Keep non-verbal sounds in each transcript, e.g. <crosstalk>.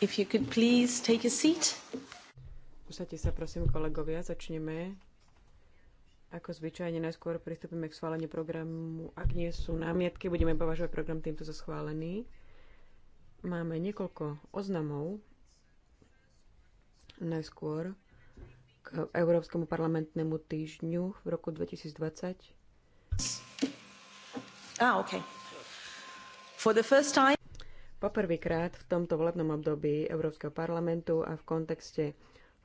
If you could please take a seat. Usadte sa prosím kolegovia, začneme. Ako zvyčajne najskôr pristúpime k schváleniu programu. Ak nie sú námietky, budeme považovať program týmto za schválený. Máme niekoľko oznamov. Najskôr k Európskemu parlamentnému týždňu v roku 2020. Ah, okay. For the first time... Poprvýkrát v tomto volebnom období Európskeho parlamentu a v kontexte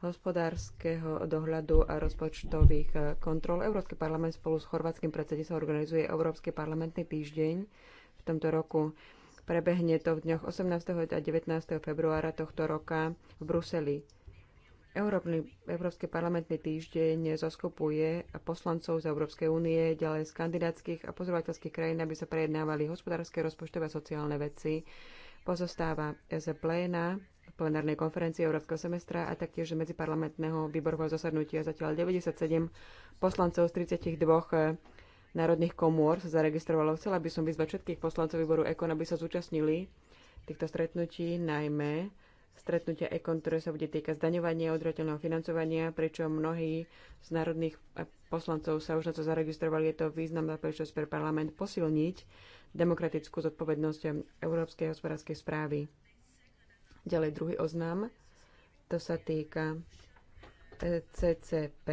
hospodárskeho dohľadu a rozpočtových e, kontrol Európsky parlament spolu s chorvátskym predsedníctvom organizuje Európsky parlamentný týždeň v tomto roku. Prebehne to v dňoch 18. a 19. februára tohto roka v Bruseli. Európny, Európsky parlamentný týždeň zoskupuje poslancov z Európskej únie, ďalej z kandidátskych a pozorovateľských krajín, aby sa prejednávali hospodárske, rozpočtové a sociálne veci pozostáva z pléna plenárnej konferencie Európskeho semestra a taktiež medziparlamentného výborového zasadnutia. Zatiaľ 97 poslancov z 32 eh, národných komôr sa zaregistrovalo. Chcela by som vyzvať všetkých poslancov výboru EKON, aby sa zúčastnili týchto stretnutí, najmä stretnutia EKON, ktoré sa bude týkať zdaňovania, odrateľného financovania, pričom mnohí z národných eh, poslancov sa už na to zaregistrovali. Je to významná príležitosť pre parlament posilniť demokratickú zodpovednosť Európskej hospodárskej správy. Ďalej druhý oznam, to sa týka e, CCP,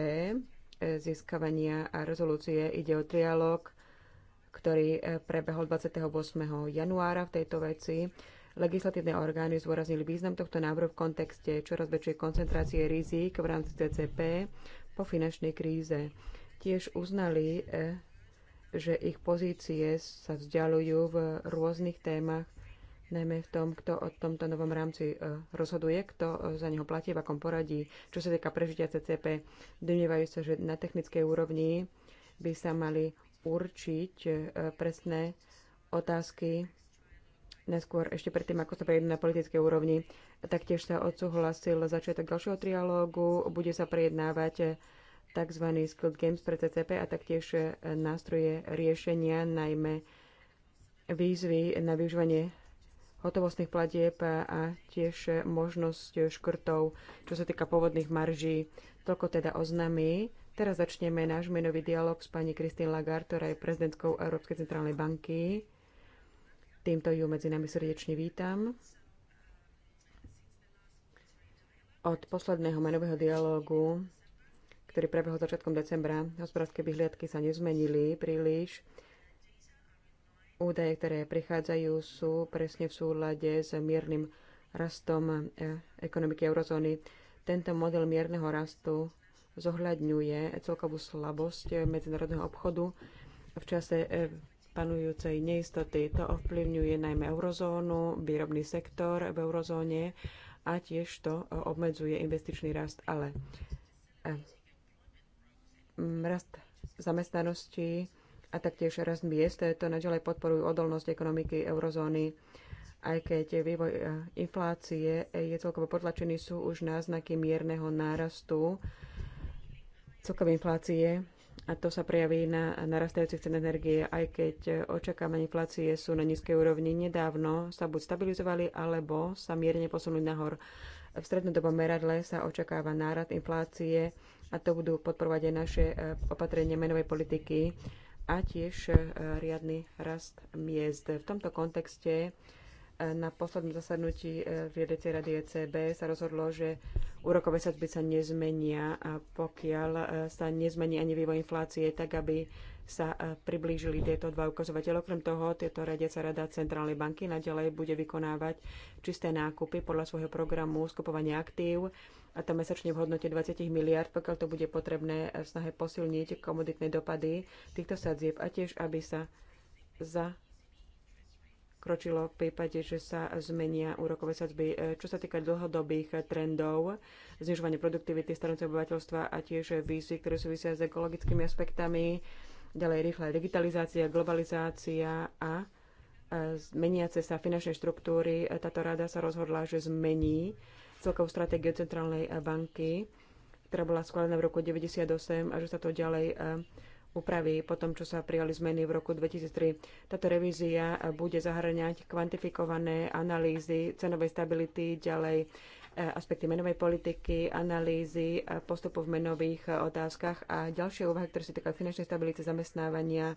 e, získavania a rezolúcie. Ide o trialog, ktorý e, prebehol 28. januára v tejto veci. Legislatívne orgány zdôraznili význam tohto návrhu v kontexte čoraz väčšej koncentrácie rizík v rámci CCP po finančnej kríze. Tiež uznali že ich pozície sa vzdialujú v rôznych témach, najmä v tom, kto o tomto novom rámci e, rozhoduje, kto e, za neho platí, v akom poradí. Čo sa týka prežitia CCP, domnievajú sa, že na technickej úrovni by sa mali určiť e, presné otázky neskôr ešte predtým, ako sa prejedná na politickej úrovni. Taktiež sa odsúhlasil začiatok ďalšieho trialógu, bude sa prejednávať tzv. Skilled Games pre CCP a taktiež e, nástroje riešenia, najmä výzvy na využívanie hotovostných platieb a tiež e, možnosť škrtov, čo sa týka pôvodných marží. Toľko teda oznámy. Teraz začneme náš menový dialog s pani Christine Lagarde, ktorá je prezidentkou Európskej centrálnej banky. Týmto ju medzi nami srdečne vítam. Od posledného menového dialógu ktorý prebehol začiatkom decembra. Hospodárske vyhliadky sa nezmenili príliš. Údaje, ktoré prichádzajú, sú presne v súlade s miernym rastom e, ekonomiky eurozóny. Tento model mierneho rastu zohľadňuje celkovú slabosť medzinárodného obchodu v čase e, panujúcej neistoty. To ovplyvňuje najmä eurozónu, výrobný sektor v eurozóne a tiež to obmedzuje investičný rast. Ale e, rast zamestnanosti a taktiež rast miest. To naďalej podporujú odolnosť ekonomiky eurozóny. Aj keď vývoj e, inflácie e, je celkovo potlačený, sú už náznaky mierneho nárastu celkovej inflácie a to sa prejaví na narastajúcich cen energie, aj keď e, očakávania inflácie sú na nízkej úrovni. Nedávno sa buď stabilizovali, alebo sa mierne posunuli nahor. V strednodobom meradle sa očakáva nárad inflácie a to budú podporovať aj naše e, opatrenia menovej politiky a tiež e, riadny rast miest. V tomto kontexte e, na poslednom zasadnutí riadecej rady ECB sa rozhodlo, že úrokové sadzby sa nezmenia, pokiaľ sa nezmení ani vývoj inflácie, tak aby sa e, priblížili tieto dva ukazovateľe. Okrem toho, tieto radiaca rada Centrálnej banky naďalej bude vykonávať čisté nákupy podľa svojho programu skupovania aktív a to mesačne v hodnote 20 miliard, pokiaľ to bude potrebné v snahe posilniť komoditné dopady týchto sadzieb a tiež, aby sa za kročilo v prípade, že sa zmenia úrokové sadzby. E, čo sa týka dlhodobých trendov, znižovanie produktivity starnúceho obyvateľstva a tiež výzvy, ktoré súvisia s ekologickými aspektami, Ďalej rýchla digitalizácia, globalizácia a e, meniace sa finančné štruktúry. E, táto rada sa rozhodla, že zmení celkovú stratégiu Centrálnej e, banky, ktorá bola schválená v roku 1998 a že sa to ďalej upraví po tom, čo sa prijali zmeny v roku 2003. Táto revízia bude zahrňať kvantifikované analýzy cenovej stability, ďalej E, aspekty menovej politiky, analýzy e, postupov v menových e, otázkach a ďalšie úvahy, ktoré sa týkajú finančnej stability zamestnávania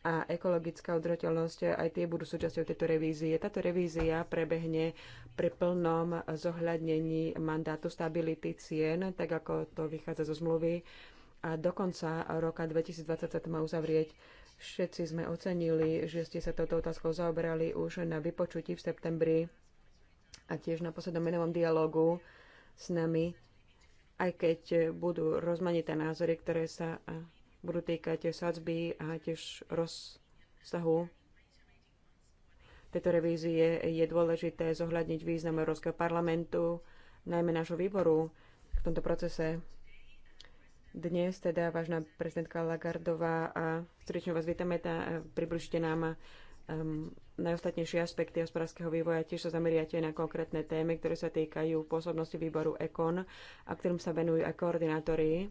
a ekologická udržateľnosť, aj tie budú súčasťou tejto revízie. Táto revízia prebehne pri plnom zohľadnení mandátu stability cien, tak ako to vychádza zo zmluvy. A do konca roka 2020 sa to má uzavrieť. Všetci sme ocenili, že ste sa touto otázkou zaoberali už na vypočutí v septembri a tiež na poslednom menovom dialogu s nami, aj keď budú rozmanité názory, ktoré sa budú týkať sadzby a tiež rozsahu tejto revízie, je dôležité zohľadniť význam Európskeho parlamentu, najmä nášho výboru v tomto procese. Dnes teda vážna prezidentka Lagardová a srdečne vás vítame a e, približte nám um, najostatnejšie aspekty hospodárskeho vývoja. Tiež sa zameriate na konkrétne témy, ktoré sa týkajú pôsobnosti výboru EKON a ktorým sa venujú aj koordinátori,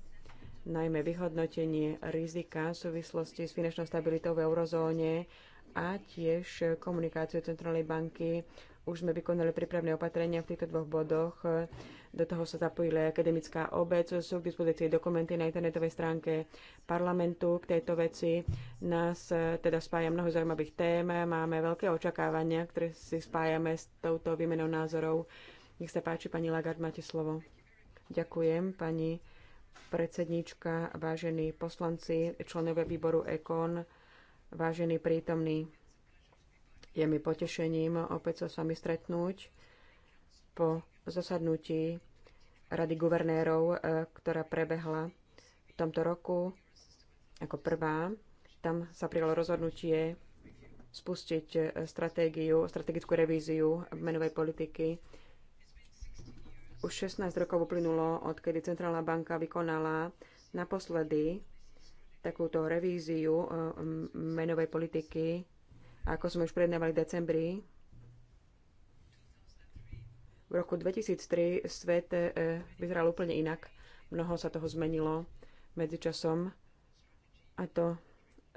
najmä vyhodnotenie rizika v súvislosti s finančnou stabilitou v eurozóne a tiež komunikáciu Centrálnej banky už sme vykonali prípravné opatrenia v týchto dvoch bodoch. Do toho sa zapojila akademická obec. Sú k dispozícii dokumenty na internetovej stránke parlamentu k tejto veci. Nás eh, teda spája mnoho zaujímavých tém. Máme veľké očakávania, ktoré si spájame s touto výmenou názorov. Nech sa páči, pani Lagard, máte slovo. Ďakujem, pani predsedníčka, vážení poslanci, členovia výboru EKON, vážení prítomní. Je mi potešením opäť sa s vami stretnúť po zasadnutí Rady guvernérov, e, ktorá prebehla v tomto roku ako prvá. Tam sa prijalo rozhodnutie spustiť e, stratégiu, strategickú revíziu menovej politiky. Už 16 rokov uplynulo, odkedy Centrálna banka vykonala naposledy takúto revíziu e, menovej politiky ako sme už prednávali v decembri, v roku 2003 svet eh, vyzeral úplne inak. Mnoho sa toho zmenilo medzičasom a to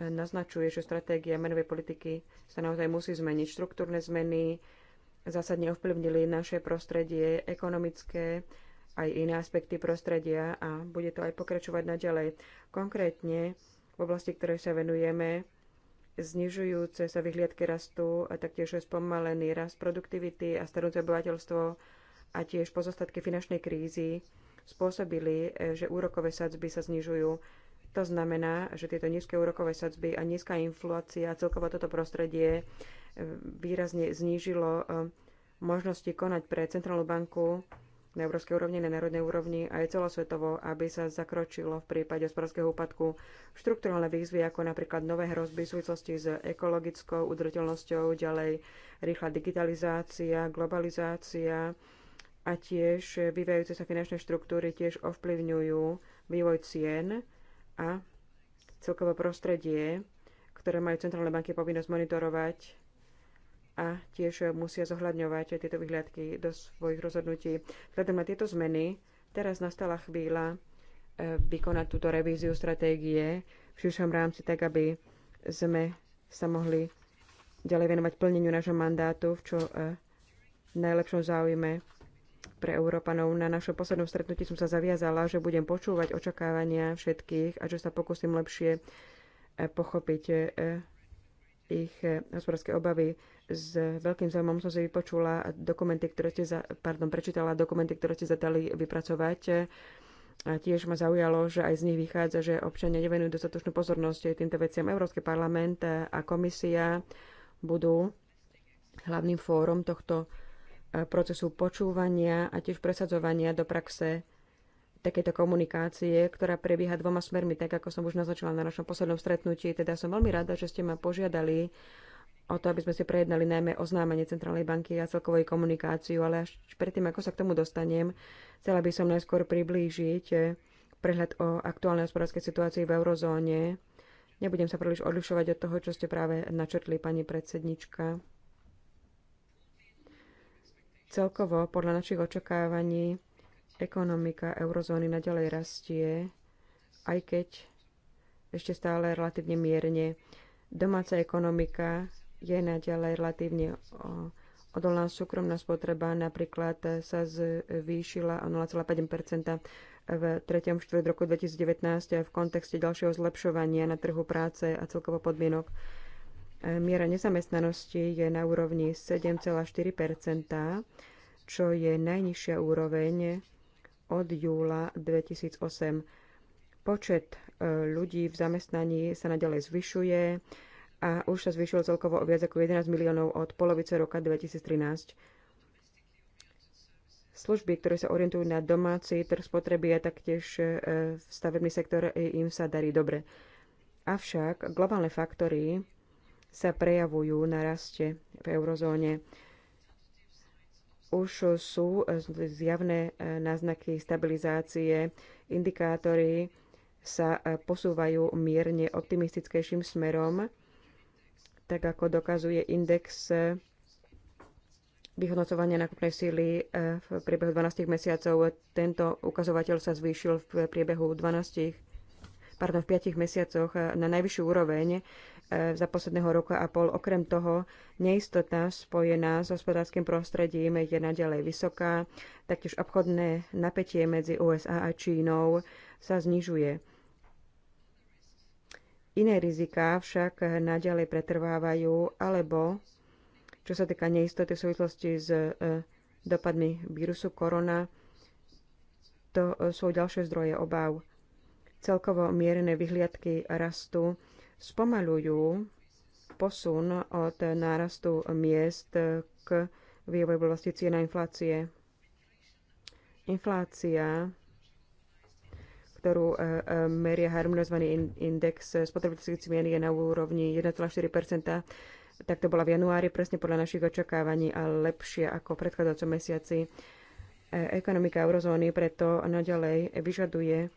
eh, naznačuje, že stratégia menovej politiky sa naozaj musí zmeniť. Štruktúrne zmeny zásadne ovplyvnili naše prostredie ekonomické, aj iné aspekty prostredia a bude to aj pokračovať naďalej. Konkrétne v oblasti, ktorej sa venujeme, znižujúce sa vyhliadky rastu a taktiež spomalený rast produktivity a starúce obyvateľstvo a tiež pozostatky finančnej krízy spôsobili, e, že úrokové sadzby sa znižujú. To znamená, že tieto nízke úrokové sadzby a nízka inflácia a celkovo toto prostredie e, výrazne znížilo e, možnosti konať pre Centrálnu banku na európskej úrovni, na národnej úrovni a aj celosvetovo, aby sa zakročilo v prípade hospodárskeho úpadku štruktúrálne výzvy, ako napríklad nové hrozby v súvislosti s ekologickou udržateľnosťou, ďalej rýchla digitalizácia, globalizácia a tiež vyvajúce sa finančné štruktúry tiež ovplyvňujú vývoj cien a celkové prostredie, ktoré majú centrálne banky povinnosť monitorovať a tiež musia zohľadňovať tieto vyhľadky do svojich rozhodnutí. Vzhľadom na tieto zmeny teraz nastala chvíľa eh, vykonať túto revíziu stratégie v širšom rámci tak, aby sme sa mohli ďalej venovať plneniu nášho mandátu v čo eh, najlepšom záujme pre Európanov. Na našom poslednom stretnutí som sa zaviazala, že budem počúvať očakávania všetkých a že sa pokúsim lepšie eh, pochopiť ich hospodárske obavy s veľkým záujmom som si vypočula dokumenty, ktoré ste za, pardon, prečítala dokumenty, ktoré ste zatali vypracovať. A tiež ma zaujalo, že aj z nich vychádza, že občania nevenujú dostatočnú pozornosť týmto veciam. Európsky parlament a komisia budú hlavným fórom tohto e, procesu počúvania a tiež presadzovania do praxe takéto komunikácie, ktorá prebieha dvoma smermi, tak ako som už naznačila na našom poslednom stretnutí. Teda som veľmi rada, že ste ma požiadali o to, aby sme si prejednali najmä oznámenie Centrálnej banky a celkovej komunikáciu, ale až predtým, ako sa k tomu dostanem, chcela by som najskôr priblížiť eh, prehľad o aktuálnej hospodárskej situácii v eurozóne. Nebudem sa príliš odlišovať od toho, čo ste práve načrtli, pani predsednička. Celkovo, podľa našich očakávaní, ekonomika eurozóny naďalej rastie, aj keď ešte stále relatívne mierne. Domáca ekonomika je naďalej relatívne odolná súkromná spotreba, napríklad e, sa zvýšila o 0,5 v 3. štvrť roku 2019 v kontexte ďalšieho zlepšovania na trhu práce a celkovo podmienok. E, miera nezamestnanosti je na úrovni 7,4 čo je najnižšia úroveň od júla 2008. Počet e, ľudí v zamestnaní sa nadalej zvyšuje a už sa zvyšil celkovo o viac ako 11 miliónov od polovice roka 2013. Služby, ktoré sa orientujú na domáci trh spotreby a taktiež v e, stavebný sektor, e, im sa darí dobre. Avšak globálne faktory sa prejavujú na raste v eurozóne. Už sú e, zjavné náznaky stabilizácie, indikátory sa posúvajú mierne optimistickejším smerom tak ako dokazuje index e, vyhodnocovania nákupnej síly e, v priebehu 12 mesiacov. Tento ukazovateľ sa zvýšil v priebehu 12, pardon, v 5 mesiacoch e, na najvyššiu úroveň za posledného roka a pol. Okrem toho, neistota spojená s hospodárskym prostredím je naďalej vysoká, taktiež obchodné napätie medzi USA a Čínou sa znižuje. Iné riziká však naďalej pretrvávajú, alebo čo sa týka neistoty v súvislosti s e, dopadmi vírusu korona, to e, sú ďalšie zdroje obáv. Celkovo mierené vyhliadky rastu spomalujú posun od nárastu miest k vývoju v oblasti cien a inflácie. Inflácia ktorú e, e, meria harmonizovaný index e, spotrebiteľských cien je na úrovni 1,4 tak to bola v januári presne podľa našich očakávaní a lepšie ako v predchádzajúcom mesiaci. Ekonomika eurozóny preto naďalej vyžaduje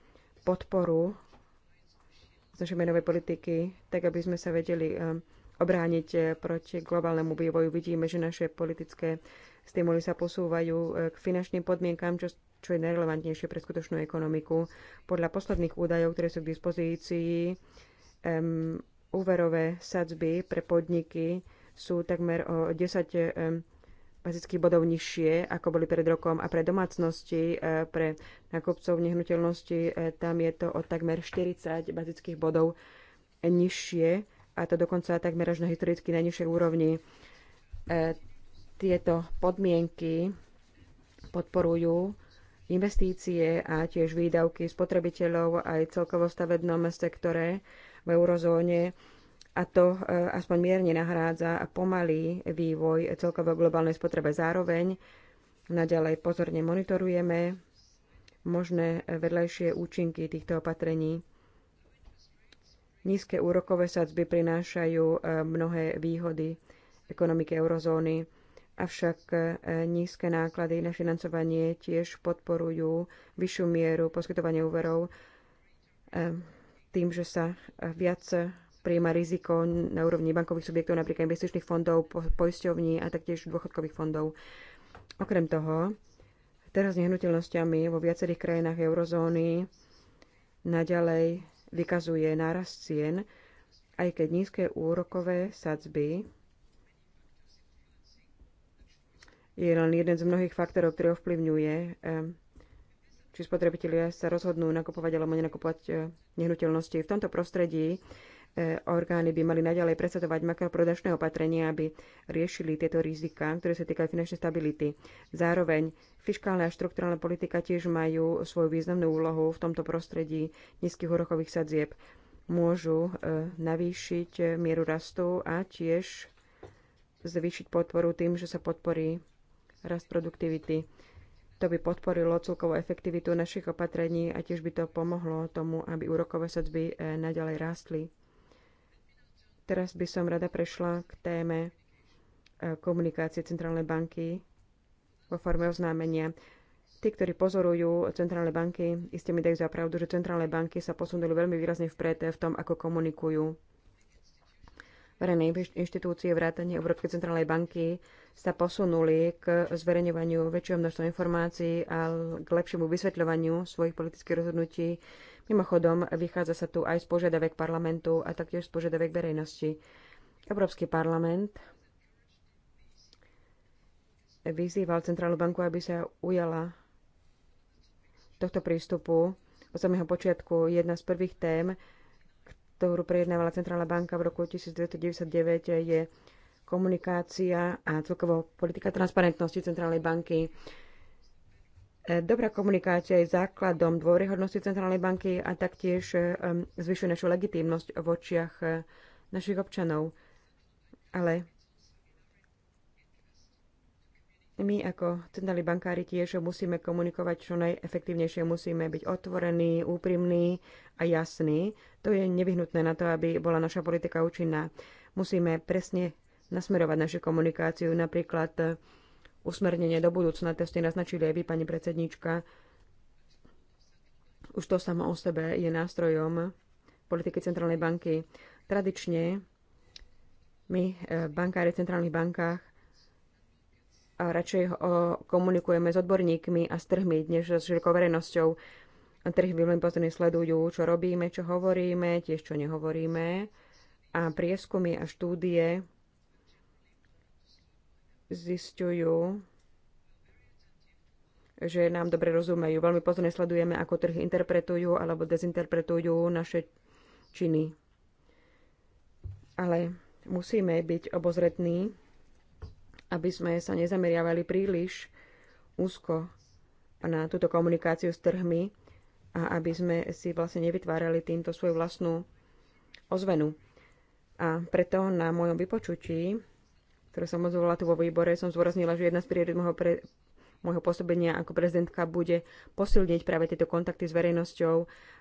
podporu z našej menovej politiky, tak aby sme sa vedeli obrániť proti globálnemu vývoju. Vidíme, že naše politické stimuly sa posúvajú k finančným podmienkám, čo čo je najrelevantnejšie pre skutočnú ekonomiku. Podľa posledných údajov, ktoré sú k dispozícii, um, úverové sadzby pre podniky sú takmer o 10 um, bazických bodov nižšie, ako boli pred rokom a pre domácnosti, e, pre nákupcov nehnuteľnosti, e, tam je to o takmer 40 bazických bodov nižšie a to dokonca takmer až na historicky najnižšej úrovni. E, tieto podmienky podporujú investície a tiež výdavky spotrebiteľov aj celkovo stavebnom sektore v eurozóne a to eh, aspoň mierne nahrádza a pomalý vývoj celkovo globálnej spotrebe. Zároveň naďalej pozorne monitorujeme možné vedľajšie účinky týchto opatrení. Nízke úrokové sadzby prinášajú eh, mnohé výhody ekonomiky eurozóny Avšak e, nízke náklady na financovanie tiež podporujú vyššiu mieru poskytovania úverov e, tým, že sa viac príjma riziko na úrovni bankových subjektov, napríklad investičných fondov, poisťovní a taktiež dôchodkových fondov. Okrem toho, teraz s nehnuteľnosťami vo viacerých krajinách eurozóny naďalej vykazuje nárast cien, aj keď nízke úrokové sadzby je len jeden z mnohých faktorov, ktorý ovplyvňuje, eh, či spotrebitelia sa rozhodnú nakupovať alebo nenakupovať eh, nehnuteľnosti. V tomto prostredí eh, orgány by mali naďalej presadzovať makroprodačné opatrenia, aby riešili tieto rizika, ktoré sa týkajú finančnej stability. Zároveň fiskálna a štruktúrálna politika tiež majú svoju významnú úlohu v tomto prostredí nízkych úrokových sadzieb. Môžu navýšiť mieru rastu a tiež zvýšiť podporu tým, že sa podporí rast produktivity. To by podporilo celkovú efektivitu našich opatrení a tiež by to pomohlo tomu, aby úrokové sadzby eh, naďalej rástli. Teraz by som rada prešla k téme eh, komunikácie Centrálnej banky vo forme oznámenia. Tí, ktorí pozorujú centrálne banky, iste mi dajú za pravdu, že centrálne banky sa posunuli veľmi výrazne vpred v tom, ako komunikujú verejné inštitúcie vrátane Európskej centrálnej banky sa posunuli k zverejňovaniu väčšieho množstva informácií a k lepšiemu vysvetľovaniu svojich politických rozhodnutí. Mimochodom, vychádza sa tu aj z požiadavek parlamentu a taktiež z požiadavek verejnosti. Európsky parlament vyzýval Centrálnu banku, aby sa ujala tohto prístupu od samého počiatku jedna z prvých tém, ktorú prejednávala Centrálna banka v roku 1999, je komunikácia a celkovo politika transparentnosti Centrálnej banky. E, dobrá komunikácia je základom dôryhodnosti Centrálnej banky a taktiež e, zvyšuje našu legitímnosť v očiach e, našich občanov. Ale my ako centrálni bankári tiež musíme komunikovať čo najefektívnejšie, musíme byť otvorení, úprimní a jasní. To je nevyhnutné na to, aby bola naša politika účinná. Musíme presne nasmerovať našu komunikáciu, napríklad eh, usmernenie do budúcna, to ste naznačili aj vy, pani predsednička. Už to samo o sebe je nástrojom politiky Centrálnej banky. Tradične my, eh, bankári v centrálnych bankách, a radšej ho komunikujeme s odborníkmi a s trhmi, než s širokou verejnosťou. Trhy veľmi pozorne sledujú, čo robíme, čo hovoríme, tiež čo nehovoríme. A prieskumy a štúdie zistujú, že nám dobre rozumejú. Veľmi pozorne sledujeme, ako trhy interpretujú alebo dezinterpretujú naše činy. Ale musíme byť obozretní, aby sme sa nezameriavali príliš úzko na túto komunikáciu s trhmi a aby sme si vlastne nevytvárali týmto svoju vlastnú ozvenu. A preto na mojom vypočutí, ktoré som odzvolila tu vo výbore, som zdôraznila, že jedna z priorit môjho, pre, môjho pôsobenia ako prezidentka bude posilniť práve tieto kontakty s verejnosťou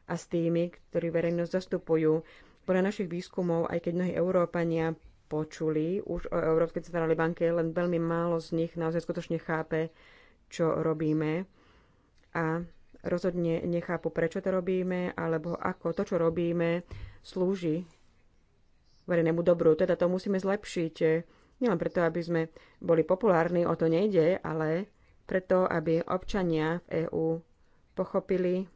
a s tými, ktorí verejnosť zastupujú. Podľa našich výskumov, aj keď mnohí Európania počuli už o Európskej centrálnej banke, len veľmi málo z nich naozaj skutočne chápe, čo robíme a rozhodne nechápu, prečo to robíme, alebo ako to, čo robíme, slúži verejnému dobru. Teda to musíme zlepšiť. Nielen preto, aby sme boli populárni, o to nejde, ale preto, aby občania v EÚ pochopili,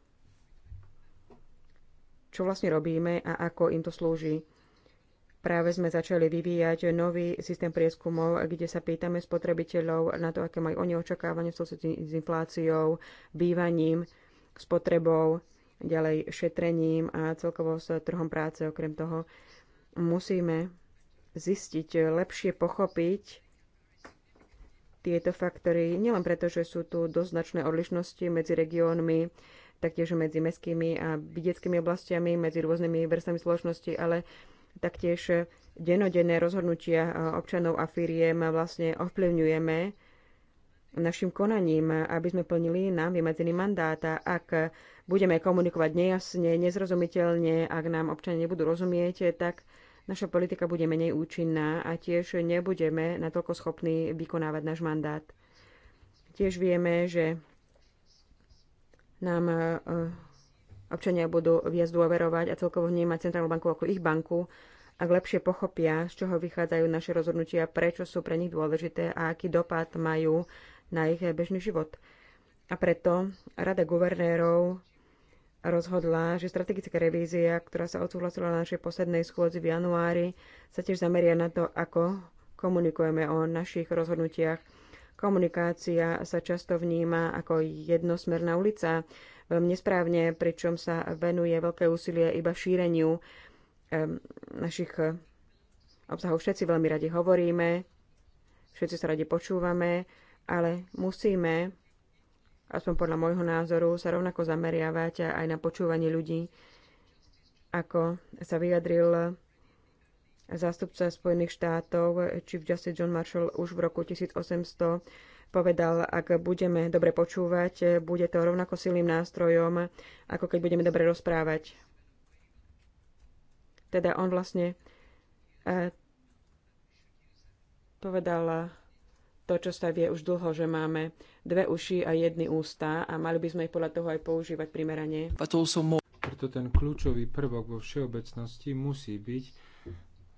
čo vlastne robíme a ako im to slúži. Práve sme začali vyvíjať nový systém prieskumov, kde sa pýtame spotrebiteľov na to, aké majú oni očakávanie v súvislosti s infláciou, bývaním, spotrebou, ďalej šetrením a celkovo s trhom práce. Okrem toho musíme zistiť, lepšie pochopiť tieto faktory, nielen preto, že sú tu dosť značné odlišnosti medzi regiónmi, taktiež medzi mestskými a vidieckými oblastiami, medzi rôznymi vrstami spoločnosti, ale taktiež e, denodenné rozhodnutia e, občanov a firiem vlastne ovplyvňujeme našim konaním, aby sme plnili nám vymedzený mandát. A ak budeme komunikovať nejasne, nezrozumiteľne, ak nám občania nebudú rozumieť, tak naša politika bude menej účinná a tiež nebudeme natoľko schopní vykonávať náš mandát. Tiež vieme, že nám e, občania budú viac dôverovať a celkovo vnímať Centrálnu banku ako ich banku, ak lepšie pochopia, z čoho vychádzajú naše rozhodnutia, prečo sú pre nich dôležité a aký dopad majú na ich bežný život. A preto Rada guvernérov rozhodla, že strategická revízia, ktorá sa odsúhlasila na našej poslednej schôdzi v januári, sa tiež zameria na to, ako komunikujeme o našich rozhodnutiach. Komunikácia sa často vníma ako jednosmerná ulica nesprávne, pričom sa venuje veľké úsilie iba šíreniu ehm, našich eh, obsahov. Všetci veľmi radi hovoríme, všetci sa radi počúvame, ale musíme, aspoň podľa môjho názoru, sa rovnako zameriavať aj na počúvanie ľudí, ako sa vyjadril zástupca Spojených štátov, či eh, Justice John Marshall už v roku 1800 povedal, ak budeme dobre počúvať, bude to rovnako silným nástrojom, ako keď budeme dobre rozprávať. Teda on vlastne e, povedal to, čo sa vie už dlho, že máme dve uši a jedny ústa a mali by sme ich podľa toho aj používať primerane. Preto ten kľúčový prvok vo všeobecnosti musí byť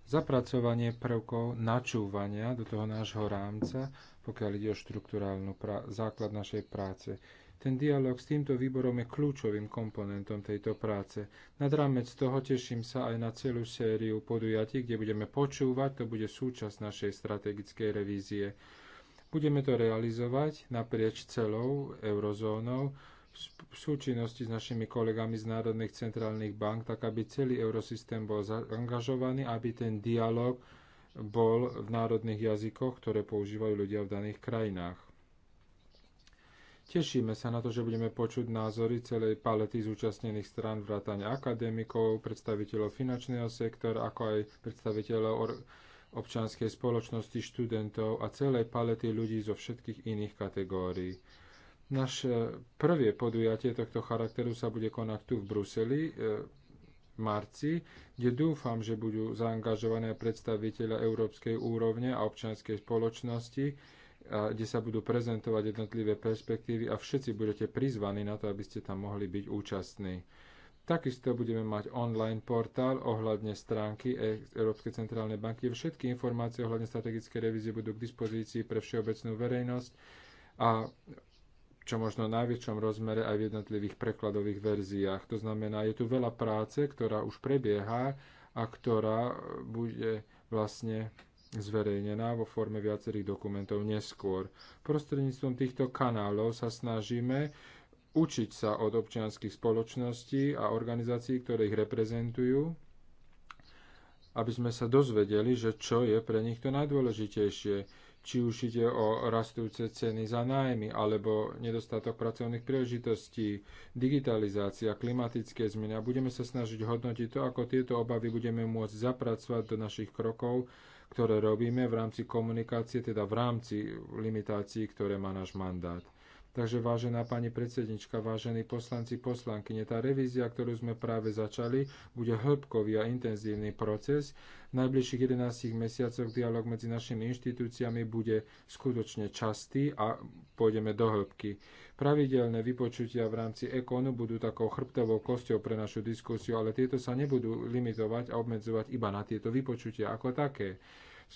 zapracovanie prvkov načúvania do toho nášho rámca, pokiaľ ide o štruktúrálnu základ našej práce. Ten dialog s týmto výborom je kľúčovým komponentom tejto práce. Nad rámec toho teším sa aj na celú sériu podujatí, kde budeme počúvať, to bude súčasť našej strategickej revízie. Budeme to realizovať naprieč celou eurozónou v súčinnosti s našimi kolegami z národných centrálnych bank, tak aby celý eurosystém bol zaangažovaný, aby ten dialog bol v národných jazykoch, ktoré používajú ľudia v daných krajinách. Tešíme sa na to, že budeme počuť názory celej palety zúčastnených strán vrátane akademikov, predstaviteľov finančného sektora, ako aj predstaviteľov občianskej spoločnosti, študentov a celej palety ľudí zo všetkých iných kategórií. Naše prvé podujatie tohto charakteru sa bude konať tu v Bruseli e, marci, kde dúfam, že budú zaangažované predstaviteľa európskej úrovne a občianskej spoločnosti, kde sa budú prezentovať jednotlivé perspektívy a všetci budete prizvaní na to, aby ste tam mohli byť účastní. Takisto budeme mať online portál ohľadne stránky e- Európskej centrálnej banky. Všetky informácie ohľadne strategické revízie budú k dispozícii pre všeobecnú verejnosť a čo možno najväčšom rozmere aj v jednotlivých prekladových verziách. To znamená, je tu veľa práce, ktorá už prebieha a ktorá bude vlastne zverejnená vo forme viacerých dokumentov neskôr. Prostredníctvom týchto kanálov sa snažíme učiť sa od občianských spoločností a organizácií, ktoré ich reprezentujú, aby sme sa dozvedeli, že čo je pre nich to najdôležitejšie či už ide o rastúce ceny za nájmy, alebo nedostatok pracovných príležitostí, digitalizácia, klimatické zmeny. A budeme sa snažiť hodnotiť to, ako tieto obavy budeme môcť zapracovať do našich krokov, ktoré robíme v rámci komunikácie, teda v rámci limitácií, ktoré má náš mandát. Takže vážená pani predsednička, vážení poslanci, poslankyne, tá revízia, ktorú sme práve začali, bude hĺbkový a intenzívny proces. V najbližších 11 mesiacoch dialog medzi našimi inštitúciami bude skutočne častý a pôjdeme do hĺbky. Pravidelné vypočutia v rámci ekonu budú takou chrbtovou kosťou pre našu diskusiu, ale tieto sa nebudú limitovať a obmedzovať iba na tieto vypočutia ako také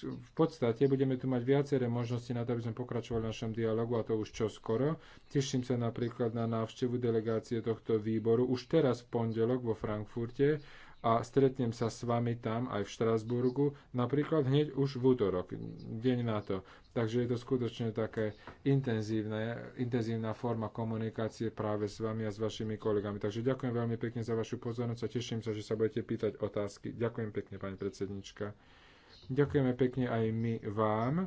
v podstate budeme tu mať viaceré možnosti na to, aby sme pokračovali v našom dialogu a to už čo skoro. Teším sa napríklad na návštevu delegácie tohto výboru už teraz v pondelok vo Frankfurte a stretnem sa s vami tam aj v Štrasburgu, napríklad hneď už v útorok, deň na to. Takže je to skutočne také intenzívne, intenzívna forma komunikácie práve s vami a s vašimi kolegami. Takže ďakujem veľmi pekne za vašu pozornosť a teším sa, že sa budete pýtať otázky. Ďakujem pekne, pani predsednička. Ďakujeme pekne aj my vám.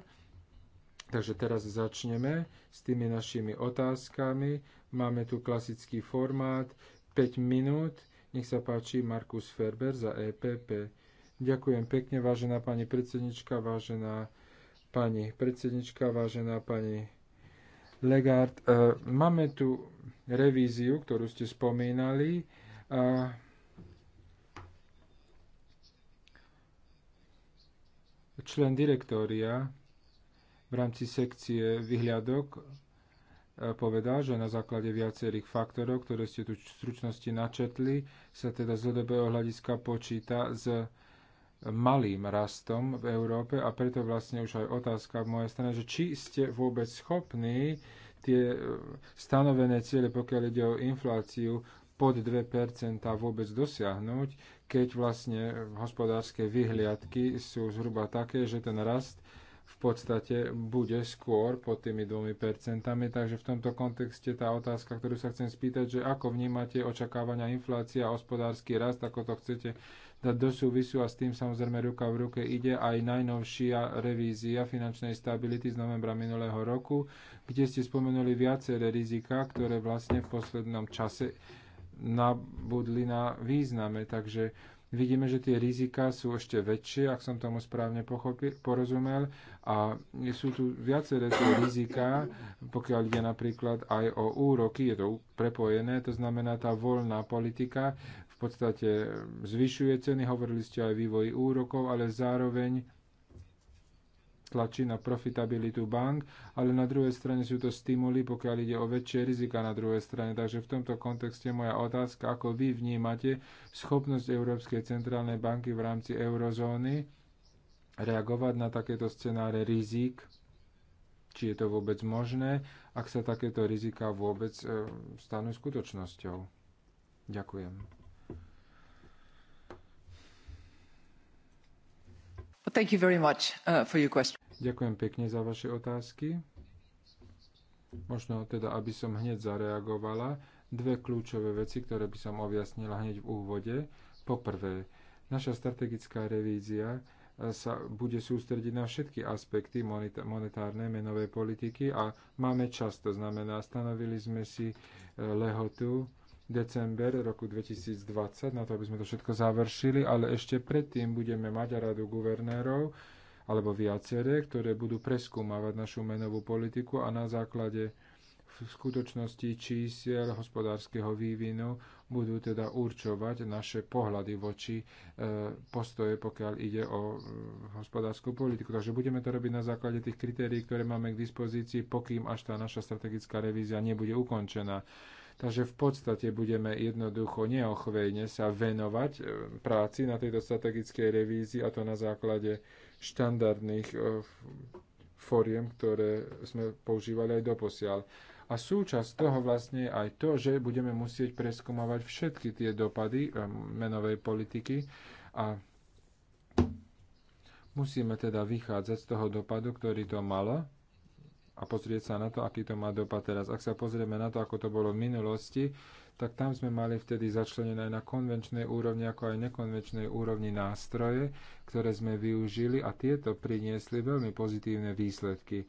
Takže teraz začneme s tými našimi otázkami. Máme tu klasický formát, 5 minút. Nech sa páči Markus Ferber za EPP. Ďakujem pekne, vážená pani predsednička, vážená pani predsednička, vážená pani Legard. E, máme tu revíziu, ktorú ste spomínali. člen direktória v rámci sekcie vyhliadok e, povedal, že na základe viacerých faktorov, ktoré ste tu v stručnosti načetli, sa teda z dlhodobého hľadiska počíta s malým rastom v Európe a preto vlastne už aj otázka v mojej strane, že či ste vôbec schopní tie stanovené ciele, pokiaľ ide o infláciu, pod 2% vôbec dosiahnuť, keď vlastne hospodárske vyhliadky sú zhruba také, že ten rast v podstate bude skôr pod tými 2%. Takže v tomto kontexte tá otázka, ktorú sa chcem spýtať, že ako vnímate očakávania inflácia a hospodársky rast, ako to chcete dať do súvisu a s tým samozrejme ruka v ruke ide aj najnovšia revízia finančnej stability z novembra minulého roku, kde ste spomenuli viaceré rizika, ktoré vlastne v poslednom čase nabudli na význame. Takže vidíme, že tie rizika sú ešte väčšie, ak som tomu správne pochopil, porozumel. A sú tu viaceré tie rizika, pokiaľ ide napríklad aj o úroky, je to prepojené, to znamená tá voľná politika v podstate zvyšuje ceny, hovorili ste aj vývoj úrokov, ale zároveň tlačí na profitabilitu bank, ale na druhej strane sú to stimuly, pokiaľ ide o väčšie rizika na druhej strane. Takže v tomto kontexte moja otázka, ako vy vnímate schopnosť Európskej centrálnej banky v rámci eurozóny reagovať na takéto scenáre rizik, či je to vôbec možné, ak sa takéto rizika vôbec e, stanú skutočnosťou. Ďakujem. Thank you very much uh, for your question. Ďakujem pekne za vaše otázky. Možno teda, aby som hneď zareagovala. Dve kľúčové veci, ktoré by som objasnila hneď v úvode. Poprvé, naša strategická revízia uh, sa bude sústrediť na všetky aspekty monetárnej menovej politiky a máme čas, to znamená, stanovili sme si uh, lehotu december roku 2020, na to, aby sme to všetko završili, ale ešte predtým budeme mať radu guvernérov, alebo viaceré, ktoré budú preskúmavať našu menovú politiku a na základe skutočnosti čísiel hospodárskeho vývinu budú teda určovať naše pohľady voči e, postoje, pokiaľ ide o e, hospodárskú politiku. Takže budeme to robiť na základe tých kritérií, ktoré máme k dispozícii, pokým až tá naša strategická revízia nebude ukončená. Takže v podstate budeme jednoducho neochvejne sa venovať e, práci na tejto strategickej revízii a to na základe štandardných e, foriem, ktoré sme používali aj doposiaľ. A súčasť toho vlastne je aj to, že budeme musieť preskúmavať všetky tie dopady e, menovej politiky a musíme teda vychádzať z toho dopadu, ktorý to malo a pozrieť sa na to, aký to má dopad teraz. Ak sa pozrieme na to, ako to bolo v minulosti, tak tam sme mali vtedy začlenené aj na konvenčnej úrovni ako aj nekonvenčnej úrovni nástroje, ktoré sme využili a tieto priniesli veľmi pozitívne výsledky e,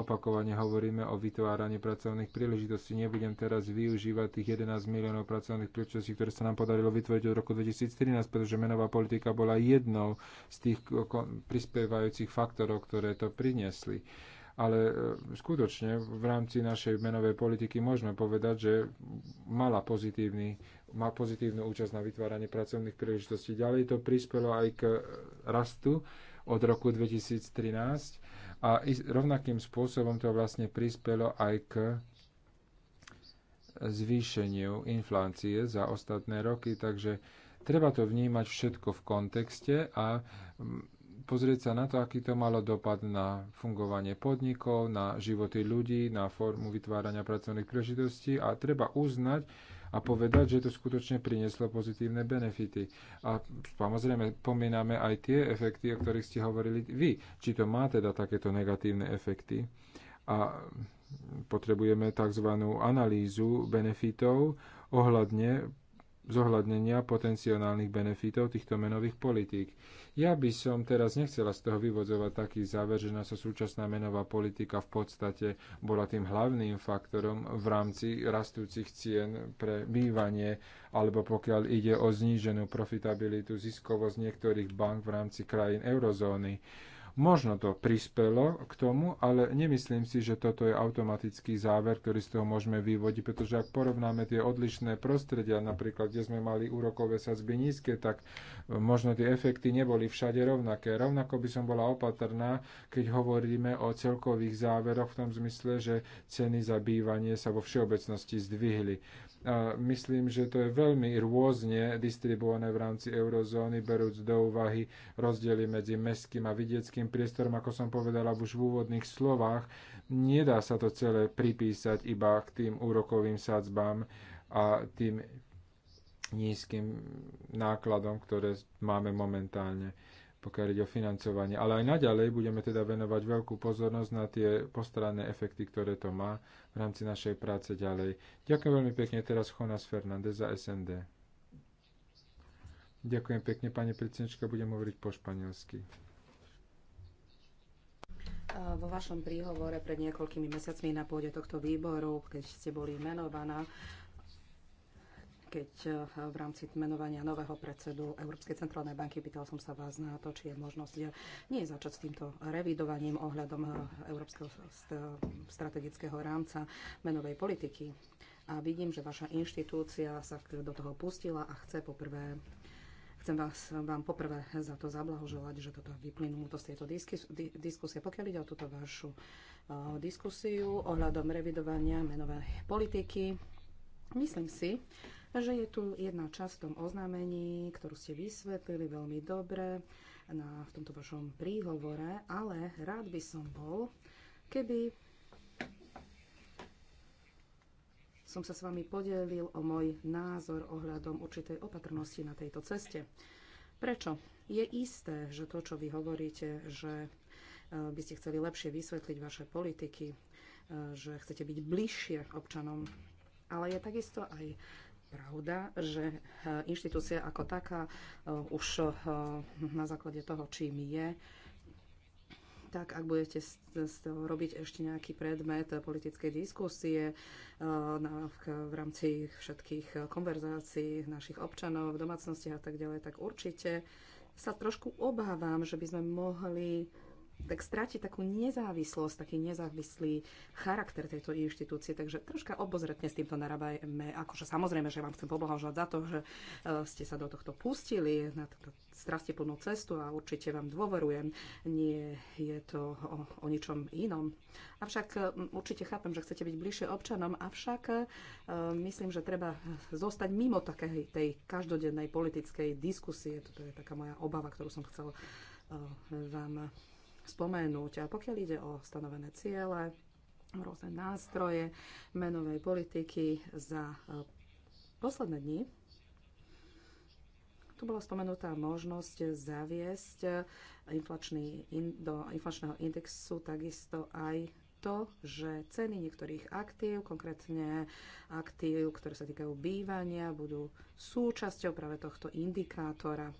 opakovane hovoríme o vytváraní pracovných príležitostí. Nebudem teraz využívať tých 11 miliónov pracovných príležitostí, ktoré sa nám podarilo vytvoriť od roku 2013, pretože menová politika bola jednou z tých prispievajúcich faktorov, ktoré to priniesli ale e, skutočne v rámci našej menovej politiky môžeme povedať, že mala pozitívny, má pozitívnu účasť na vytváraní pracovných príležitostí. Ďalej to prispelo aj k rastu od roku 2013 a rovnakým spôsobom to vlastne prispelo aj k zvýšeniu inflácie za ostatné roky, takže treba to vnímať všetko v kontexte a pozrieť sa na to, aký to malo dopad na fungovanie podnikov, na životy ľudí, na formu vytvárania pracovných príležitostí a treba uznať a povedať, že to skutočne prinieslo pozitívne benefity. A samozrejme pomíname aj tie efekty, o ktorých ste hovorili vy. Či to má teda takéto negatívne efekty. A potrebujeme tzv. analýzu benefitov ohľadne zohľadnenia potenciálnych benefitov týchto menových politík. Ja by som teraz nechcela z toho vyvodzovať taký záver, že naša súčasná menová politika v podstate bola tým hlavným faktorom v rámci rastúcich cien pre bývanie, alebo pokiaľ ide o zníženú profitabilitu, ziskovosť niektorých bank v rámci krajín eurozóny. Možno to prispelo k tomu, ale nemyslím si, že toto je automatický záver, ktorý z toho môžeme vyvodiť, pretože ak porovnáme tie odlišné prostredia, napríklad kde sme mali úrokové sazby nízke, tak e, možno tie efekty neboli všade rovnaké. Rovnako by som bola opatrná, keď hovoríme o celkových záveroch v tom zmysle, že ceny za bývanie sa vo všeobecnosti zdvihli. A myslím, že to je veľmi rôzne distribuované v rámci eurozóny, berúc do úvahy rozdiely medzi mestským a vidieckým tým priestorom, ako som povedala už v úvodných slovách. Nedá sa to celé pripísať iba k tým úrokovým sadzbám a tým nízkym nákladom, ktoré máme momentálne pokiaľ ide o financovanie. Ale aj naďalej budeme teda venovať veľkú pozornosť na tie postranné efekty, ktoré to má v rámci našej práce ďalej. Ďakujem veľmi pekne teraz Jonas Fernández za SND. Ďakujem pekne, pani predsednička, budem hovoriť po španielsky. Vo vašom príhovore pred niekoľkými mesiacmi na pôde tohto výboru, keď ste boli menovaná, keď e, v rámci menovania nového predsedu Európskej centrálnej banky pýtal som sa vás na to, či je možnosť e, nie začať s týmto revidovaním ohľadom e, Európskeho strategického rámca menovej politiky. A vidím, že vaša inštitúcia sa do toho pustila a chce poprvé Chcem vás, vám poprvé za to zablahoželať, že toto vyplynulo to z tejto diskusie. Pokiaľ ide o túto vašu uh, diskusiu ohľadom revidovania menovej politiky, myslím si, že je tu jedna časť v tom oznámení, ktorú ste vysvetlili veľmi dobre na, v tomto vašom príhovore, ale rád by som bol, keby som sa s vami podelil o môj názor ohľadom určitej opatrnosti na tejto ceste. Prečo? Je isté, že to, čo vy hovoríte, že e, by ste chceli lepšie vysvetliť vaše politiky, e, že chcete byť bližšie občanom, ale je takisto aj pravda, že e, inštitúcia ako taká už na základe toho, čím je, tak ak budete robiť ešte nejaký predmet politickej diskusie eh, na, v, v rámci všetkých konverzácií našich občanov v domácnostiach a tak ďalej, tak určite sa trošku obávam, že by sme mohli tak stráti takú nezávislosť, taký nezávislý charakter tejto inštitúcie. Takže troška obozretne s týmto narábajme. Akože samozrejme, že vám chcem poblahožať za to, že eh, ste sa do tohto pustili na túto strastiplnú cestu a určite vám dôverujem. Nie je to o, o ničom inom. Avšak eh, určite chápem, že chcete byť bližšie občanom, avšak eh, myslím, že treba zostať mimo takej tej každodennej politickej diskusie. Toto je taká moja obava, ktorú som chcel vám spomenúť. A pokiaľ ide o stanovené ciele, rôzne nástroje menovej politiky za e, posledné dni, tu bola spomenutá možnosť zaviesť e, inflačný, in, do inflačného indexu takisto aj to, že ceny niektorých aktív, konkrétne aktív, ktoré sa týkajú bývania, budú súčasťou práve tohto indikátora e,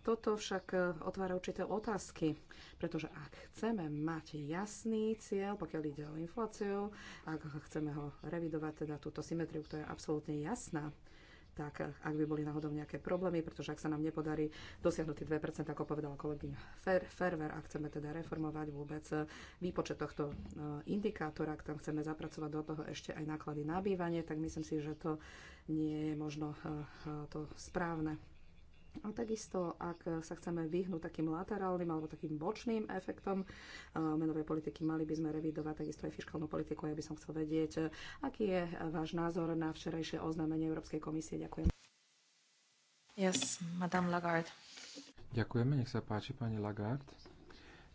toto však e, otvára určité otázky, pretože ak chceme mať jasný cieľ, pokiaľ ide o infláciu, ak chceme ho revidovať, teda túto symetriu, ktorá je absolútne jasná, tak ak by boli náhodou nejaké problémy, pretože ak sa nám nepodarí dosiahnuť tie 2%, ako povedala kolegyňa Fer, Ferver, ak chceme teda reformovať vôbec e, výpočet tohto e, indikátora, ak tam chceme zapracovať do toho ešte aj náklady na bývanie, tak myslím si, že to nie je možno to správne. A takisto, ak sa chceme vyhnúť takým laterálnym alebo takým bočným efektom eh, menovej politiky, mali by sme revidovať takisto aj fiskálnu politiku. Ja by som chcel vedieť, aký je váš názor na včerajšie oznámenie Európskej komisie. Ďakujem. Yes, Madame Lagarde. Ďakujeme, nech sa páči, pani Lagarde.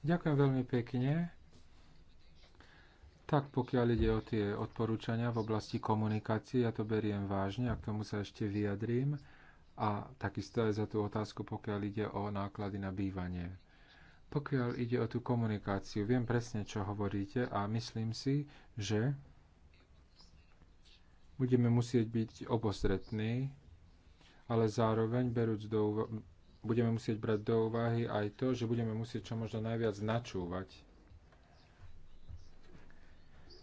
Ďakujem veľmi pekne. Tak pokiaľ ide o tie odporúčania v oblasti komunikácie, ja to beriem vážne, a k tomu sa ešte vyjadrím a takisto aj za tú otázku, pokiaľ ide o náklady na bývanie. Pokiaľ ide o tú komunikáciu, viem presne, čo hovoríte a myslím si, že budeme musieť byť obozretní, ale zároveň berúc do budeme musieť brať do úvahy aj to, že budeme musieť čo možno najviac načúvať.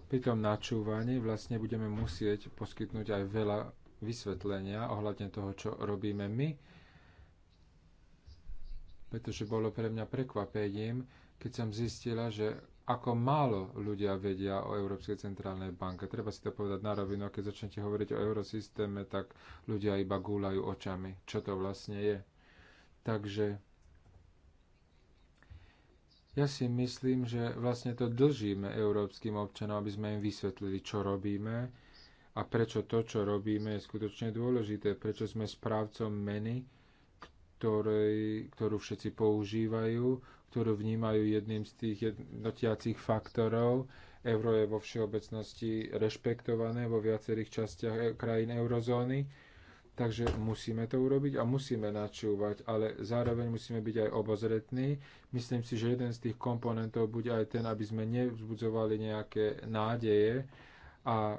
Pri tom načúvaní vlastne budeme musieť poskytnúť aj veľa vysvetlenia ohľadne toho, čo robíme my, pretože bolo pre mňa prekvapením, keď som zistila, že ako málo ľudia vedia o Európskej centrálnej banke. Treba si to povedať na rovinu, keď začnete hovoriť o eurosystéme, tak ľudia iba gúľajú očami, čo to vlastne je. Takže ja si myslím, že vlastne to dlžíme európskym občanom, aby sme im vysvetlili, čo robíme a prečo to, čo robíme, je skutočne dôležité, prečo sme správcom meny, ktorej, ktorú všetci používajú, ktorú vnímajú jedným z tých jednotiacich faktorov. Euro je vo všeobecnosti rešpektované vo viacerých častiach e, krajín eurozóny, takže musíme to urobiť a musíme načúvať, ale zároveň musíme byť aj obozretní. Myslím si, že jeden z tých komponentov bude aj ten, aby sme nevzbudzovali nejaké nádeje a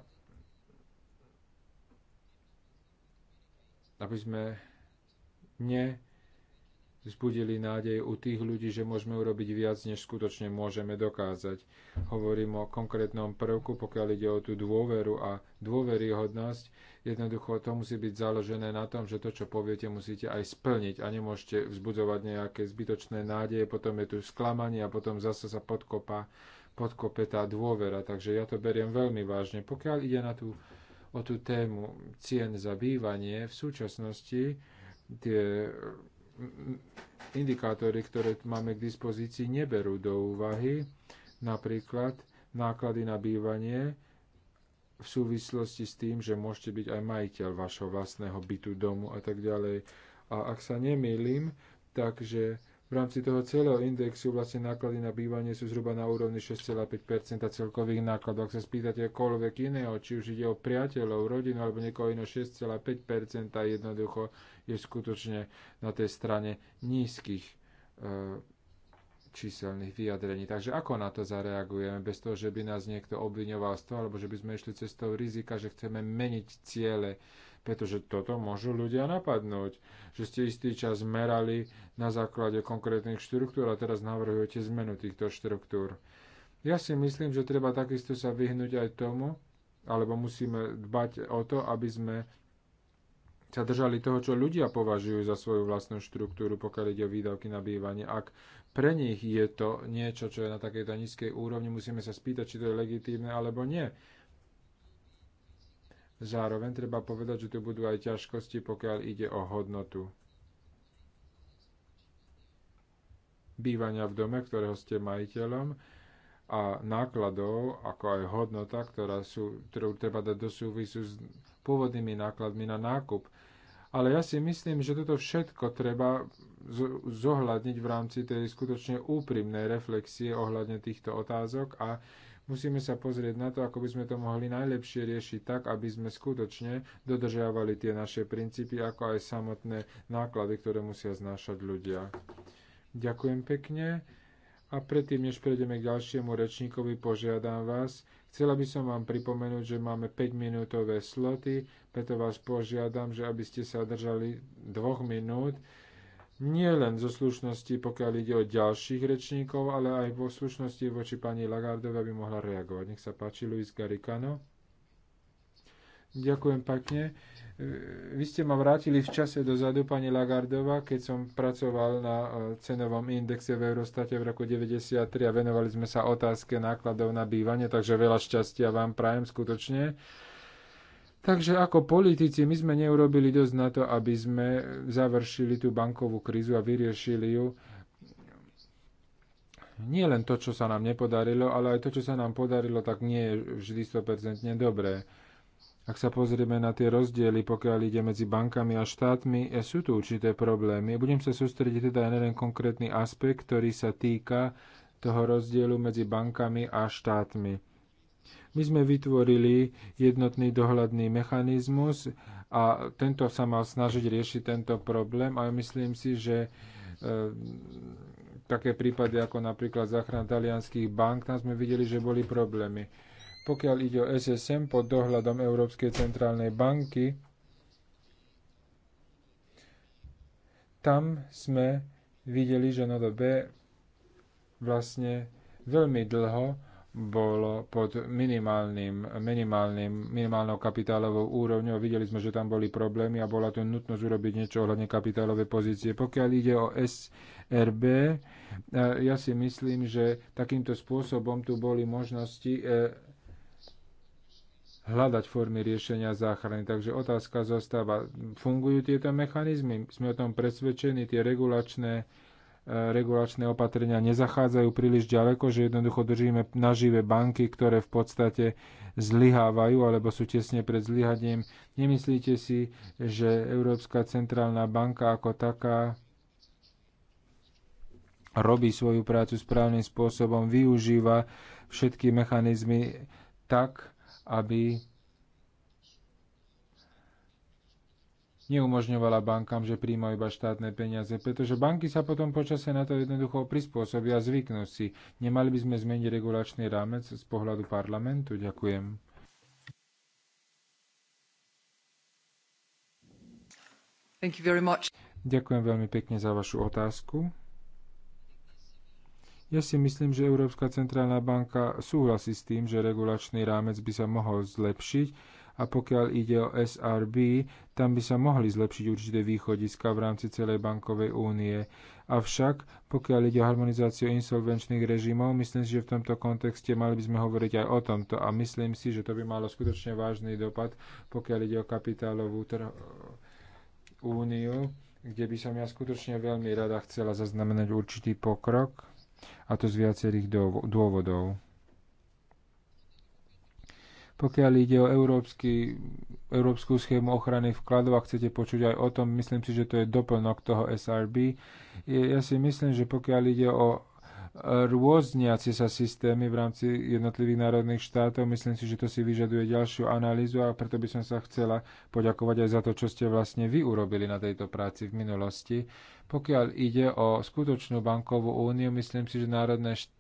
aby sme ne vzbudili nádej u tých ľudí, že môžeme urobiť viac, než skutočne môžeme dokázať. Hovorím o konkrétnom prvku, pokiaľ ide o tú dôveru a dôveryhodnosť. Jednoducho to musí byť založené na tom, že to, čo poviete, musíte aj splniť a nemôžete vzbudzovať nejaké zbytočné nádeje, potom je tu sklamanie a potom zase sa podkopa, podkope tá dôvera. Takže ja to beriem veľmi vážne. Pokiaľ ide na tú o tú tému cien za bývanie, v súčasnosti tie indikátory, ktoré máme k dispozícii, neberú do úvahy napríklad náklady na bývanie v súvislosti s tým, že môžete byť aj majiteľ vašho vlastného bytu, domu a tak ďalej. A ak sa nemýlim, takže v rámci toho celého indexu vlastne náklady na bývanie sú zhruba na úrovni 6,5 celkových nákladov. Ak sa spýtate koľvek iného, či už ide o priateľov, rodinu alebo niekoho iného, 6,5 jednoducho je skutočne na tej strane nízkych e, číselných vyjadrení. Takže ako na to zareagujeme, bez toho, že by nás niekto obviňoval z toho, alebo že by sme išli cestou rizika, že chceme meniť ciele pretože toto môžu ľudia napadnúť. Že ste istý čas merali na základe konkrétnych štruktúr a teraz navrhujete zmenu týchto štruktúr. Ja si myslím, že treba takisto sa vyhnúť aj tomu, alebo musíme dbať o to, aby sme sa držali toho, čo ľudia považujú za svoju vlastnú štruktúru, pokiaľ ide o výdavky na bývanie. Ak pre nich je to niečo, čo je na takejto nízkej úrovni, musíme sa spýtať, či to je legitímne alebo nie. Zároveň treba povedať, že tu budú aj ťažkosti, pokiaľ ide o hodnotu bývania v dome, ktorého ste majiteľom a nákladov, ako aj hodnota, ktorá sú, ktorú treba dať do súvisu s pôvodnými nákladmi na nákup. Ale ja si myslím, že toto všetko treba zohľadniť v rámci tej skutočne úprimnej reflexie ohľadne týchto otázok a Musíme sa pozrieť na to, ako by sme to mohli najlepšie riešiť tak, aby sme skutočne dodržiavali tie naše princípy, ako aj samotné náklady, ktoré musia znášať ľudia. Ďakujem pekne. A predtým, než prejdeme k ďalšiemu rečníkovi, požiadam vás, chcela by som vám pripomenúť, že máme 5-minútové sloty, preto vás požiadam, že aby ste sa držali 2 minút, nie len zo slušnosti, pokiaľ ide o ďalších rečníkov, ale aj vo slušnosti voči pani Lagardove, aby mohla reagovať. Nech sa páči, Luis Garicano. Ďakujem pekne. E, vy ste ma vrátili v čase dozadu, pani Lagardová, keď som pracoval na e, cenovom indexe v Eurostate v roku 1993 a venovali sme sa otázke nákladov na bývanie, takže veľa šťastia vám prajem skutočne. Takže ako politici my sme neurobili dosť na to, aby sme završili tú bankovú krízu a vyriešili ju. Nie len to, čo sa nám nepodarilo, ale aj to, čo sa nám podarilo, tak nie je vždy 100% dobré. Ak sa pozrieme na tie rozdiely, pokiaľ ide medzi bankami a štátmi, e, sú tu určité problémy. Budem sa sústrediť teda na jeden konkrétny aspekt, ktorý sa týka toho rozdielu medzi bankami a štátmi. My sme vytvorili jednotný dohľadný mechanizmus a tento sa mal snažiť riešiť tento problém a myslím si, že e, také prípady ako napríklad záchrana talianských bank, tam sme videli, že boli problémy. Pokiaľ ide o SSM pod dohľadom Európskej centrálnej banky, tam sme videli, že na dobe vlastne veľmi dlho bolo pod minimálnym, minimálnym, minimálnou kapitálovou úrovňou. Videli sme, že tam boli problémy a bola tu nutnosť urobiť niečo ohľadne kapitálovej pozície. Pokiaľ ide o SRB, e, ja si myslím, že takýmto spôsobom tu boli možnosti e, hľadať formy riešenia záchrany. Takže otázka zostáva, fungujú tieto mechanizmy? Sme o tom presvedčení, tie regulačné regulačné opatrenia nezachádzajú príliš ďaleko, že jednoducho držíme nažive banky, ktoré v podstate zlyhávajú alebo sú tesne pred zlyhaním. Nemyslíte si, že Európska centrálna banka ako taká robí svoju prácu správnym spôsobom, využíva všetky mechanizmy tak, aby neumožňovala bankám, že príjmajú iba štátne peniaze, pretože banky sa potom počasie na to jednoducho prispôsobia a zvyknú si. Nemali by sme zmeniť regulačný rámec z pohľadu parlamentu? Ďakujem. Thank you very much. Ďakujem veľmi pekne za vašu otázku. Ja si myslím, že Európska centrálna banka súhlasí s tým, že regulačný rámec by sa mohol zlepšiť a pokiaľ ide o SRB, tam by sa mohli zlepšiť určité východiska v rámci celej bankovej únie. Avšak, pokiaľ ide o harmonizáciu insolvenčných režimov, myslím si, že v tomto kontexte mali by sme hovoriť aj o tomto a myslím si, že to by malo skutočne vážny dopad, pokiaľ ide o kapitálovú trh- úniu, kde by som ja skutočne veľmi rada chcela zaznamenať určitý pokrok, a to z viacerých dôvodov. Pokiaľ ide o európsky, európsku schému ochrany vkladov, a chcete počuť aj o tom, myslím si, že to je doplnok toho SRB. Ja si myslím, že pokiaľ ide o e, rôzniacie sa systémy v rámci jednotlivých národných štátov. Myslím si, že to si vyžaduje ďalšiu analýzu a preto by som sa chcela poďakovať aj za to, čo ste vlastne vy urobili na tejto práci v minulosti. Pokiaľ ide o skutočnú bankovú úniu, myslím si, že národné št-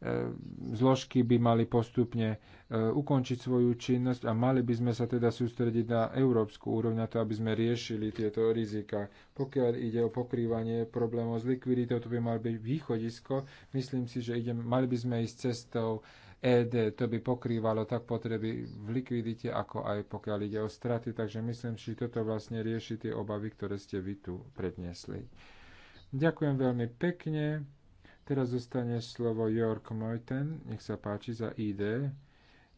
E, zložky by mali postupne e, ukončiť svoju činnosť a mali by sme sa teda sústrediť na európsku úroveň na to, aby sme riešili tieto rizika. Pokiaľ ide o pokrývanie problémov s likviditou, to by mal byť východisko. Myslím si, že ide, mali by sme ísť cestou ED, to by pokrývalo tak potreby v likvidite, ako aj pokiaľ ide o straty, takže myslím, že toto vlastne rieši tie obavy, ktoré ste vy tu predniesli. Ďakujem veľmi pekne. Teraz zostane slovo Jörg Meuten, nech sa páči za ID.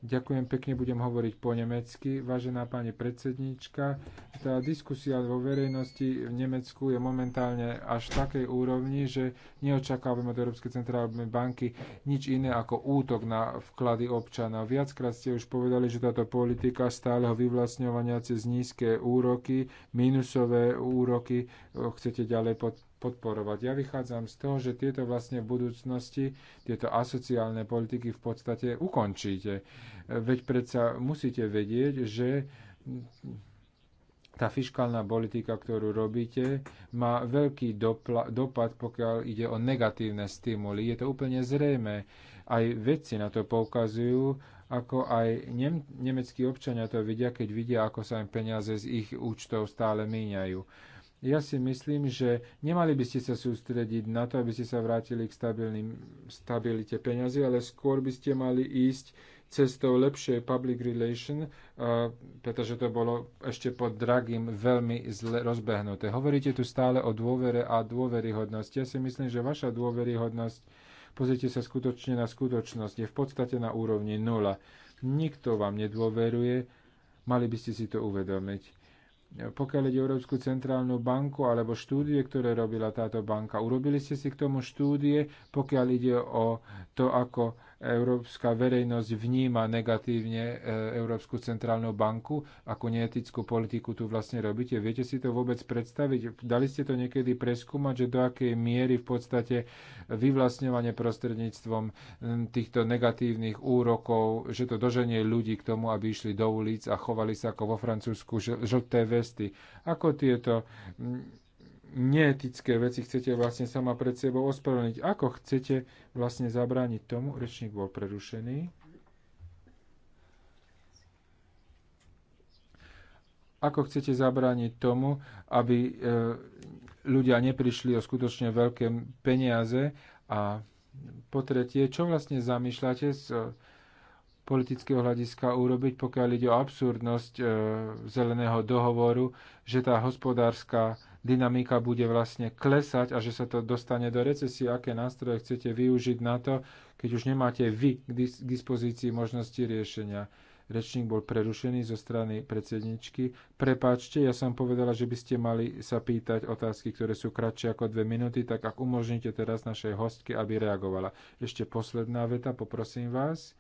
Ďakujem pekne, budem hovoriť po nemecky. Vážená pani predsednička, tá diskusia vo verejnosti v Nemecku je momentálne až v takej úrovni, že neočakávame od Európskej centrálnej banky nič iné ako útok na vklady občana. Viackrát ste už povedali, že táto politika stáleho vyvlastňovania cez nízke úroky, mínusové úroky, chcete ďalej pod podporovať. Ja vychádzam z toho, že tieto vlastne v budúcnosti, tieto asociálne politiky v podstate ukončíte. Veď predsa musíte vedieť, že tá fiškálna politika, ktorú robíte, má veľký dopad, pokiaľ ide o negatívne stimuly. Je to úplne zrejme. Aj vedci na to poukazujú, ako aj nem- nemeckí občania to vidia, keď vidia, ako sa im peniaze z ich účtov stále míňajú ja si myslím, že nemali by ste sa sústrediť na to, aby ste sa vrátili k stabilite peňazí, ale skôr by ste mali ísť cestou lepšej public relation, pretože to bolo ešte pod dragým veľmi zle rozbehnuté. Hovoríte tu stále o dôvere a dôveryhodnosti. Ja si myslím, že vaša dôveryhodnosť, pozrite sa skutočne na skutočnosť, je v podstate na úrovni nula. Nikto vám nedôveruje, mali by ste si to uvedomiť pokiaľ ide Európsku centrálnu banku alebo štúdie, ktoré robila táto banka. Urobili ste si k tomu štúdie, pokiaľ ide o to, ako európska verejnosť vníma negatívne e, Európsku centrálnu banku ako neetickú politiku tu vlastne robíte. Viete si to vôbec predstaviť? Dali ste to niekedy preskúmať, že do akej miery v podstate vyvlastňovanie prostredníctvom týchto negatívnych úrokov, že to doženie ľudí k tomu, aby išli do ulic a chovali sa ako vo Francúzsku žlté vesty. Ako tieto neetické veci chcete vlastne sama pred sebou ospravedlniť. Ako chcete vlastne zabrániť tomu? Rečník bol prerušený. Ako chcete zabrániť tomu, aby e, ľudia neprišli o skutočne veľké peniaze? A po tretie, čo vlastne zamýšľate z e, politického hľadiska urobiť, pokiaľ ide o absurdnosť e, zeleného dohovoru, že tá hospodárska dynamika bude vlastne klesať a že sa to dostane do recesie, aké nástroje chcete využiť na to, keď už nemáte vy k dispozícii možnosti riešenia. Rečník bol prerušený zo strany predsedničky. Prepáčte, ja som povedala, že by ste mali sa pýtať otázky, ktoré sú kratšie ako dve minúty, tak ak umožníte teraz našej hostke, aby reagovala. Ešte posledná veta, poprosím vás.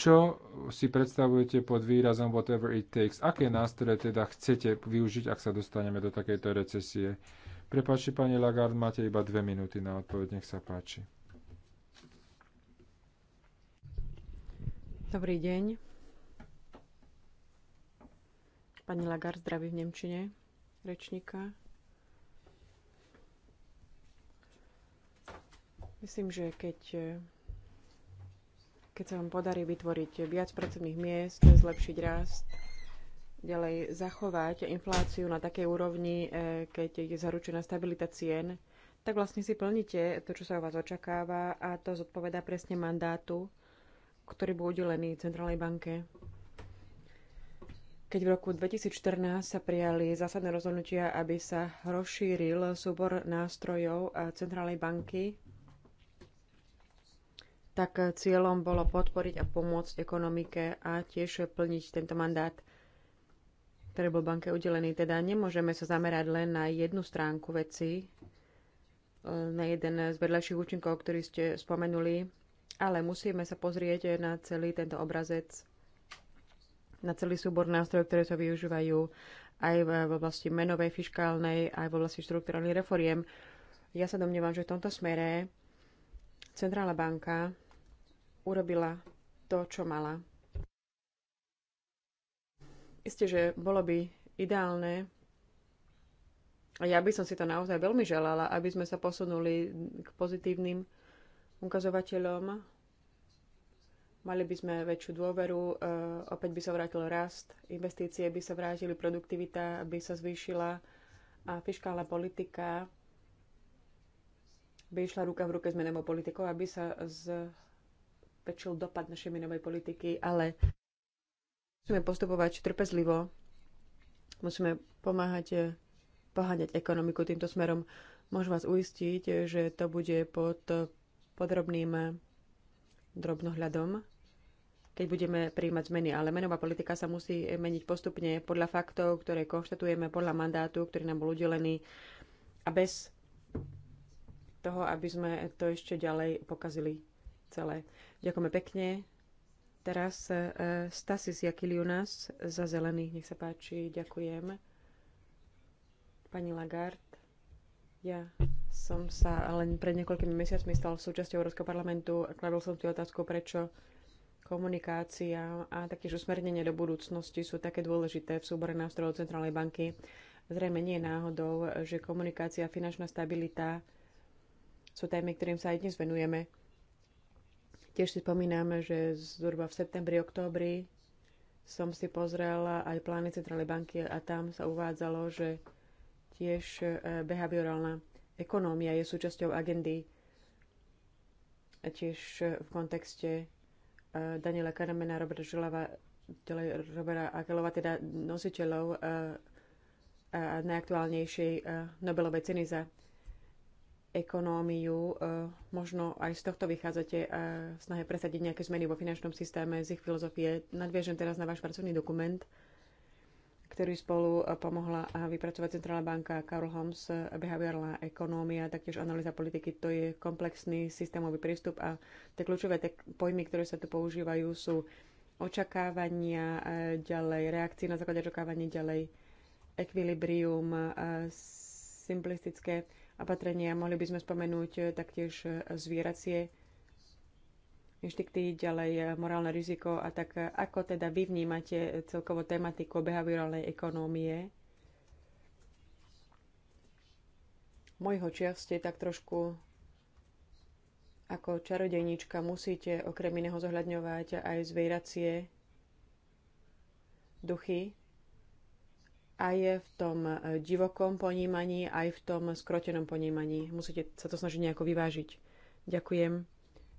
Čo si predstavujete pod výrazom whatever it takes? Aké nástroje teda chcete využiť, ak sa dostaneme do takejto recesie? Prepačte, pani Lagarde, máte iba dve minúty na odpoveď, nech sa páči. Dobrý deň. Pani Lagarde zdraví v Nemčine rečníka. Myslím, že keď eh, keď sa vám podarí vytvoriť viac pracovných miest, zlepšiť rast, ďalej zachovať infláciu na takej úrovni, e, keď je zaručená stabilita cien, tak vlastne si plníte to, čo sa o vás očakáva a to zodpoveda presne mandátu, ktorý bol udelený Centrálnej banke. Keď v roku 2014 sa prijali zásadné rozhodnutia, aby sa rozšíril súbor nástrojov Centrálnej banky, tak eh, cieľom bolo podporiť a pomôcť ekonomike a tiež plniť tento mandát, ktorý bol banke udelený. Teda nemôžeme sa zamerať len na jednu stránku veci, eh, na jeden z vedľajších účinkov, ktorý ste spomenuli, ale musíme sa pozrieť na celý tento obrazec, na celý súbor nástrojov, ktoré sa využívajú aj v oblasti menovej, fiskálnej, aj v oblasti štruktúrnych reforiem. Ja sa domnievam, že v tomto smere Centrálna banka urobila to, čo mala. Isté, že bolo by ideálne, a ja by som si to naozaj veľmi želala, aby sme sa posunuli k pozitívnym ukazovateľom. Mali by sme väčšiu dôveru, e, opäť by sa vrátil rast, investície by sa vrátili, produktivita by sa zvýšila a fiskálna politika by išla ruka v ruke s menovou politikou, aby sa zväčšil dopad našej menovej politiky, ale musíme postupovať trpezlivo, musíme pomáhať poháňať ekonomiku týmto smerom. Môžem vás uistiť, že to bude pod podrobným drobnohľadom, keď budeme príjmať zmeny. Ale menová politika sa musí meniť postupne podľa faktov, ktoré konštatujeme, podľa mandátu, ktorý nám bol udelený a bez toho, aby sme to ešte ďalej pokazili celé. Ďakujeme pekne. Teraz e, Stasis Jakiliunas za zelených. Nech sa páči, ďakujem. Pani Lagarde, ja som sa len pred niekoľkými mesiacmi stal súčasťou Európskeho parlamentu a kladol som si otázku, prečo komunikácia a taktiež usmernenie do budúcnosti sú také dôležité v súbore nástrojov Centrálnej banky. Zrejme nie je náhodou, že komunikácia a finančná stabilita sú témy, ktorým sa aj dnes venujeme. Tiež si spomíname, že zhruba v septembri, októbri som si pozrela aj plány Centrálnej banky a tam sa uvádzalo, že tiež e, behaviorálna ekonómia je súčasťou agendy a tiež e, v kontexte e, Daniela Karamena, Roberta Žilava, Robera Akelova, teda nositeľov a najaktuálnejšej Nobelovej ceny za ekonómiu. E, možno aj z tohto vychádzate e, v snahe presadiť nejaké zmeny vo finančnom systéme z ich filozofie. Nadviežem teraz na váš pracovný dokument, ktorý spolu e, pomohla vypracovať Centrálna banka Carl Holmes, behaviorálna ekonómia, taktiež analýza politiky. To je komplexný systémový prístup a tie kľúčové tie pojmy, ktoré sa tu používajú, sú očakávania ďalej, reakcie na základe očakávania ďalej, ekvilibrium, simplistické opatrenia. Mohli by sme spomenúť eh, taktiež eh, zvieracie inštikty, ďalej eh, morálne riziko a tak ako teda vy vnímate celkovo tematiku behaviorálnej ekonómie? Mojho čiaste tak trošku ako čarodejníčka musíte okrem iného zohľadňovať aj zvieracie duchy, aj v tom eh, divokom ponímaní, aj v tom skrotenom ponímaní. Musíte sa to snažiť nejako vyvážiť. Ďakujem.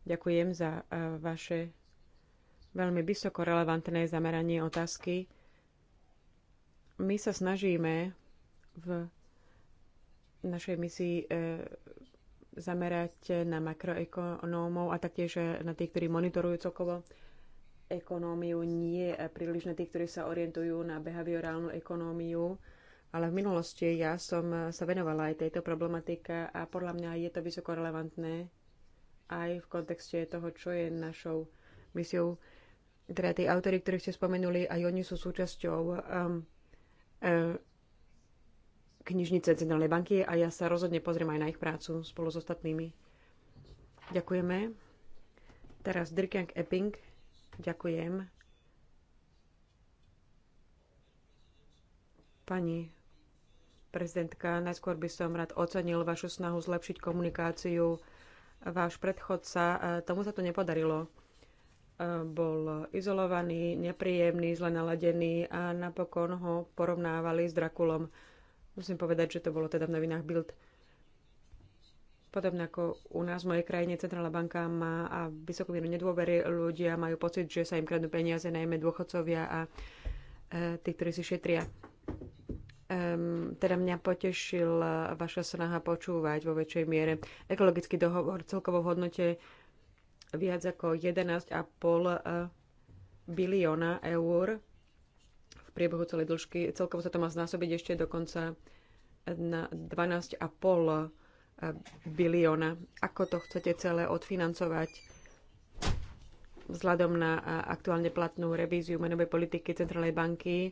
Ďakujem za eh, vaše veľmi vysoko relevantné zameranie otázky. My sa snažíme v našej misii eh, zamerať na makroekonómov a taktiež na tých, ktorí monitorujú celkovo ekonómiu, nie príliš na tých, ktorí sa orientujú na behaviorálnu ekonómiu. Ale v minulosti ja som sa venovala aj tejto problematike a podľa mňa je to vysoko relevantné aj v kontexte toho, čo je našou misiou. Teda tí autory, ktorých ste spomenuli, aj oni sú súčasťou um, um, knižnice Centrálnej banky a ja sa rozhodne pozriem aj na ich prácu spolu s ostatnými. Ďakujeme. Teraz Dirkiang Epping. Ďakujem. Pani prezidentka, najskôr by som rád ocenil vašu snahu zlepšiť komunikáciu. Váš predchodca, e, tomu sa to nepodarilo. E, bol izolovaný, nepríjemný, zle naladený a napokon ho porovnávali s Drakulom. Musím povedať, že to bolo teda v novinách Bild. Podobne ako u nás v mojej krajine Centrálna banka má a vysokú mieru nedôvery, ľudia majú pocit, že sa im kradnú peniaze, najmä dôchodcovia a e, tí, ktorí si šetria. Um, teda mňa potešila vaša snaha počúvať vo väčšej miere ekologický dohovor celkovo v hodnote viac ako 11,5 e, bilióna eur v priebehu celej dĺžky. Celkovo sa to má znásobiť ešte dokonca na 12,5 bilióna. Ako to chcete celé odfinancovať vzhľadom na aktuálne platnú revíziu menovej politiky Centrálnej banky? E,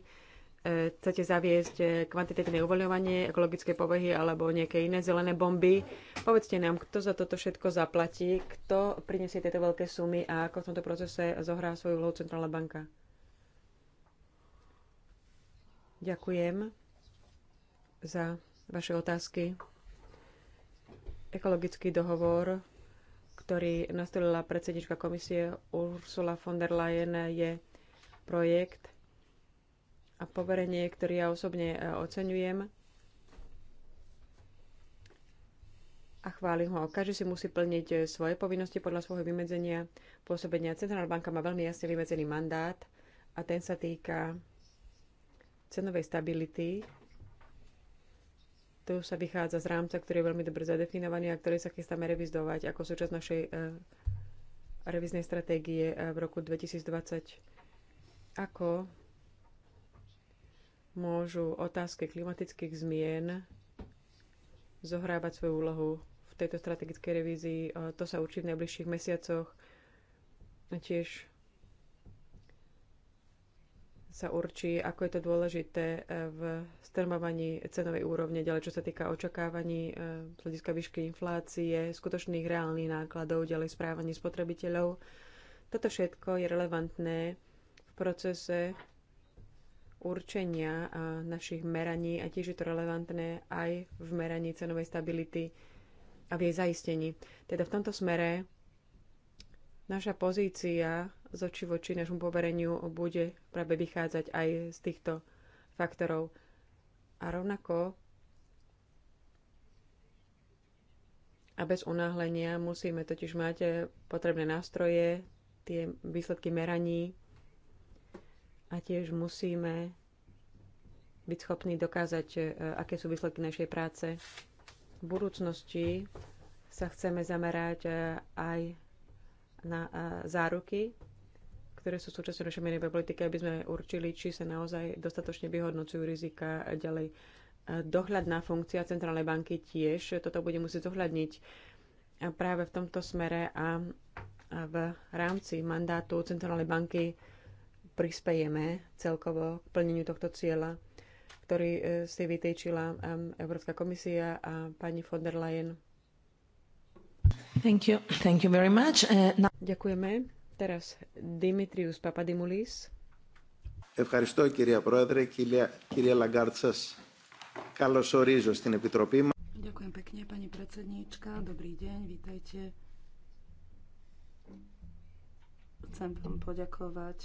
chcete zaviesť e, kvantitatívne uvoľňovanie ekologické povehy alebo nejaké iné zelené bomby? Povedzte nám, kto za toto všetko zaplatí, kto prinesie tieto veľké sumy a ako v tomto procese zohrá svoju úlohu Centrálna banka? Ďakujem za vaše otázky ekologický dohovor, ktorý nastolila predsednička komisie Ursula von der Leyen, je projekt a poverenie, ktorý ja osobne e, oceňujem a chválim ho. Každý si musí plniť e, svoje povinnosti podľa svojho vymedzenia pôsobenia. Centrálna banka má veľmi jasne vymedzený mandát a ten sa týka cenovej stability tu sa vychádza z rámca, ktorý je veľmi dobre zadefinovaný a ktorý sa chystáme revizovať, ako súčasť našej e, revíznej stratégie e, v roku 2020. Ako môžu otázky klimatických zmien zohrávať svoju úlohu v tejto strategickej revízii. E, to sa určí v najbližších mesiacoch. Tiež sa určí, ako je to dôležité eh, v strmovaní cenovej úrovne, ďalej čo sa týka očakávaní eh, z hľadiska výšky inflácie, skutočných reálnych nákladov, ďalej správanie spotrebiteľov. Toto všetko je relevantné v procese určenia eh, našich meraní a tiež je to relevantné aj v meraní cenovej stability a v jej zaistení. Teda v tomto smere naša pozícia z oči našmu povereniu bude práve vychádzať aj z týchto faktorov. A rovnako a bez unáhlenia musíme totiž mať eh, potrebné nástroje, tie výsledky meraní a tiež musíme byť schopní dokázať, eh, aké sú výsledky našej práce. V budúcnosti sa chceme zamerať eh, aj na záruky ktoré sú súčasťou našej menej politiky, aby sme určili, či sa naozaj dostatočne vyhodnocujú rizika ďalej. Dohľadná funkcia Centrálnej banky tiež toto bude musieť zohľadniť práve v tomto smere a v rámci mandátu Centrálnej banky prispejeme celkovo k plneniu tohto cieľa, ktorý e, si vytýčila e, Európska komisia a pani von der Leyen. Thank you. Thank you very much. Uh, e, now... Ďakujeme. Teraz Dimitrius Papadimulis. Ευχαριστώ κυρία Πρόεδρε, κυρία, κυρία Λαγκάρτ σας. Καλώς ορίζω στην Επιτροπή μας. Ďakujem pekne, pani predsedníčka. Dobrý deň, vítajte. Chcem vám poďakovať.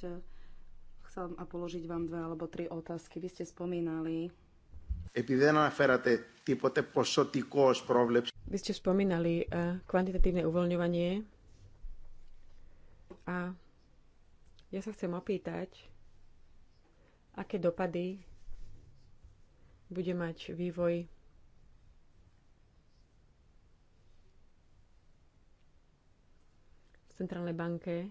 Chcem a položiť vám dve alebo tri otázky. Vy ste spomínali Επειδή δεν αναφέρατε τίποτε ποσοτικό ως πρόβλεψη. Vy ste spomínali eh, kvantitatívne uvoľňovanie a ja sa chcem opýtať, aké dopady bude mať vývoj v centrálnej banke e,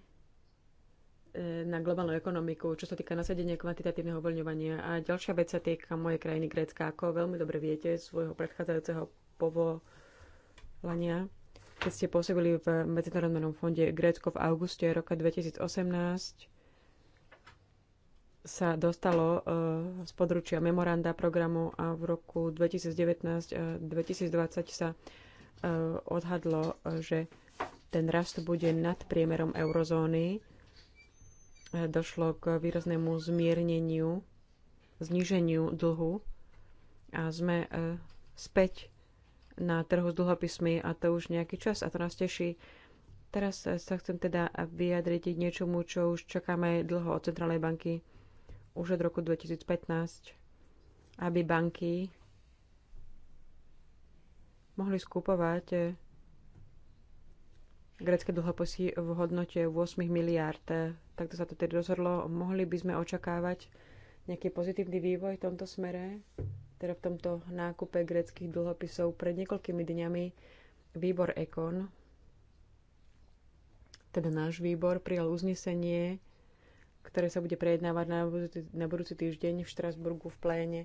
na globálnu ekonomiku, čo sa týka nasadenia kvantitatívneho uvoľňovania. A ďalšia vec sa týka mojej krajiny Grécka, ako veľmi dobre viete z svojho predchádzajúceho povolania keď ste pôsobili v Medzinárodnom fonde Grécko v auguste roka 2018, sa dostalo e, z područia memoranda programu a v roku 2019-2020 e, sa e, odhadlo, že ten rast bude nad priemerom eurozóny. Došlo k výraznému zmierneniu, zníženiu dlhu a sme späť na trhu s dlhopismi a to už nejaký čas a to nás teší. Teraz sa chcem teda vyjadriť niečomu, čo už čakáme dlho od Centrálnej banky, už od roku 2015, aby banky mohli skupovať eh, grecké dlhopisy v hodnote 8 miliárd. Takto sa to tedy rozhodlo. Mohli by sme očakávať nejaký pozitívny vývoj v tomto smere? teda v tomto nákupe greckých dlhopisov pred niekoľkými dňami výbor EKON, teda náš výbor, prijal uznesenie, ktoré sa bude prejednávať na budúci, na budúci týždeň v Štrasburgu v pléne.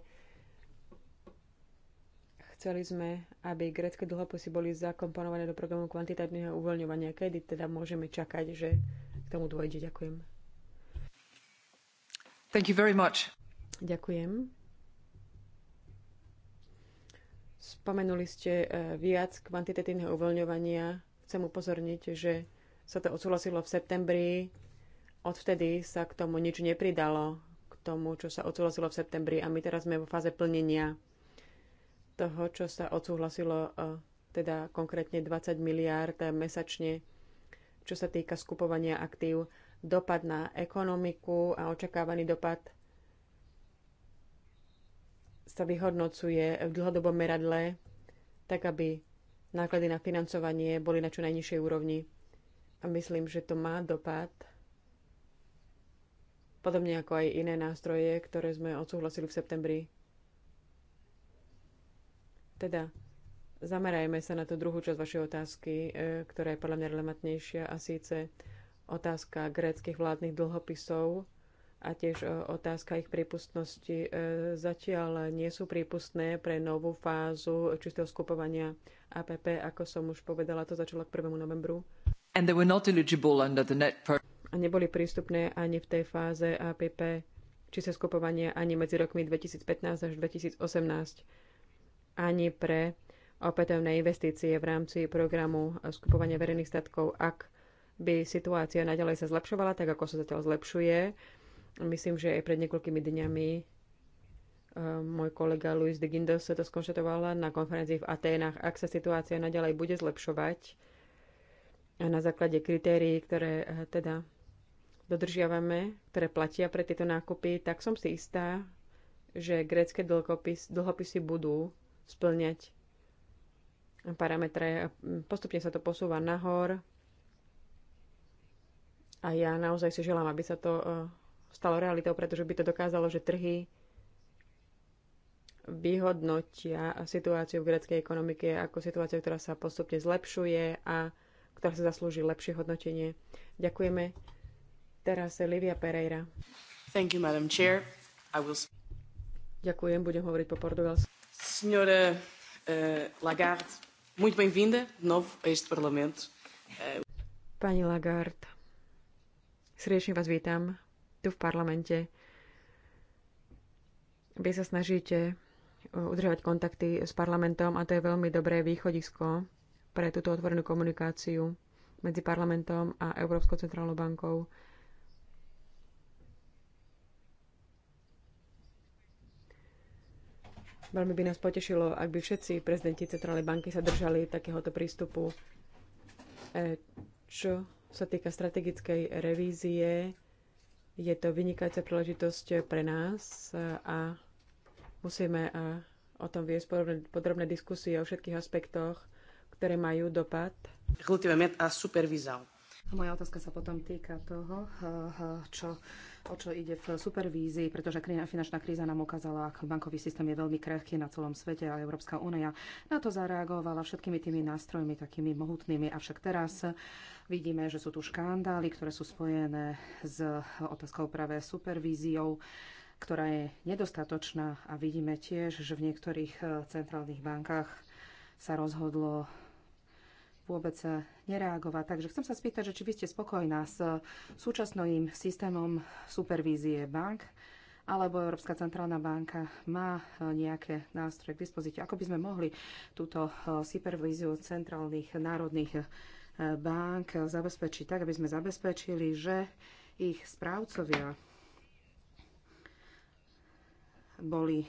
Chceli sme, aby grecké dlhopisy boli zakomponované do programu kvantitatívneho uvoľňovania. Kedy teda môžeme čakať, že k tomu dôjde? Ďakujem. Thank you very much. Ďakujem. Spomenuli ste e, viac kvantitatívneho uvoľňovania. Chcem upozorniť, že sa to odsúhlasilo v septembri. Odvtedy sa k tomu nič nepridalo, k tomu, čo sa odsúhlasilo v septembri. A my teraz sme vo fáze plnenia toho, čo sa odsúhlasilo, e, teda konkrétne 20 miliárd mesačne, čo sa týka skupovania aktív. Dopad na ekonomiku a očakávaný dopad – sa vyhodnocuje v dlhodobom meradle, tak aby náklady na financovanie boli na čo najnižšej úrovni. A myslím, že to má dopad, podobne ako aj iné nástroje, ktoré sme odsúhlasili v septembri. Teda, zamerajme sa na tú druhú časť vašej otázky, e, ktorá je podľa mňa relevantnejšia a síce otázka gréckých vládnych dlhopisov a tiež e, otázka ich prípustnosti. E, zatiaľ nie sú prípustné pre novú fázu čistého skupovania APP, ako som už povedala, to začalo k 1. novembru. And they were not eligible under the net a neboli prístupné ani v tej fáze APP, či sa skupovania ani medzi rokmi 2015 až 2018, ani pre opätovné investície v rámci programu skupovania verejných statkov, ak by situácia naďalej sa zlepšovala, tak ako sa zatiaľ zlepšuje, Myslím, že aj pred niekoľkými dňami eh, môj kolega Luis de Guindos sa to skonštatoval na konferencii v Aténach. Ak sa situácia naďalej bude zlepšovať a na základe kritérií, ktoré eh, teda dodržiavame, ktoré platia pre tieto nákupy, tak som si istá, že grécké dlhopis, dlhopisy budú splňať parametre. Postupne sa to posúva nahor a ja naozaj si želám, aby sa to eh, stalo realitou, pretože by to dokázalo, že trhy vyhodnotia situáciu v greckej ekonomike ako situáciu, ktorá sa postupne zlepšuje a ktorá sa zaslúži lepšie hodnotenie. Ďakujeme. Teraz Livia Pereira. Thank you, Madam Chair. I will... Ďakujem, budem hovoriť po portugalsku. Senhora uh, eh, Lagarde, muito bem-vinda de novo a este Parlamento. Uh... Pani Lagarde, srdečne vás vítam tu v parlamente. Vy sa snažíte e, udržovať kontakty s parlamentom a to je veľmi dobré východisko pre túto otvorenú komunikáciu medzi parlamentom a Európskou centrálnou bankou. Veľmi by nás potešilo, ak by všetci prezidenti Centrálnej banky sa držali takéhoto prístupu. E, čo sa týka strategickej revízie, je to vynikajúca príležitosť pre nás a musíme o tom viesť podrobné, podrobné diskusie o všetkých aspektoch, ktoré majú dopad. Ultimamente a supervisão. A moja otázka sa potom týka toho, eh, eh, čo, o čo ide v supervízii, pretože finančná kríza nám ukázala, ako bankový systém je veľmi krehký na celom svete a Európska únia na to zareagovala všetkými tými nástrojmi, takými mohutnými. Avšak teraz vidíme, že sú tu škandály, ktoré sú spojené s otázkou práve supervíziou ktorá je nedostatočná a vidíme tiež, že v niektorých eh, centrálnych bankách sa rozhodlo vôbec eh, nereagovať. Takže chcem sa spýtať, že či vy ste spokojná s eh, súčasným systémom supervízie bank, alebo Európska centrálna banka má eh, nejaké nástroje k dispozícii. Ako by sme mohli túto supervíziu centrálnych národných bank zabezpečiť tak, aby sme zabezpečili, že ich správcovia boli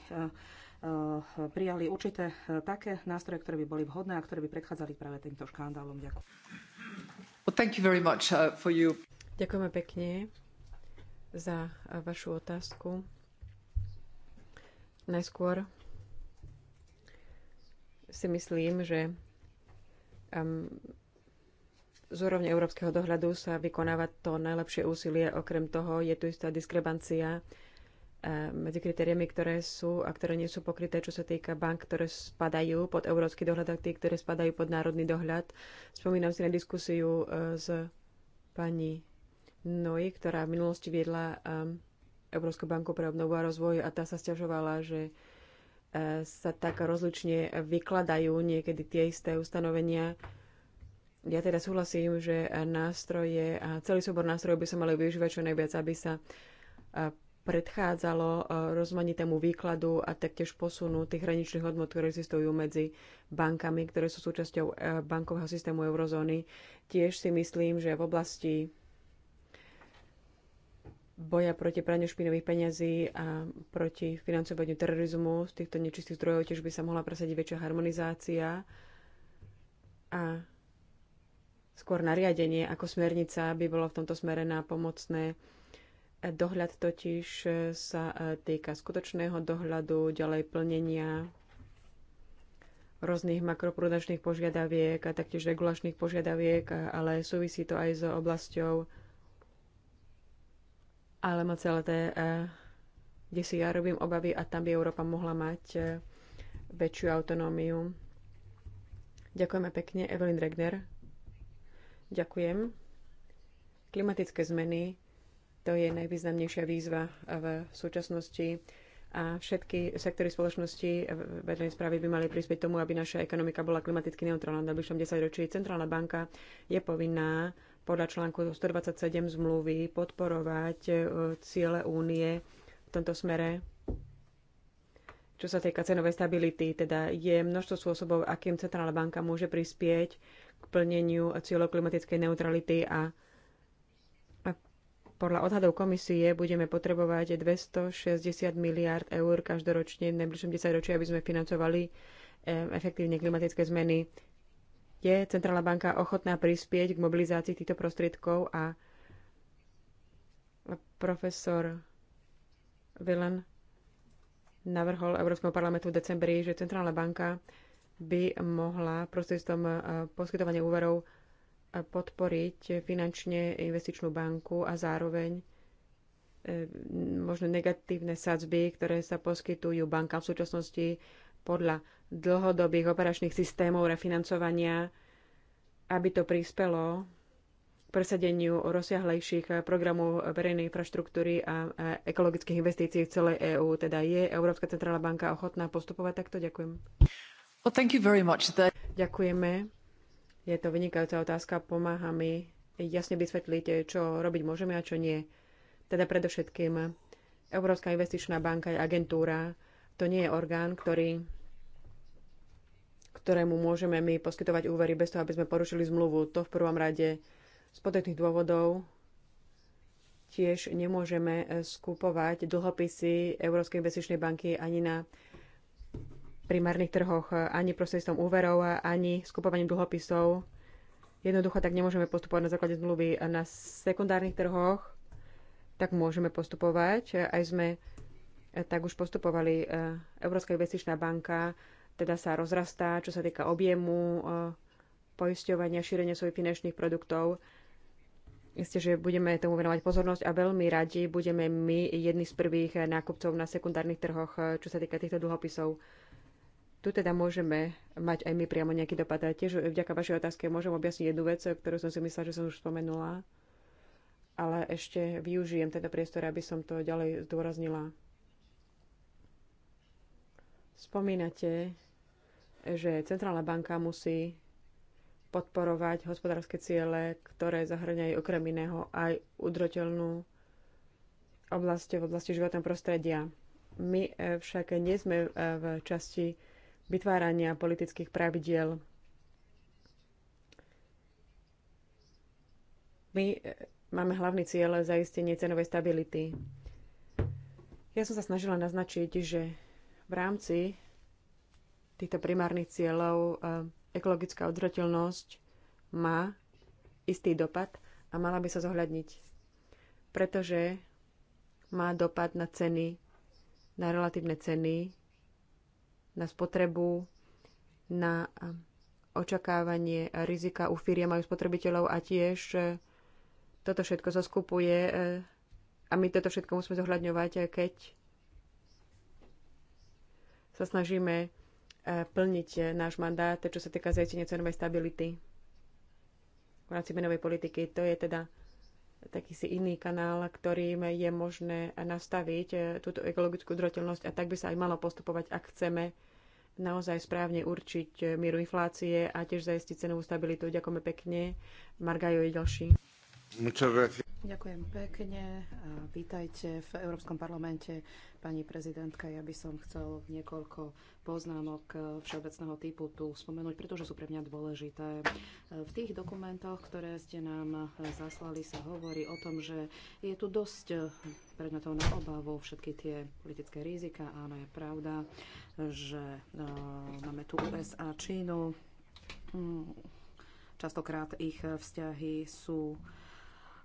Eh, prijali určité eh, také nástroje, ktoré by boli vhodné a ktoré by predchádzali práve týmto škandálom. Ďakujem. Well, thank you very much uh, for you. Ďakujeme pekne za eh, vašu otázku. Najskôr si myslím, že um, z úrovne európskeho dohľadu sa vykonáva to najlepšie úsilie. Okrem toho je tu istá diskrepancia Eh, medzi kritériami, ktoré sú a ktoré nie sú pokryté, čo sa týka bank, ktoré spadajú pod európsky dohľad a tie, ktoré spadajú pod národný dohľad. Spomínam si na diskusiu eh, s pani Noy, ktorá v minulosti viedla eh, Európsku banku pre obnovu a rozvoj a tá sa stiažovala, že sa tak rozlične vykladajú niekedy tie isté ustanovenia. Ja teda súhlasím, že nástroje a celý súbor nástrojov by sa mali využívať čo najviac, aby sa predchádzalo e, rozmanitému výkladu a taktiež posunu tých hraničných hodnot, ktoré existujú medzi bankami, ktoré sú súčasťou e, bankového systému eurozóny. Tiež si myslím, že v oblasti boja proti praniu špinových peňazí a proti financovaniu terorizmu z týchto nečistých zdrojov tiež by sa mohla presadiť väčšia harmonizácia a skôr nariadenie ako smernica by bolo v tomto smere na pomocné Dohľad totiž sa e, týka skutočného dohľadu, ďalej plnenia rôznych makroprudenčných požiadaviek a taktiež regulačných požiadaviek, ale súvisí to aj s oblasťou ale ma celé té, e, kde si ja robím obavy a tam by Európa mohla mať e, väčšiu autonómiu. Ďakujeme pekne, Evelyn Regner. Ďakujem. Klimatické zmeny to je najvýznamnejšia výzva v súčasnosti a všetky sektory spoločnosti verejnej správy by mali prispieť tomu, aby naša ekonomika bola klimaticky neutrálna v najbližšom 10 ročí. Centrálna banka je povinná podľa článku 127 zmluvy podporovať e, ciele únie v tomto smere. Čo sa týka cenovej stability, teda je množstvo spôsobov, akým Centrálna banka môže prispieť k plneniu cieľov klimatickej neutrality a podľa odhadov komisie budeme potrebovať 260 miliárd eur každoročne v najbližšom 10 ročí, aby sme financovali efektívne klimatické zmeny. Je Centrálna banka ochotná prispieť k mobilizácii týchto prostriedkov a profesor Villan navrhol Európskemu parlamentu v decembri, že Centrálna banka by mohla prostredstvom eh, poskytovania úverov podporiť finančne investičnú banku a zároveň e, možno negatívne sadzby, ktoré sa poskytujú banka v súčasnosti podľa dlhodobých operačných systémov refinancovania, aby to prispelo k presadeniu rozsiahlejších programov verejnej infraštruktúry a ekologických investícií v celej EÚ. Teda je Európska centrálna banka ochotná postupovať takto? Ďakujem. Well, thank you very much. Ďakujeme je to vynikajúca otázka, pomáha mi jasne vysvetliť, čo robiť môžeme a čo nie. Teda predovšetkým Európska investičná banka je agentúra, to nie je orgán, ktorý ktorému môžeme my poskytovať úvery bez toho, aby sme porušili zmluvu. To v prvom rade z podetných dôvodov tiež nemôžeme skupovať dlhopisy Európskej investičnej banky ani na primárnych trhoch, eh, ani prostredstvom úverov, eh, ani skupovaním dlhopisov. Jednoducho tak nemôžeme postupovať na základe zmluvy. Na sekundárnych trhoch tak môžeme postupovať. Eh, aj sme tak už postupovali. Európska investičná banka teda sa rozrastá, čo sa týka objemu poisťovania, šírenia svojich finančných produktov. Isté, že budeme tomu venovať pozornosť a veľmi radi budeme my jedni z prvých nákupcov na sekundárnych trhoch, čo sa týka týchto dlhopisov. Tu teda môžeme mať aj my priamo nejaký dopad. A tiež vďaka vašej otázke môžem objasniť jednu vec, ktorú som si myslela, že som už spomenula. Ale ešte využijem teda priestor, aby som to ďalej zdôraznila. Spomínate, že Centrálna banka musí podporovať hospodárske ciele, ktoré zahrňajú okrem iného aj udrotelnú oblasti v oblasti životného prostredia. My eh, však nie sme eh, v časti vytvárania politických pravidiel. My e, máme hlavný cieľ zaistenie cenovej stability. Ja som sa snažila naznačiť, že v rámci týchto primárnych cieľov e, ekologická odzrateľnosť má istý dopad a mala by sa zohľadniť, pretože má dopad na ceny, na relatívne ceny na spotrebu, na očakávanie rizika u a majú spotrebiteľov a tiež e, toto všetko zoskupuje e, a my toto všetko musíme zohľadňovať, e, keď sa snažíme plniť náš mandát, čo sa týka zajistenia cenovej stability v rámci menovej politiky. To je teda takýsi iný kanál, ktorým je možné nastaviť e, túto ekologickú udržateľnosť a tak by sa aj malo postupovať, ak chceme naozaj správne určiť e, mieru inflácie a tiež zajistiť cenovú stabilitu. Ďakujeme pekne. Margajo je ďalší. Ďakujem pekne. A vítajte v Európskom parlamente, pani prezidentka. Ja by som chcel niekoľko poznámok všeobecného typu tu spomenúť, pretože sú pre mňa dôležité. V tých dokumentoch, ktoré ste nám zaslali, sa hovorí o tom, že je tu dosť predmetov na obavu všetky tie politické rizika. Áno, je pravda, že e, máme tu USA, Čínu. Mm, častokrát ich vzťahy sú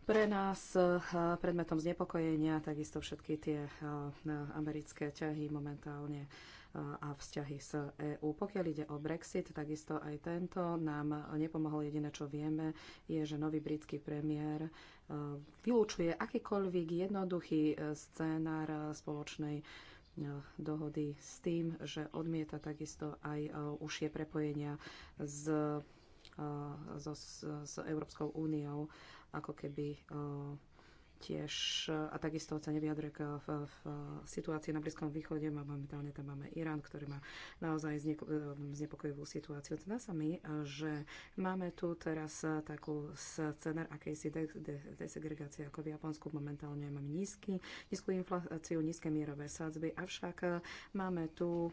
pre nás eh, predmetom znepokojenia takisto všetky tie eh, americké ťahy momentálne eh, a vzťahy s EÚ. Pokiaľ ide o Brexit, takisto aj tento nám nepomohol. Jediné, čo vieme, je, že nový britský premiér vylúčuje akýkoľvek jednoduchý scénár spoločnej dohody s tým, že odmieta takisto aj užšie prepojenia s, so, s, s Európskou úniou ako keby tiež a takisto sa nevyjadruje k, v, v situácii na Blízkom východe. Momentálne tam máme Irán, ktorý má naozaj e, znepokojivú situáciu. Zdá sa mi, že máme tu teraz takú scener akejsi de, de, ako v Japonsku. Momentálne máme nízky, nízku infláciu, nízke mierové sadzby, avšak máme tu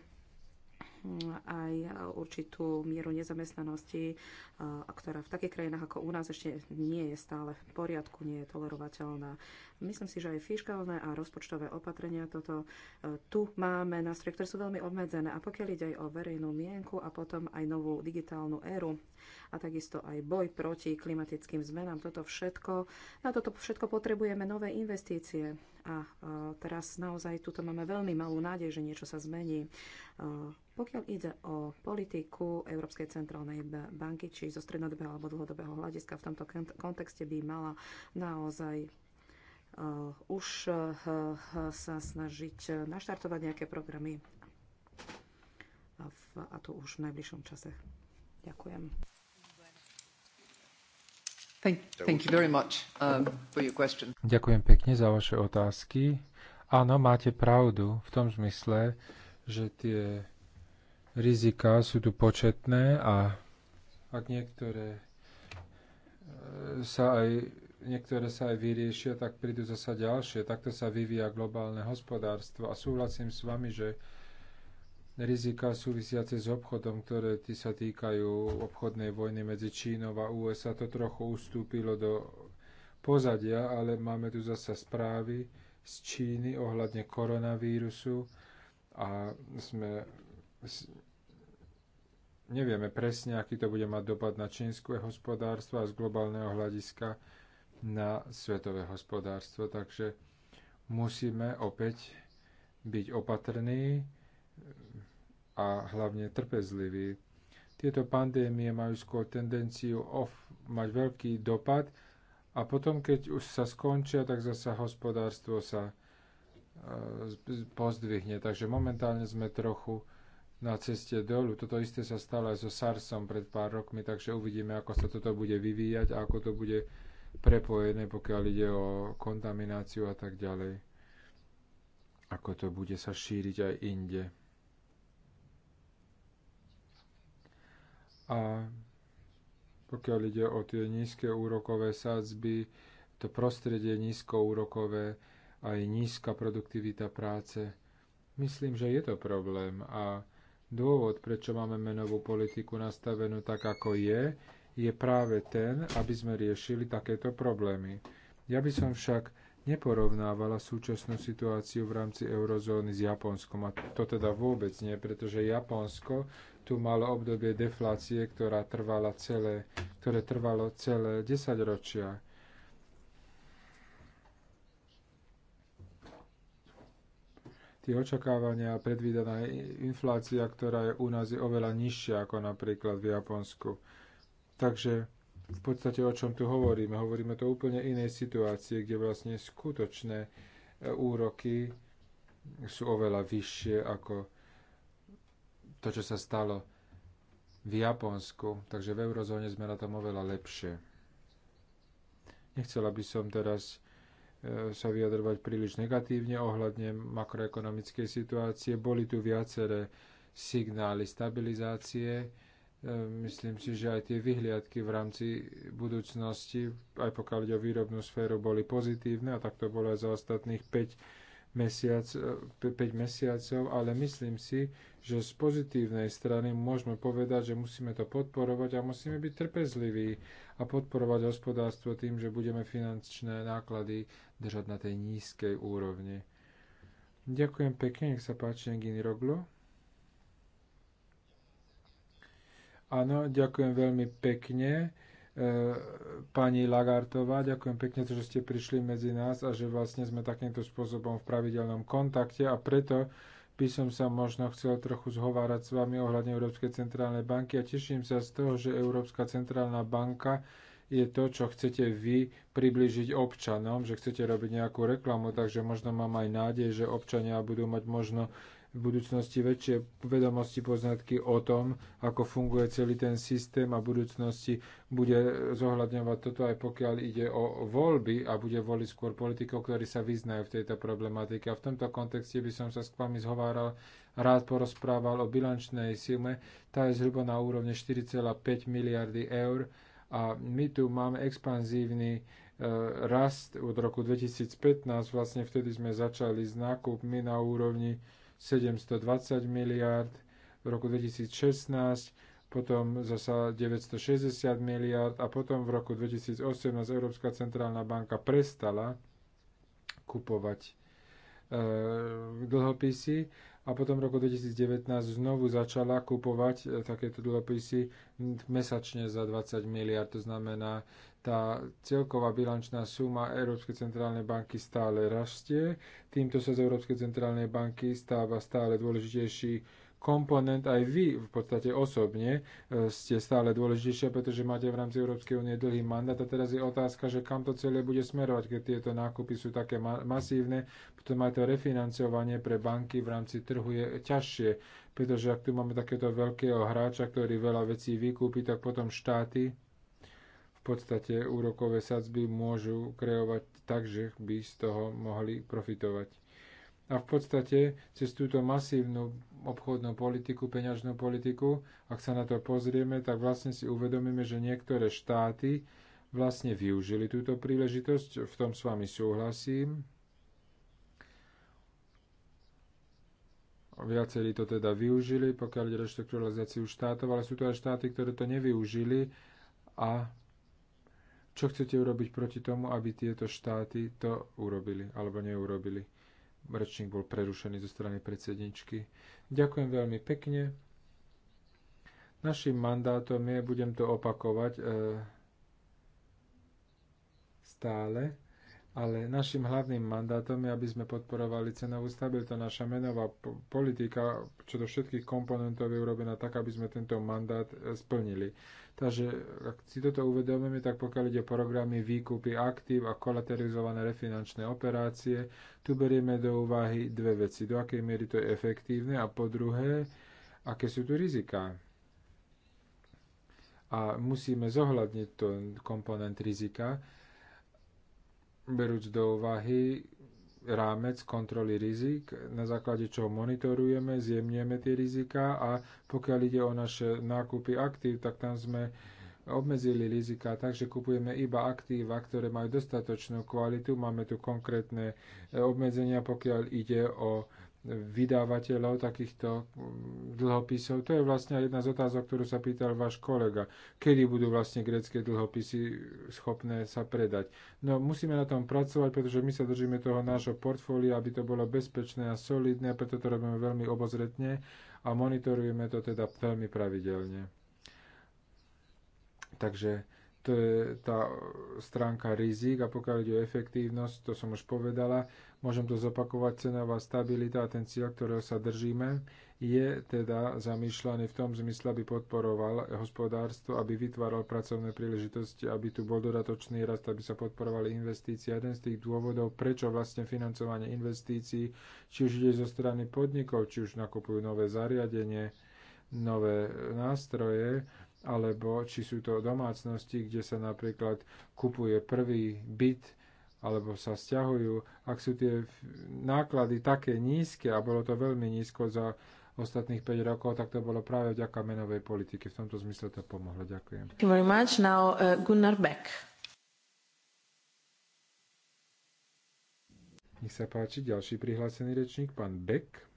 aj určitú mieru nezamestnanosti, ktorá v takých krajinách ako u nás ešte nie je stále v poriadku, nie je tolerovateľná. Myslím si, že aj fiškálne a rozpočtové opatrenia toto e, tu máme nástroje, ktoré sú veľmi obmedzené. A pokiaľ ide aj o verejnú mienku a potom aj novú digitálnu éru a takisto aj boj proti klimatickým zmenám, toto všetko, na toto všetko potrebujeme nové investície. A e, teraz naozaj tuto máme veľmi malú nádej, že niečo sa zmení. E, pokiaľ ide o politiku Európskej centrálnej banky, či zo strednodobého alebo dlhodobého hľadiska v tomto kontexte by mala naozaj Eh, už eh, eh, sa snažiť naštartovať nejaké programy a to už v najbližšom čase. Ďakujem. Thank, thank you very much, um, for your question. Ďakujem pekne za vaše otázky. Áno, máte pravdu v tom zmysle, že tie rizika sú tu početné a ak niektoré sa aj niektoré sa aj vyriešia, tak prídu zasa ďalšie. Takto sa vyvíja globálne hospodárstvo a súhlasím s vami, že rizika súvisiace s obchodom, ktoré tí sa týkajú obchodnej vojny medzi Čínou a USA, to trochu ustúpilo do pozadia, ale máme tu zasa správy z Číny ohľadne koronavírusu a sme nevieme presne, aký to bude mať dopad na čínske hospodárstvo a z globálneho hľadiska na svetové hospodárstvo. Takže musíme opäť byť opatrní a hlavne trpezliví. Tieto pandémie majú skôr tendenciu of, mať veľký dopad a potom, keď už sa skončia, tak zase hospodárstvo sa e, pozdvihne. Takže momentálne sme trochu na ceste dolu. Toto isté sa stalo aj so SARSom pred pár rokmi, takže uvidíme, ako sa toto bude vyvíjať a ako to bude prepojené, pokiaľ ide o kontamináciu a tak ďalej. Ako to bude sa šíriť aj inde. A pokiaľ ide o tie nízke úrokové sadzby, to prostredie nízkoúrokové, aj nízka produktivita práce, myslím, že je to problém. A dôvod, prečo máme menovú politiku nastavenú tak, ako je, je práve ten, aby sme riešili takéto problémy. Ja by som však neporovnávala súčasnú situáciu v rámci eurozóny s Japonskom. A to teda vôbec nie, pretože Japonsko tu malo obdobie deflácie, ktorá trvala celé, ktoré trvalo celé 10 ročia. tie očakávania a predvídaná inflácia, ktorá je u nás je oveľa nižšia ako napríklad v Japonsku. Takže v podstate o čom tu hovoríme? Hovoríme to o úplne inej situácii, kde vlastne skutočné e, úroky sú oveľa vyššie ako to, čo sa stalo v Japonsku. Takže v eurozóne sme na tom oveľa lepšie. Nechcela by som teraz e, sa vyjadrovať príliš negatívne ohľadne makroekonomickej situácie. Boli tu viaceré signály stabilizácie, Ehm, myslím si, že aj tie vyhliadky v rámci budúcnosti, aj pokiaľ ide o výrobnú sféru, boli pozitívne a tak to bolo aj za ostatných 5, mesiac, 5 e, mesiacov, ale myslím si, že z pozitívnej strany môžeme povedať, že musíme to podporovať a musíme byť trpezliví a podporovať hospodárstvo tým, že budeme finančné náklady držať na tej nízkej úrovni. Ďakujem pekne, nech sa páči, Gini Roglo. Áno, ďakujem veľmi pekne. E, pani Lagartová, ďakujem pekne, že ste prišli medzi nás a že vlastne sme takýmto spôsobom v pravidelnom kontakte a preto by som sa možno chcel trochu zhovárať s vami ohľadne Európskej centrálnej banky a teším sa z toho, že Európska centrálna banka je to, čo chcete vy priblížiť občanom, že chcete robiť nejakú reklamu, takže možno mám aj nádej, že občania budú mať možno v budúcnosti väčšie vedomosti, poznatky o tom, ako funguje celý ten systém a v budúcnosti bude zohľadňovať toto aj pokiaľ ide o voľby a bude voliť skôr politikov, ktorí sa vyznajú v tejto problematike. A v tomto kontexte by som sa s vami zhováral, rád porozprával o bilančnej sume, Tá je zhruba na úrovne 4,5 miliardy eur a my tu máme expanzívny e, rast od roku 2015, vlastne vtedy sme začali s nákupmi na úrovni 720 miliard, v roku 2016, potom zasa 960 miliard a potom v roku 2018 Európska centrálna banka prestala kupovať e, dlhopisy a potom v roku 2019 znovu začala kupovať e, takéto dlhopisy mesačne za 20 miliard, to znamená tá celková bilančná suma Európskej centrálnej banky stále rastie. Týmto sa z Európskej centrálnej banky stáva stále dôležitejší komponent. Aj vy v podstate osobne e, ste stále dôležitejšia, pretože máte v rámci Európskej únie dlhý mandát a teraz je otázka, že kam to celé bude smerovať, keď tieto nákupy sú také masívne, potom aj to refinancovanie pre banky v rámci trhu je ťažšie, pretože ak tu máme takéto veľkého hráča, ktorý veľa vecí vykúpi, tak potom štáty podstate úrokové sadzby môžu kreovať tak, že by z toho mohli profitovať. A v podstate cez túto masívnu obchodnú politiku, peňažnú politiku, ak sa na to pozrieme, tak vlastne si uvedomíme, že niektoré štáty vlastne využili túto príležitosť, v tom s vami súhlasím. Viacerí to teda využili, pokiaľ ide reštrukturalizáciu štátov, ale sú to aj štáty, ktoré to nevyužili a čo chcete urobiť proti tomu, aby tieto štáty to urobili alebo neurobili? Rečník bol prerušený zo strany predsedničky. Ďakujem veľmi pekne. Našim mandátom je, budem to opakovať e, stále, ale našim hlavným mandátom je, aby sme podporovali cenovú stabilitu. Naša menová politika, čo do všetkých komponentov je urobená tak, aby sme tento mandát e, splnili. Takže ak si toto uvedomíme, tak pokiaľ ide o programy výkupy aktív a kolaterizované refinančné operácie, tu berieme do úvahy dve veci. Do akej miery to je efektívne a po druhé, aké sú tu riziká. A musíme zohľadniť ten komponent rizika, berúc do úvahy rámec kontroly rizik, na základe čoho monitorujeme, zjemňujeme tie rizika a pokiaľ ide o naše nákupy aktív, tak tam sme obmedzili rizika, takže kupujeme iba aktíva, ktoré majú dostatočnú kvalitu. Máme tu konkrétne obmedzenia, pokiaľ ide o vydávateľov takýchto mm, dlhopisov. To je vlastne jedna z otázok, ktorú sa pýtal váš kolega. Kedy budú vlastne grecké dlhopisy schopné sa predať? No musíme na tom pracovať, pretože my sa držíme toho nášho portfólia, aby to bolo bezpečné a solidné, preto to robíme veľmi obozretne a monitorujeme to teda veľmi pravidelne. Takže to je tá stránka rizik a pokiaľ ide o efektívnosť, to som už povedala, môžem to zopakovať, cenová stabilita a ten cieľ, ktorého sa držíme, je teda zamýšľaný v tom zmysle, aby podporoval hospodárstvo, aby vytváral pracovné príležitosti, aby tu bol dodatočný rast, aby sa podporovali investície. Jeden z tých dôvodov, prečo vlastne financovanie investícií, či už ide zo strany podnikov, či už nakupujú nové zariadenie, nové nástroje, alebo či sú to domácnosti, kde sa napríklad kupuje prvý byt, alebo sa stiahujú, ak sú tie náklady také nízke a bolo to veľmi nízko za ostatných 5 rokov, tak to bolo práve vďaka menovej politike. V tomto zmysle to pomohlo. Ďakujem. Thank you very much. Now, uh, Gunnar Beck. Nech sa páči, ďalší prihlásený rečník, pán Beck.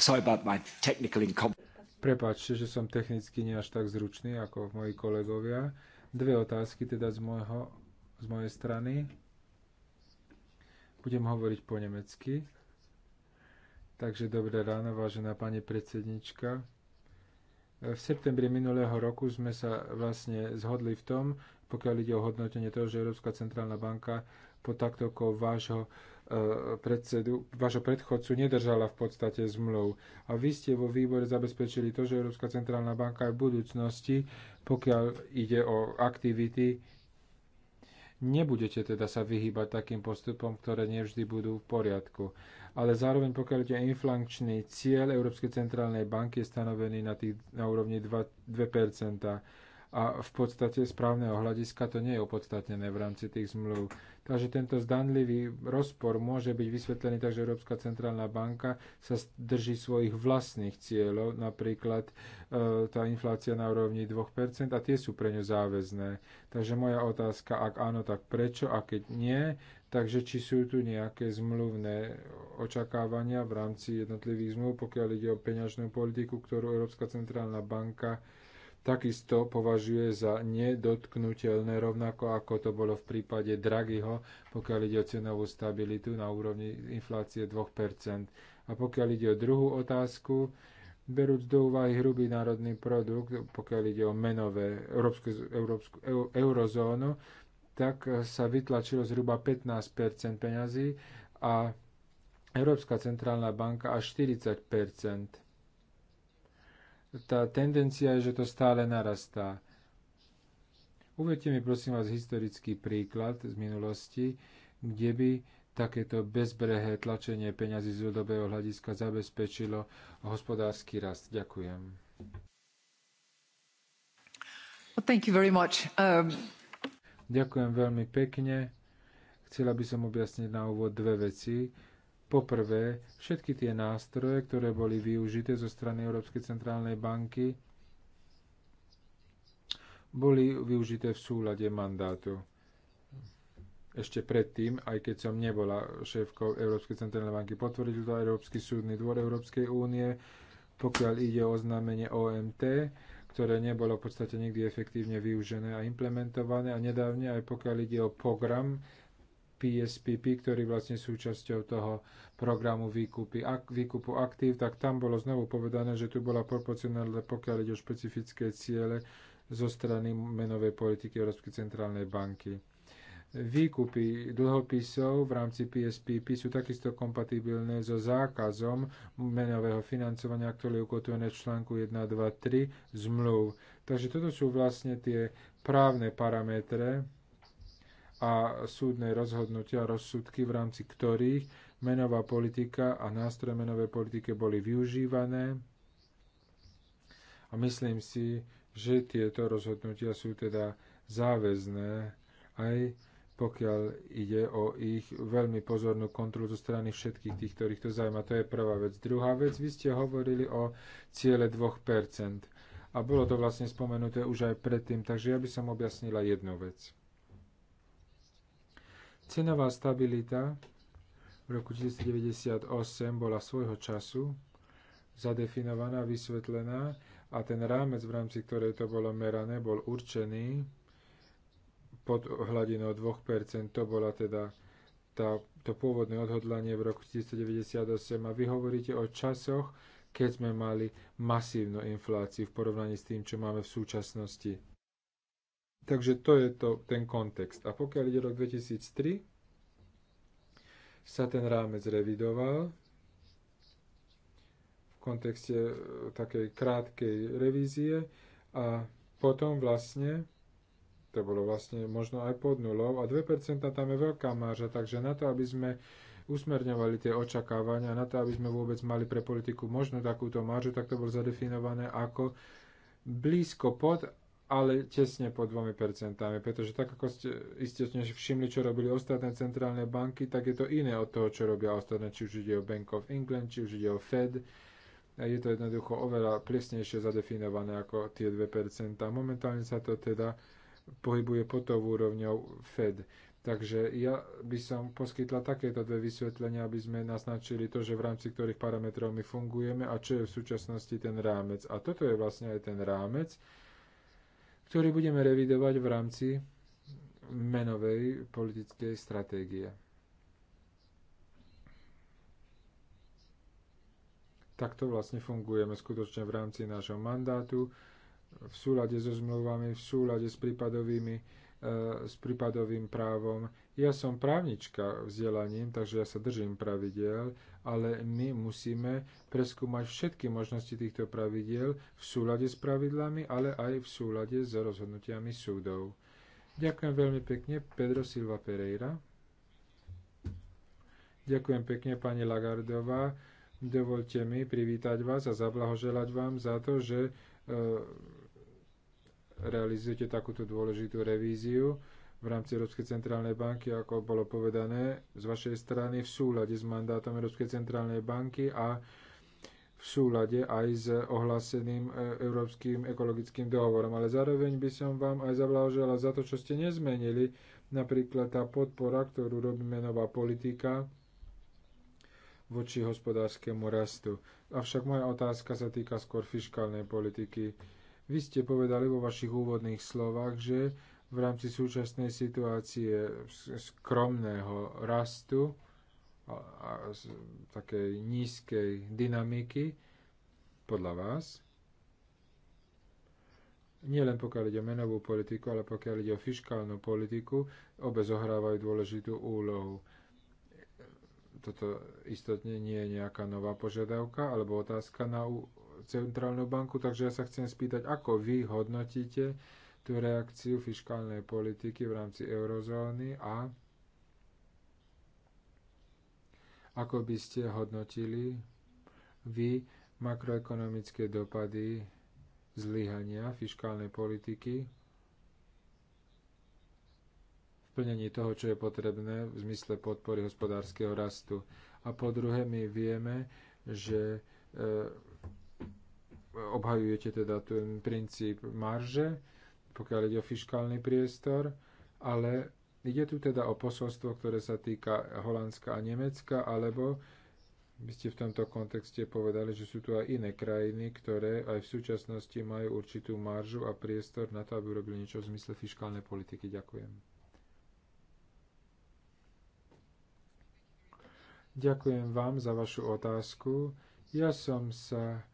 Sorry about my technical incompetence. Prepačte, že som technicky nie až tak zručný ako moji kolegovia. Dve otázky teda z, môjho, z mojej strany. Budem hovoriť po nemecky. Takže dobré ráno, vážená pani predsednička. V septembri minulého roku sme sa vlastne zhodli v tom, pokiaľ ide o hodnotenie toho, že Európska centrálna banka pod taktokou vášho E, predsedu, vašho predchodcu nedržala v podstate zmluv. A vy ste vo výbore zabezpečili to, že Európska centrálna banka aj v budúcnosti, pokiaľ ide o aktivity, nebudete teda sa vyhýbať takým postupom, ktoré nevždy budú v poriadku. Ale zároveň, pokiaľ ide inflačný cieľ Európskej centrálnej banky je stanovený na, tých, na úrovni 2, 2% a v podstate správneho hľadiska to nie je opodstatnené v rámci tých zmluv. Takže tento zdanlivý rozpor môže byť vysvetlený tak, že Európska centrálna banka sa drží svojich vlastných cieľov, napríklad e, tá inflácia na úrovni 2% a tie sú pre ňu záväzné. Takže moja otázka, ak áno, tak prečo a keď nie, takže či sú tu nejaké zmluvné očakávania v rámci jednotlivých zmluv, pokiaľ ide o peňažnú politiku, ktorú Európska centrálna banka takisto považuje za nedotknutelné, rovnako ako to bolo v prípade Draghiho, pokiaľ ide o cenovú stabilitu na úrovni inflácie 2%. A pokiaľ ide o druhú otázku, berúc do úvahy hrubý národný produkt, pokiaľ ide o menové európsku, európsku, eurozónu, tak sa vytlačilo zhruba 15 peňazí a Európska centrálna banka až 40 tá tendencia je, že to stále narastá. Uvedte mi prosím vás historický príklad z minulosti, kde by takéto bezbrehé tlačenie peňazí z ľudového hľadiska zabezpečilo hospodársky rast. Ďakujem. Well, thank you very much. Um... Ďakujem veľmi pekne. Chcela by som objasniť na úvod dve veci. Poprvé, všetky tie nástroje, ktoré boli využité zo strany Európskej centrálnej banky, boli využité v súlade mandátu. Ešte predtým, aj keď som nebola šéfkou Európskej centrálnej banky, potvrdil to Európsky súdny dvor Európskej únie, pokiaľ ide o oznámenie OMT, ktoré nebolo v podstate nikdy efektívne využené a implementované a nedávne aj pokiaľ ide o program PSPP, ktorí vlastne súčasťou toho programu výkupy, ak, výkupu aktív, tak tam bolo znovu povedané, že tu bola proporcionálna, pokiaľ ide o špecifické ciele zo strany menovej politiky Európskej centrálnej banky. Výkupy dlhopisov v rámci PSPP sú takisto kompatibilné so zákazom menového financovania, ktoré je ukotvené v článku 1, 2, 3 zmluv. Takže toto sú vlastne tie právne parametre, a súdne rozhodnutia, a rozsudky, v rámci ktorých menová politika a nástroje menovej politike boli využívané. A myslím si, že tieto rozhodnutia sú teda záväzné, aj pokiaľ ide o ich veľmi pozornú kontrolu zo strany všetkých tých, ktorých to zaujíma. To je prvá vec. Druhá vec, vy ste hovorili o ciele 2%. A bolo to vlastne spomenuté už aj predtým, takže ja by som objasnila jednu vec. Cenová stabilita v roku 1998 bola svojho času zadefinovaná, vysvetlená a ten rámec, v rámci ktorej to bolo merané, bol určený pod hladinou 2%. To bola teda tá, to pôvodné odhodlanie v roku 1998. A vy hovoríte o časoch, keď sme mali masívnu infláciu v porovnaní s tým, čo máme v súčasnosti. Takže to je to, ten kontext. A pokiaľ ide rok 2003, sa ten rámec revidoval v kontexte e, takej krátkej revízie a potom vlastne to bolo vlastne možno aj pod nulou a 2% tam je veľká marža, takže na to, aby sme usmerňovali tie očakávania, na to, aby sme vôbec mali pre politiku možno takúto maržu, tak to bolo zadefinované ako blízko pod ale tesne pod 2%, pretože tak ako ste istotne všimli, čo robili ostatné centrálne banky, tak je to iné od toho, čo robia ostatné, či už ide o Bank of England, či už ide o Fed. Je to jednoducho oveľa presnejšie zadefinované ako tie 2%. Momentálne sa to teda pohybuje pod tou úrovňou Fed. Takže ja by som poskytla takéto dve vysvetlenia, aby sme naznačili to, že v rámci ktorých parametrov my fungujeme a čo je v súčasnosti ten rámec. A toto je vlastne aj ten rámec, ktorý budeme revidovať v rámci menovej politickej stratégie. Takto vlastne fungujeme skutočne v rámci nášho mandátu, v súlade so zmluvami, v súlade s prípadovými Eh, s prípadovým právom. Ja som právnička vzdelaním, takže ja sa držím pravidel, ale my musíme preskúmať všetky možnosti týchto pravidiel v súlade s pravidlami, ale aj v súlade s rozhodnutiami súdov. Ďakujem veľmi pekne, Pedro Silva Pereira. Ďakujem pekne, pani Lagardová. Dovolte mi privítať vás a zablahoželať vám za to, že e, realizujete takúto dôležitú revíziu v rámci Európskej centrálnej banky, ako bolo povedané z vašej strany, v súlade s mandátom Európskej centrálnej banky a v súlade aj s ohláseným e, Európskym ekologickým dohovorom. Ale zároveň by som vám aj zavlážala za to, čo ste nezmenili, napríklad tá podpora, ktorú robí menová politika voči hospodárskemu rastu. Avšak moja otázka sa týka skôr fiškálnej politiky vy ste povedali vo vašich úvodných slovách, že v rámci súčasnej situácie skromného rastu a, a takej nízkej dynamiky podľa vás, nielen pokiaľ ide o menovú politiku, ale pokiaľ ide o fiskálnu politiku, obe zohrávajú dôležitú úlohu. Toto istotne nie je nejaká nová požiadavka alebo otázka na centrálnu banku, takže ja sa chcem spýtať, ako vy hodnotíte tú reakciu fiskálnej politiky v rámci eurozóny a ako by ste hodnotili vy makroekonomické dopady zlyhania fiskálnej politiky v plnení toho, čo je potrebné v zmysle podpory hospodárskeho rastu. A po druhé, my vieme, že e, obhajujete teda ten princíp marže, pokiaľ ide o fiskálny priestor, ale ide tu teda o posolstvo, ktoré sa týka Holandska a Nemecka, alebo by ste v tomto kontexte povedali, že sú tu aj iné krajiny, ktoré aj v súčasnosti majú určitú maržu a priestor na to, aby urobili niečo v zmysle fiskálnej politiky. Ďakujem. Ďakujem vám za vašu otázku. Ja som sa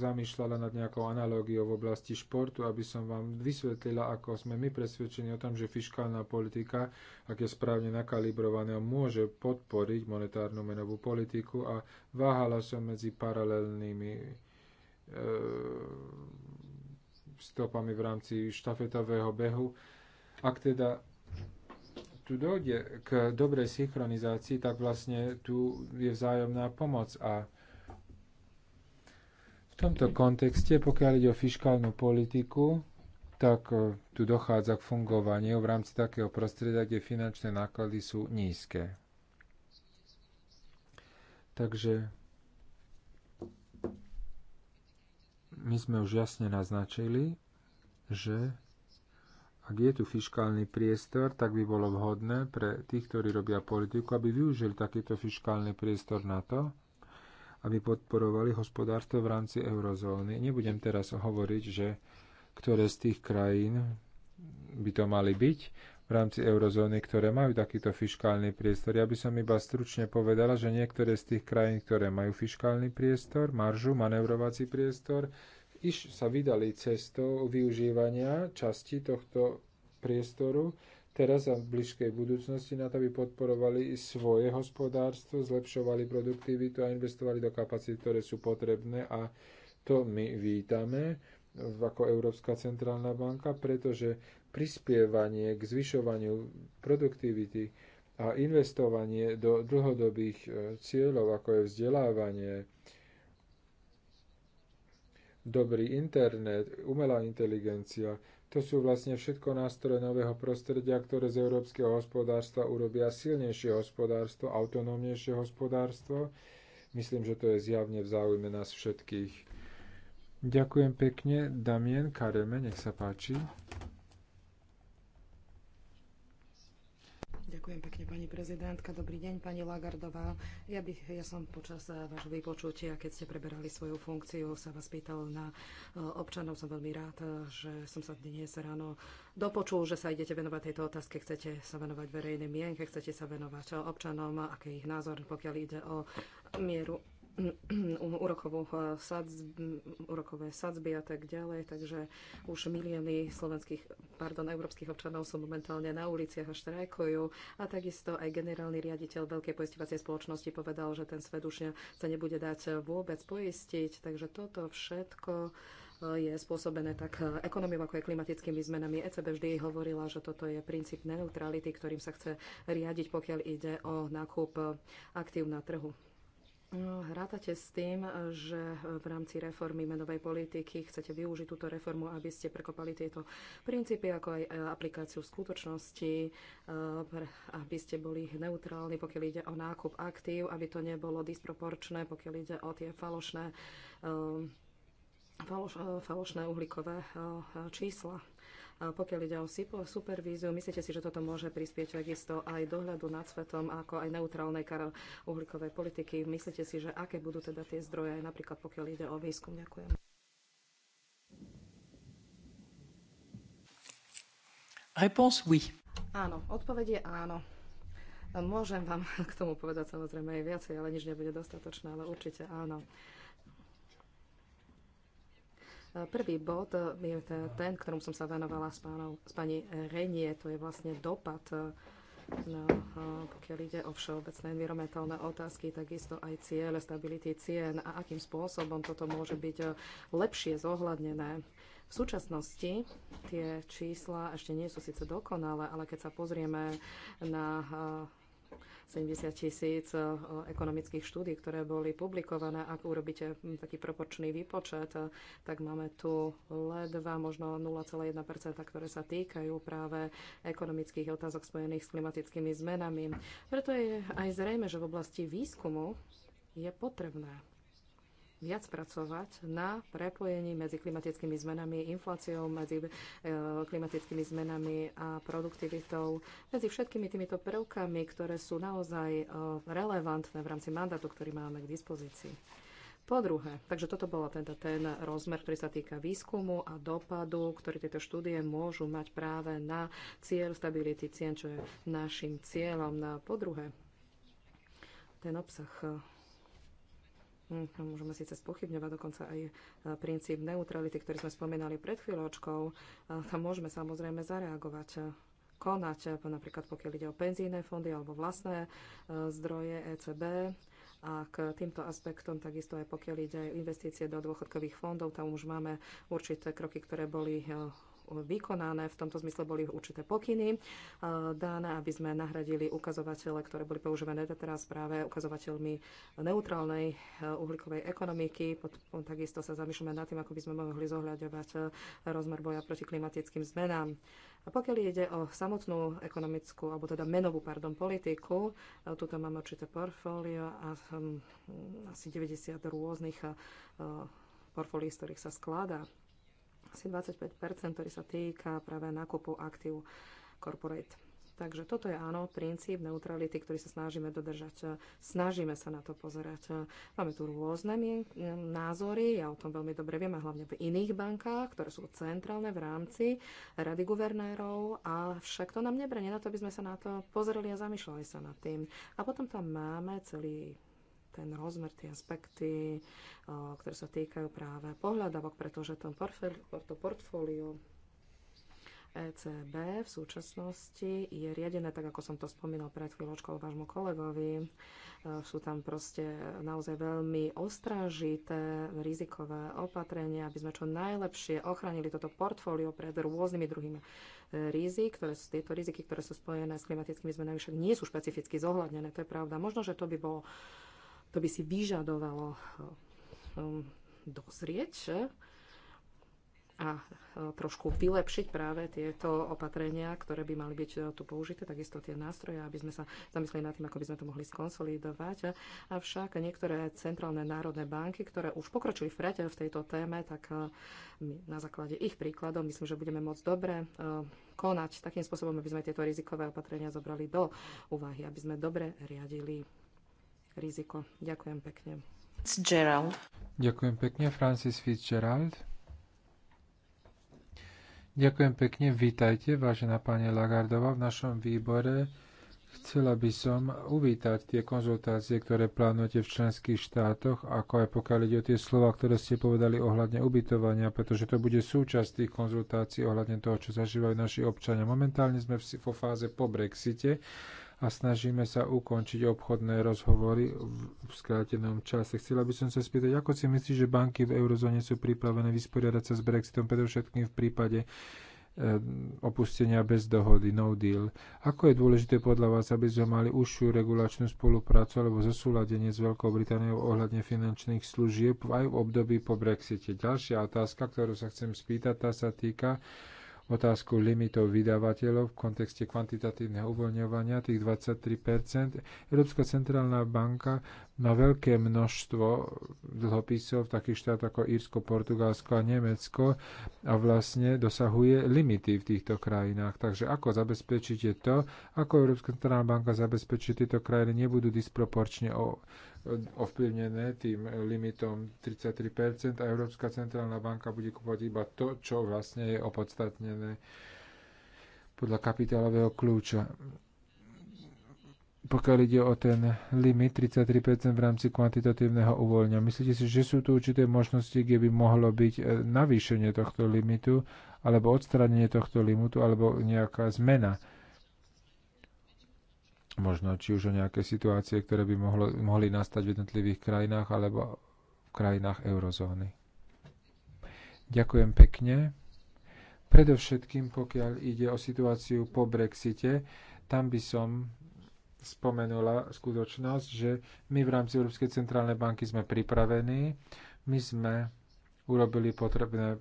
zamýšľala nad nejakou analógiou v oblasti športu, aby som vám vysvetlila, ako sme my presvedčení o tom, že fiskálna politika, ak je správne nakalibrovaná, môže podporiť monetárnu menovú politiku a váhala som medzi paralelnými e, stopami v rámci štafetového behu. Ak teda tu dojde k dobrej synchronizácii, tak vlastne tu je vzájomná pomoc a v tomto kontexte, pokiaľ ide o fiskálnu politiku, tak e, tu dochádza k fungovaniu v rámci takého prostredia, kde finančné náklady sú nízke. Takže my sme už jasne naznačili, že ak je tu fiskálny priestor, tak by bolo vhodné pre tých, ktorí robia politiku, aby využili takýto fiskálny priestor na to, aby podporovali hospodárstvo v rámci eurozóny. Nebudem teraz hovoriť, že ktoré z tých krajín by to mali byť v rámci eurozóny, ktoré majú takýto fiskálny priestor. Ja by som iba stručne povedala, že niektoré z tých krajín, ktoré majú fiškálny priestor, maržu, manevrovací priestor, iš sa vydali cestou využívania časti tohto priestoru teraz a v blízkej budúcnosti na to, aby podporovali svoje hospodárstvo, zlepšovali produktivitu a investovali do kapacít, ktoré sú potrebné a to my vítame ako Európska centrálna banka, pretože prispievanie k zvyšovaniu produktivity a investovanie do dlhodobých e, cieľov, ako je vzdelávanie, dobrý internet, umelá inteligencia, to sú vlastne všetko nástroje nového prostredia, ktoré z európskeho hospodárstva urobia silnejšie hospodárstvo, autonómnejšie hospodárstvo. Myslím, že to je zjavne v záujme nás všetkých. Ďakujem pekne. Damien Kareme, nech sa páči. Ďakujem pekne, pani prezidentka. Dobrý deň, pani Lagardová. Ja, by, ja som počas eh, vášho vypočutia, keď ste preberali svoju funkciu, sa vás pýtal na eh, občanov. Som veľmi rád, eh, že som sa dnes ráno dopočul, že sa idete venovať tejto otázke. Chcete sa venovať verejnej mienke, chcete sa venovať občanom, aký je ich názor, pokiaľ ide o mieru úrokovú eh, sadzb, úrokové sadzby a tak ďalej. Takže už milióny slovenských, pardon, európskych občanov sú momentálne na uliciach a štrajkujú. A takisto aj generálny riaditeľ veľkej poistovacej spoločnosti povedal, že ten svet už sa nebude dať eh, vôbec poistiť. Takže toto všetko eh, je spôsobené tak ekonomiou ako aj klimatickými zmenami. ECB vždy hovorila, že toto je princíp neutrality, ktorým sa chce riadiť, pokiaľ ide o nákup aktív na trhu. Hrátate s tým, že v rámci reformy menovej politiky chcete využiť túto reformu, aby ste prekopali tieto princípy, ako aj e, aplikáciu skutočnosti, e, aby ste boli neutrálni, pokiaľ ide o nákup aktív, aby to nebolo disproporčné, pokiaľ ide o tie falošné, e, faloš, falošné uhlíkové čísla pokiaľ ide o supervíziu, myslíte si, že toto môže prispieť takisto aj dohľadu nad svetom, ako aj neutrálnej uhlíkovej politiky? Myslíte si, že aké budú teda tie zdroje, napríklad pokiaľ ide o výskum? Ďakujem. Réponse oui. Áno, odpovedie je áno. Môžem vám <laughs> k tomu povedať samozrejme aj viacej, ale nič nebude dostatočné, ale určite áno. Prvý bod je ten, ktorom som sa venovala s, s pani Renie, to je vlastne dopad No, pokiaľ ide o všeobecné environmentálne otázky, takisto aj cieľ stability cien a akým spôsobom toto môže byť eh, lepšie zohľadnené. V súčasnosti tie čísla ešte nie sú síce dokonalé, ale keď sa pozrieme na 70 tisíc eh, ekonomických štúdí, ktoré boli publikované. Ak urobíte hm, taký proporčný výpočet, eh, tak máme tu ledva, možno 0,1%, ktoré sa týkajú práve ekonomických otázok spojených s klimatickými zmenami. Preto je aj zrejme, že v oblasti výskumu je potrebné viac pracovať na prepojení medzi klimatickými zmenami, infláciou, medzi e, klimatickými zmenami a produktivitou, medzi všetkými týmito prvkami, ktoré sú naozaj e, relevantné v rámci mandátu, ktorý máme k dispozícii. Po druhé, takže toto bol teda ten rozmer, ktorý sa týka výskumu a dopadu, ktorý tieto štúdie môžu mať práve na cieľ stability cien, čo je našim cieľom. No po druhé, ten obsah Hm, môžeme síce spochybňovať dokonca aj e, princíp neutrality, ktorý sme spomínali pred chvíľočkou. Tam e, môžeme samozrejme zareagovať e, konať, napríklad pokiaľ ide o penzíne fondy alebo vlastné zdroje ECB. A k týmto aspektom, takisto aj pokiaľ ide o investície do dôchodkových fondov, tam už máme určité kroky, ktoré boli vykonané. V tomto zmysle boli určité pokyny eh, dané, aby sme nahradili ukazovatele, ktoré boli používané teraz práve ukazovateľmi neutrálnej eh, uhlíkovej ekonomiky. Potom takisto sa zamýšľame nad tým, ako by sme mohli zohľadovať eh, rozmer boja proti klimatickým zmenám. A pokiaľ ide o samotnú ekonomickú, alebo teda menovú, pardon, politiku, tuto máme určité portfólio a um, asi 90 rôznych uh, portfólií, z ktorých sa skladá asi 25 ktorý sa týka práve nákupov aktív corporate. Takže toto je áno, princíp neutrality, ktorý sa snažíme dodržať. Snažíme sa na to pozerať. Máme tu rôzne názory, ja o tom veľmi dobre viem, a hlavne v iných bankách, ktoré sú centrálne v rámci rady guvernérov. A však to nám nebrenie na to, aby sme sa na to pozerali a zamýšľali sa nad tým. A potom tam máme celý ten rozmer, tie aspekty, ktoré sa týkajú práve pohľadavok, pretože to, to portfólio ECB v súčasnosti je riadené, tak ako som to spomínal pred chvíľočkou vášmu kolegovi. E, sú tam proste naozaj veľmi ostrážité rizikové opatrenia, aby sme čo najlepšie ochránili toto portfólio pred rôznymi druhými e, rizik, ktoré sú, tieto riziky, ktoré sú spojené s klimatickými zmenami, však nie sú špecificky zohľadnené, to je pravda. Možno, že to by bolo to by si vyžadovalo um, dozrieť eh, a eh, trošku vylepšiť práve tieto opatrenia, ktoré by mali byť eh, tu použité, takisto tie nástroje, aby sme sa zamysleli nad tým, ako by sme to mohli skonsolidovať. Avšak niektoré centrálne národné banky, ktoré už pokročili vpred v tejto téme, tak na základe ich príkladov myslím, že budeme môcť dobre konať takým spôsobom, aby sme tieto rizikové opatrenia zobrali do úvahy, aby sme dobre riadili riziko. Ďakujem pekne. Fitzgerald. Ďakujem pekne, Francis Fitzgerald. Ďakujem pekne, vítajte, vážená pani Lagardová. v našom výbore. Chcela by som uvítať tie konzultácie, ktoré plánujete v členských štátoch, ako aj pokiaľ ide o tie slova, ktoré ste povedali ohľadne ubytovania, pretože to bude súčasť tých konzultácií ohľadne toho, čo zažívajú naši občania. Momentálne sme vo fáze po Brexite a snažíme sa ukončiť obchodné rozhovory v skrátenom čase. Chcela by som sa spýtať, ako si myslíš, že banky v eurozóne sú pripravené vysporiadať sa s Brexitom, predovšetkým v prípade eh, opustenia bez dohody, no deal. Ako je dôležité podľa vás, aby sme mali užšiu regulačnú spoluprácu alebo zosúladenie s Veľkou Britániou ohľadne finančných služieb aj v období po Brexite? Ďalšia otázka, ktorú sa chcem spýtať, tá sa týka otázku limitov vydavateľov v kontexte kvantitatívneho uvoľňovania, tých 23 Európska centrálna banka má veľké množstvo dlhopisov v takých štátoch ako Írsko, Portugalsko a Nemecko a vlastne dosahuje limity v týchto krajinách. Takže ako zabezpečíte to, ako Európska centrálna banka zabezpečí, že tieto krajiny nebudú disproporčne o ovplyvnené tým limitom 33% a Európska centrálna banka bude kupovať iba to, čo vlastne je opodstatnené podľa kapitálového kľúča. Pokiaľ ide o ten limit 33% v rámci kvantitatívneho uvoľňa, myslíte si, že sú tu určité možnosti, kde by mohlo byť e, navýšenie tohto limitu, alebo odstranenie tohto limitu, alebo nejaká zmena? možno či už o nejaké situácie, ktoré by mohlo, mohli nastať v jednotlivých krajinách alebo v krajinách eurozóny. Ďakujem pekne. Predovšetkým, pokiaľ ide o situáciu po Brexite, tam by som spomenula skutočnosť, že my v rámci Európskej centrálnej banky sme pripravení. My sme urobili potrebné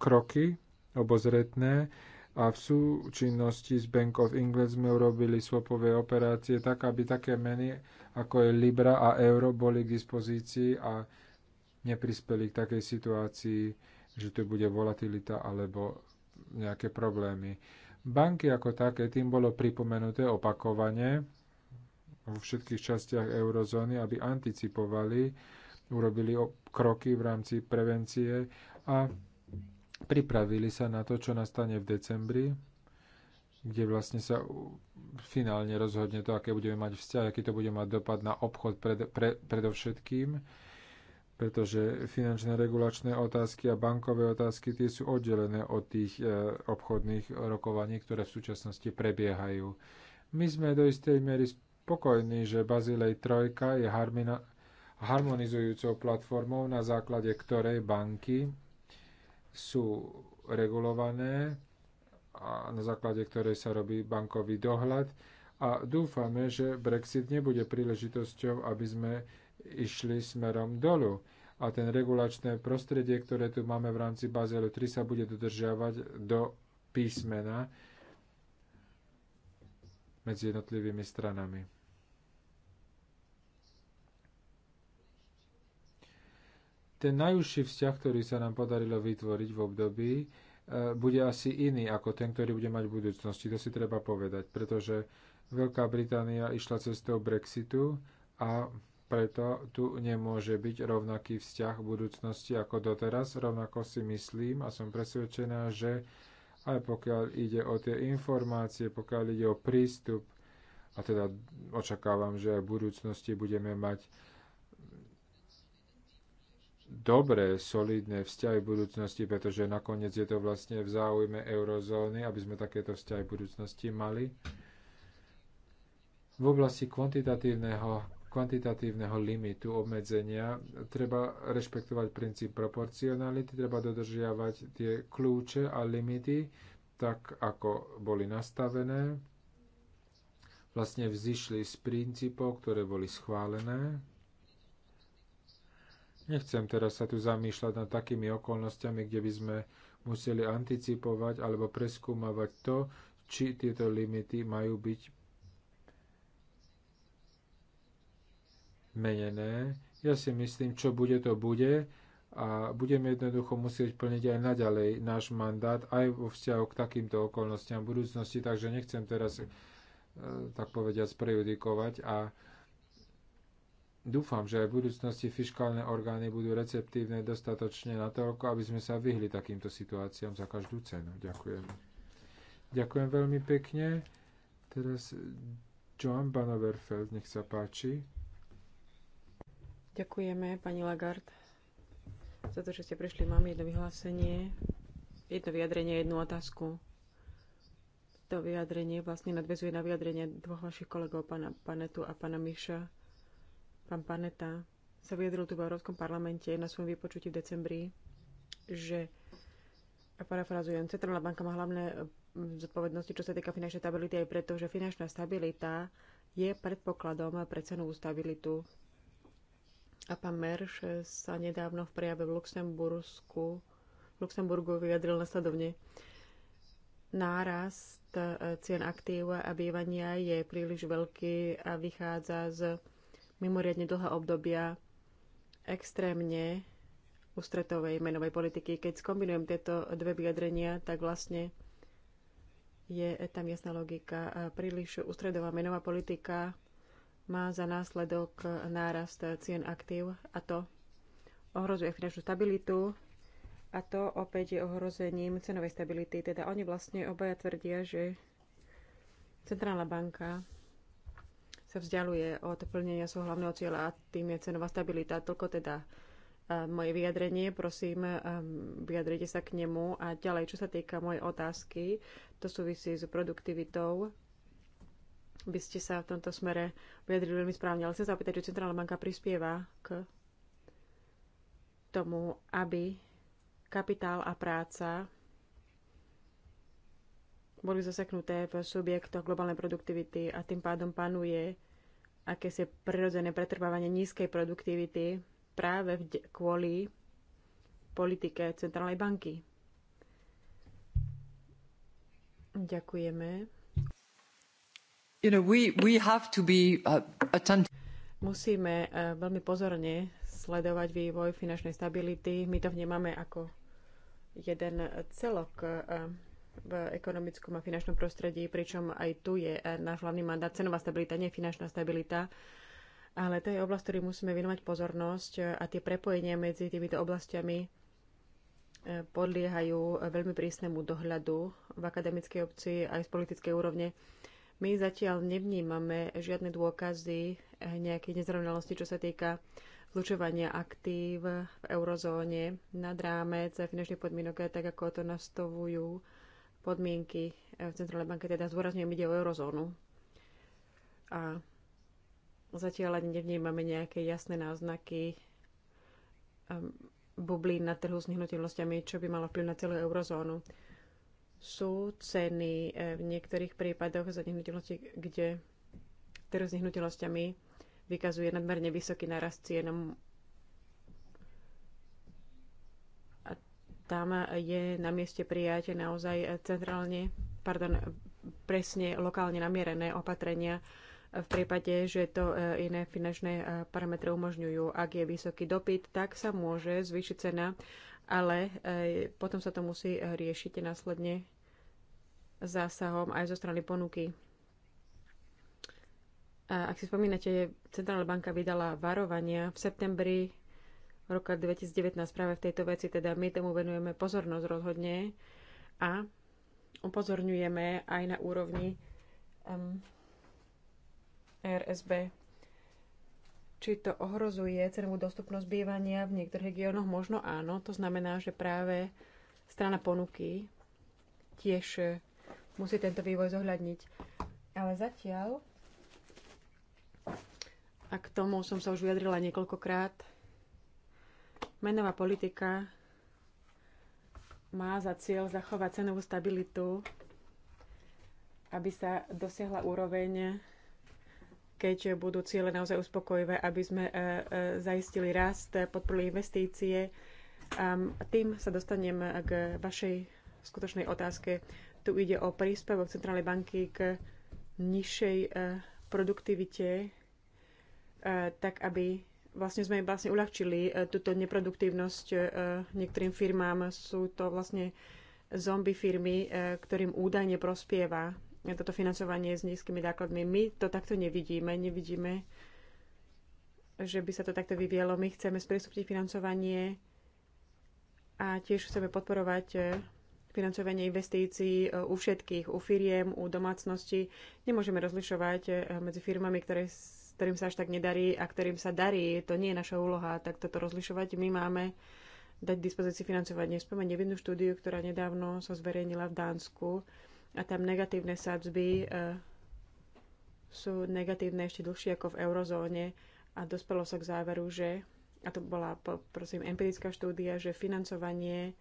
kroky obozretné a v súčinnosti s Bank of England sme urobili swapové operácie tak, aby také meny ako je Libra a Euro boli k dispozícii a neprispeli k takej situácii, že tu bude volatilita alebo nejaké problémy. Banky ako také, tým bolo pripomenuté opakovane vo všetkých častiach eurozóny, aby anticipovali, urobili kroky v rámci prevencie a pripravili sa na to, čo nastane v decembri, kde vlastne sa finálne rozhodne to, aké budeme mať vzťah, aký to bude mať dopad na obchod pred, pre, predovšetkým, pretože finančné regulačné otázky a bankové otázky tie sú oddelené od tých e, obchodných rokovaní, ktoré v súčasnosti prebiehajú. My sme do istej miery spokojní, že Bazilej Trojka je harmonizujúcou platformou, na základe ktorej banky sú regulované a na základe ktorej sa robí bankový dohľad a dúfame, že Brexit nebude príležitosťou, aby sme išli smerom dolu a ten regulačné prostredie, ktoré tu máme v rámci Bazelu 3, sa bude dodržiavať do písmena medzi jednotlivými stranami. Ten najúžší vzťah, ktorý sa nám podarilo vytvoriť v období, e, bude asi iný ako ten, ktorý bude mať v budúcnosti. To si treba povedať, pretože Veľká Británia išla cestou Brexitu a preto tu nemôže byť rovnaký vzťah v budúcnosti ako doteraz. Rovnako si myslím a som presvedčená, že aj pokiaľ ide o tie informácie, pokiaľ ide o prístup, a teda očakávam, že aj v budúcnosti budeme mať dobré, solidné vzťahy v budúcnosti, pretože nakoniec je to vlastne v záujme eurozóny, aby sme takéto vzťahy v budúcnosti mali. V oblasti kvantitatívneho kvantitatívneho limitu obmedzenia, treba rešpektovať princíp proporcionality, treba dodržiavať tie kľúče a limity tak, ako boli nastavené, vlastne vzýšli z princípov, ktoré boli schválené. Nechcem teraz sa tu zamýšľať nad takými okolnostiami, kde by sme museli anticipovať alebo preskúmavať to, či tieto limity majú byť menené. Ja si myslím, čo bude, to bude a budeme jednoducho musieť plniť aj naďalej náš mandát aj vo vzťahu k takýmto okolnostiam v budúcnosti, takže nechcem teraz e, tak povediať sprejudikovať. a Dúfam, že aj v budúcnosti fiškálne orgány budú receptívne dostatočne na toľko, aby sme sa vyhli takýmto situáciám za každú cenu. Ďakujem. Ďakujem veľmi pekne. Teraz Joan Banoverfeld, nech sa páči. Ďakujeme, pani Lagarde, za to, že ste prišli. Mám jedno vyhlásenie, jedno vyjadrenie, jednu otázku. To vyjadrenie vlastne nadvezuje na vyjadrenie dvoch vašich kolegov, pána Panetu a pána Miša Pán Paneta sa vyjadril tu v Európskom parlamente na svojom vypočutí v decembri, že a parafrazujem, Centrálna banka má hlavné mm, zodpovednosti, čo sa týka finančnej stability, aj preto, že finančná stabilita je predpokladom pre cenovú stabilitu. A pán Merš sa nedávno v prejave v Luxembursku v Luxemburgu vyjadril nasledovne. Nárast e, cien aktív a bývania je príliš veľký a vychádza z mimoriadne dlhé obdobia extrémne ústretovej menovej politiky. Keď skombinujem tieto dve vyjadrenia, tak vlastne je tam jasná logika. príliš ústredová menová politika má za následok nárast cien aktív a to ohrozuje finančnú stabilitu a to opäť je ohrozením cenovej stability. Teda oni vlastne obaja tvrdia, že Centrálna banka sa vzdialuje od plnenia svojho hlavného cieľa a tým je cenová stabilita. Toľko teda eh, moje vyjadrenie, prosím, eh, vyjadrite sa k nemu. A ďalej, čo sa týka mojej otázky, to súvisí s produktivitou. By ste sa v tomto smere vyjadrili veľmi správne, ale chcem sa opýtať, či Centrálna banka prispieva k tomu, aby kapitál a práca boli zaseknuté v subjektoch globálnej produktivity a tým pádom panuje akési prirodzené pretrvávanie nízkej produktivity práve kvôli politike Centrálnej banky. Ďakujeme. You know, we, we have to be, uh, Musíme uh, veľmi pozorne sledovať vývoj finančnej stability. My to vnímame ako jeden celok. Uh, v ekonomickom a finančnom prostredí, pričom aj tu je náš hlavný mandát cenová stabilita, nie finančná stabilita. Ale to je oblasť, ktorý musíme venovať pozornosť a tie prepojenia medzi týmito oblastiami eh, podliehajú veľmi prísnemu dohľadu v akademickej obci aj z politickej úrovne. My zatiaľ nevnímame žiadne dôkazy eh, nejakých nezrovnalostí, čo sa týka zlučovania aktív v eurozóne nad rámec finančných podmienok, tak ako to nastavujú podmienky e, v Centrálnej banke, teda zdôrazňujem, ide o eurozónu. A zatiaľ ani nevnímame nejaké jasné náznaky ehm, bublín na trhu s nehnuteľnosťami, čo by malo vplyv na celú eurozónu. Sú ceny e, v niektorých prípadoch za nehnuteľnosti, kde trh s nehnuteľnosťami vykazuje nadmerne vysoký nárast cien tam je na mieste prijať naozaj centrálne, pardon, presne lokálne namierené opatrenia v prípade, že to e, iné finančné e, parametre umožňujú. Ak je vysoký dopyt, tak sa môže zvýšiť cena, ale e, potom sa to musí riešiť následne zásahom aj zo strany ponuky. ak si spomínate, Centrálna banka vydala varovania v septembri roka 2019 práve v tejto veci, teda my tomu venujeme pozornosť rozhodne a upozorňujeme aj na úrovni um, RSB, či to ohrozuje cenovú dostupnosť bývania v niektorých regiónoch. Možno áno, to znamená, že práve strana ponuky tiež eh, musí tento vývoj zohľadniť. Ale zatiaľ, a k tomu som sa už vyjadrila niekoľkokrát, Menová politika má za cieľ zachovať cenovú stabilitu, aby sa dosiahla úroveň, keď budú ciele naozaj uspokojivé, aby sme e, e, zaistili rast, podporili investície. A tým sa dostanem k vašej skutočnej otázke. Tu ide o príspevok Centrálnej banky k nižšej e, produktivite, tak aby vlastne sme im vlastne uľahčili e, túto neproduktívnosť e, niektorým firmám. Sú to vlastne zombie firmy, e, ktorým údajne prospieva toto financovanie s nízkymi nákladmi. My to takto nevidíme. Nevidíme, že by sa to takto vyvielo. My chceme sprístupniť financovanie a tiež chceme podporovať financovanie investícií u všetkých, u firiem, u domácnosti. Nemôžeme rozlišovať medzi firmami, ktoré ktorým sa až tak nedarí a ktorým sa darí. To nie je naša úloha, tak toto rozlišovať. My máme dať dispozícii financovať Spomeniem jednu štúdiu, ktorá nedávno sa zverejnila v Dánsku a tam negatívne sadzby e, sú negatívne ešte dlhšie ako v eurozóne a dospelo sa k záveru, že, a to bola prosím empirická štúdia, že financovanie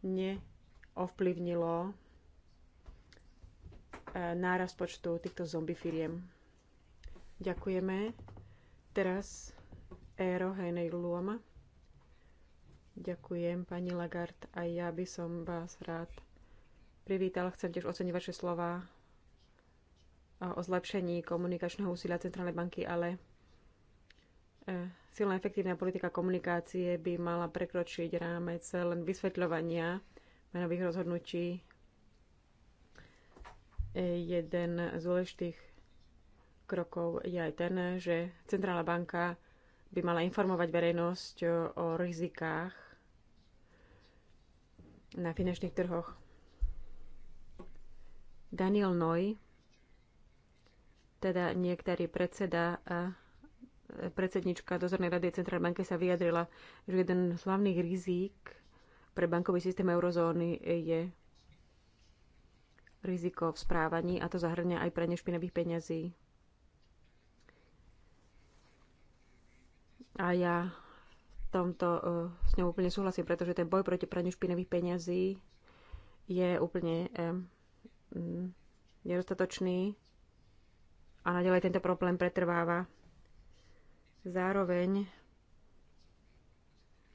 neovplyvnilo eh, nárast počtu týchto zombie firiem. Ďakujeme. Teraz Ero Henej Luoma. Ďakujem, pani Lagard, a ja by som vás rád privítal. Chcem tiež oceniť vaše slova o zlepšení komunikačného úsilia Centrálnej banky, ale e, silná efektívna politika komunikácie by mala prekročiť rámec len vysvetľovania menových rozhodnutí. E, jeden z dôležitých krokov je aj ten, že Centrálna banka by mala informovať verejnosť o rizikách na finančných trhoch. Daniel Noy, teda niektorý predseda a predsednička dozornej rady Centrálnej banky sa vyjadrila, že jeden z hlavných rizík pre bankový systém eurozóny je riziko v správaní a to zahrňa aj pre špinavých peňazí. A ja v tomto e, s ňou úplne súhlasím, pretože ten boj proti praniu špinavých peňazí je úplne e, nedostatočný a naďalej tento problém pretrváva. Zároveň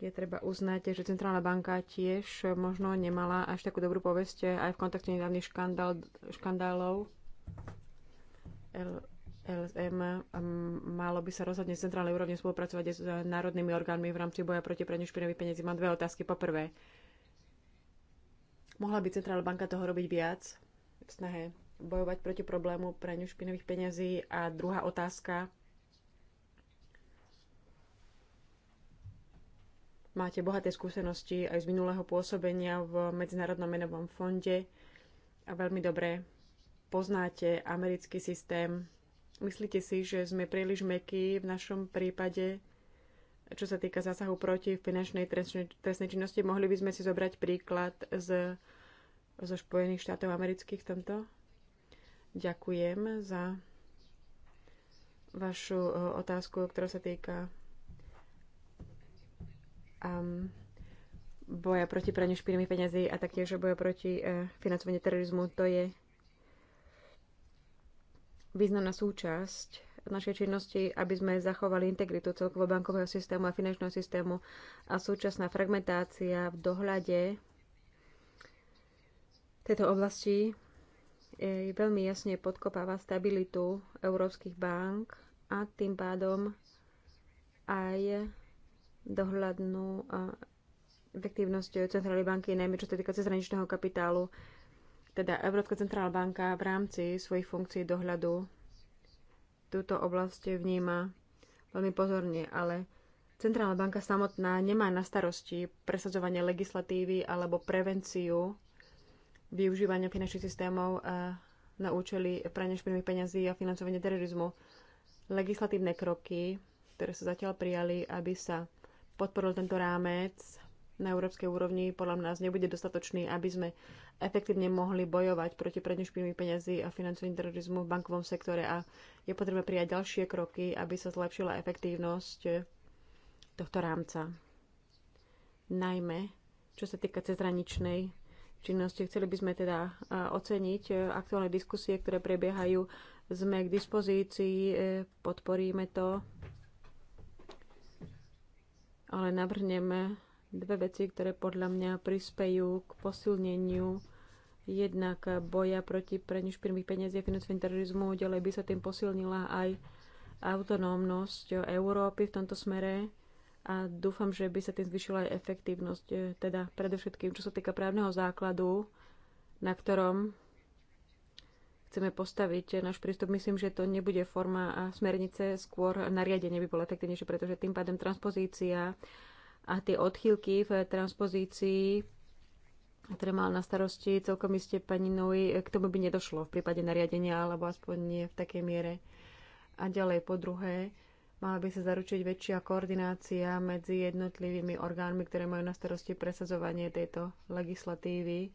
je treba uznať, že Centrálna banka tiež možno nemala až takú dobrú povesť e, aj v kontakte nedávnych škandál, škandálov LSM um, malo by sa rozhodne z centrálnej úrovne spolupracovať s uh, národnými orgánmi v rámci boja proti praniu špinavých peniazí. Mám dve otázky. Poprvé, mohla by centrálna banka toho robiť viac v snahe bojovať proti problému praniu špinavých peniazí? A druhá otázka, máte bohaté skúsenosti aj z minulého pôsobenia v Medzinárodnom menovom fonde a veľmi dobre poznáte americký systém Myslíte si, že sme príliš mekí v našom prípade, čo sa týka zásahu proti finančnej trestnej, trestnej činnosti? Mohli by sme si zobrať príklad z, zo Spojených štátov amerických v tomto? Ďakujem za vašu e, otázku, ktorá sa týka um, boja proti praniu špinavých peňazí a taktiež boja proti uh, financovaniu terorizmu. To je významná súčasť našej činnosti, aby sme zachovali integritu celkového bankového systému a finančného systému a súčasná fragmentácia v dohľade tejto oblasti veľmi jasne podkopáva stabilitu európskych bank a tým pádom aj dohľadnú efektívnosť centrálnej banky, najmä čo sa týka cezhraničného kapitálu. Teda Európska centrálna banka v rámci svojich funkcií dohľadu túto oblasť vníma veľmi pozorne, ale Centrálna banka samotná nemá na starosti presadzovanie legislatívy alebo prevenciu využívania finančných systémov eh, na účely prania špinavých peňazí a financovanie terorizmu. Legislatívne kroky, ktoré sa zatiaľ prijali, aby sa podporil tento rámec, na európskej úrovni podľa nás nebude dostatočný, aby sme efektívne mohli bojovať proti praniu peniazy a financovaním terorizmu v bankovom sektore a je potrebné prijať ďalšie kroky, aby sa zlepšila efektívnosť tohto rámca. Najmä, čo sa týka cezraničnej činnosti, chceli by sme teda oceniť e, aktuálne diskusie, ktoré prebiehajú. Sme k dispozícii, e, podporíme to, ale navrhneme dve veci, ktoré podľa mňa prispejú k posilneniu jednak boja proti praniu špinavých peniazí a financovaní terorizmu, ďalej by sa tým posilnila aj autonómnosť Európy v tomto smere a dúfam, že by sa tým zvyšila aj efektívnosť, e, teda predovšetkým, čo sa týka právneho základu, na ktorom chceme postaviť náš prístup. Myslím, že to nebude forma a smernice, skôr nariadenie by bolo efektívnejšie, pretože tým pádem transpozícia a tie odchýlky v transpozícii, ktoré mal na starosti celkom iste pani Nui, k tomu by nedošlo v prípade nariadenia, alebo aspoň nie v takej miere. A ďalej po druhé, mala by sa zaručiť väčšia koordinácia medzi jednotlivými orgánmi, ktoré majú na starosti presadzovanie tejto legislatívy.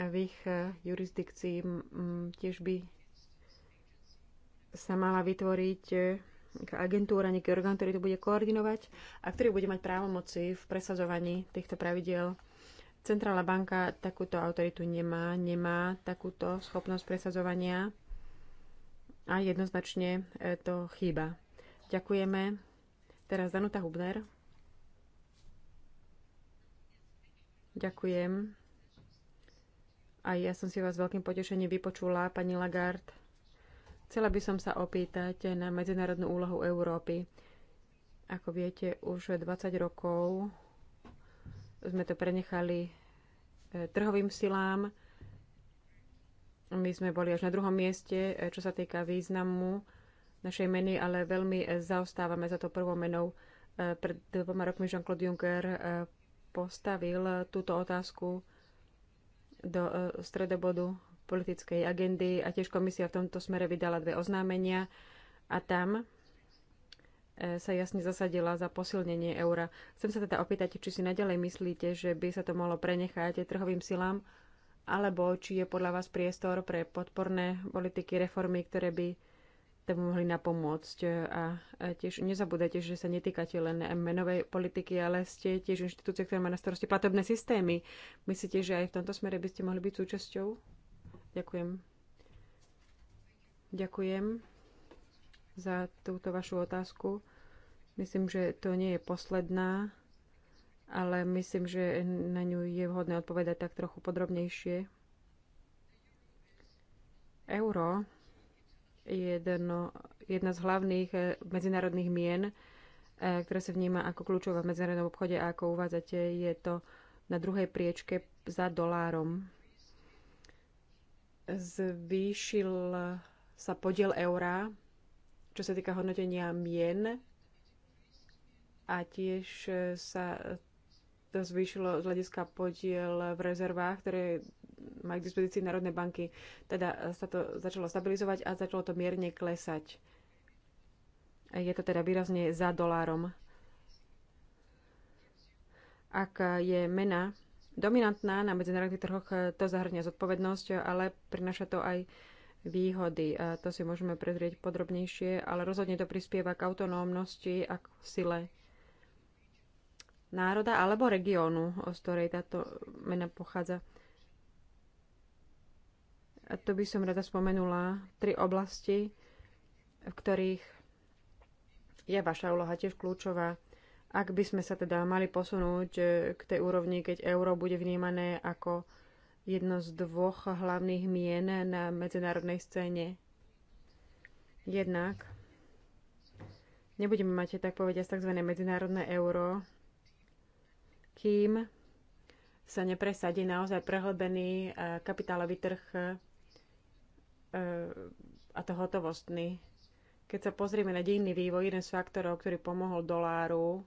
a V ich eh, jurisdikcii mm, tiež by sa mala vytvoriť eh, nejaká agentúra, nejaký orgán, ktorý to bude koordinovať a ktorý bude mať právomoci v presazovaní týchto pravidiel. Centrálna banka takúto autoritu nemá, nemá takúto schopnosť presazovania a jednoznačne e, to chýba. Ďakujeme. Teraz Danuta Hubner. Ďakujem. A ja som si vás veľkým potešením vypočula, pani Lagarde Chcela by som sa opýtať na medzinárodnú úlohu Európy. Ako viete, už 20 rokov sme to prenechali e, trhovým silám. My sme boli až na druhom mieste, e, čo sa týka významu našej meny, ale veľmi e, zaostávame za to prvou menou. Pred dvoma rokmi Jean-Claude Juncker postavil túto otázku do stredobodu politickej agendy a tiež komisia v tomto smere vydala dve oznámenia a tam e, sa jasne zasadila za posilnenie eura. Chcem sa teda opýtať, či si nadalej myslíte, že by sa to mohlo prenechať trhovým silám, alebo či je podľa vás priestor pre podporné politiky, reformy, ktoré by tomu mohli napomôcť. A tiež nezabúdajte, že sa netýkate len menovej politiky, ale ste tiež inštitúcie, ktorá má na starosti platobné systémy. Myslíte, že aj v tomto smere by ste mohli byť súčasťou? Ďakujem. Ďakujem za túto vašu otázku. Myslím, že to nie je posledná, ale myslím, že na ňu je vhodné odpovedať tak trochu podrobnejšie. Euro jedno, jedna z hlavných eh, medzinárodných mien, eh, ktoré sa vníma ako kľúčová v medzinárodnom obchode a ako uvádzate, je to na druhej priečke za dolárom zvýšil sa podiel eura, čo sa týka hodnotenia mien a tiež sa to zvýšilo z hľadiska podiel v rezervách, ktoré majú k dispozícii národné banky. Teda sa to začalo stabilizovať a začalo to mierne klesať. Je to teda výrazne za dolárom. Ak je mena dominantná na medzinárodných trhoch, e, to zahrňa zodpovednosť, e, ale prináša to aj výhody. A e, to si môžeme prezrieť podrobnejšie, ale rozhodne to prispieva k autonómnosti a k sile národa alebo regiónu, z ktorej táto mena pochádza. A tu by som rada spomenula tri oblasti, v ktorých je vaša úloha tiež kľúčová. Ak by sme sa teda mali posunúť e, k tej úrovni, keď euro bude vnímané ako jedno z dvoch hlavných mien na medzinárodnej scéne. Jednak nebudeme mať, tak povediať, tzv. medzinárodné euro, kým sa nepresadí naozaj prehlbený e, kapitálový trh e, a to hotovostný. Keď sa pozrieme na dejný vývoj, jeden z faktorov, ktorý pomohol doláru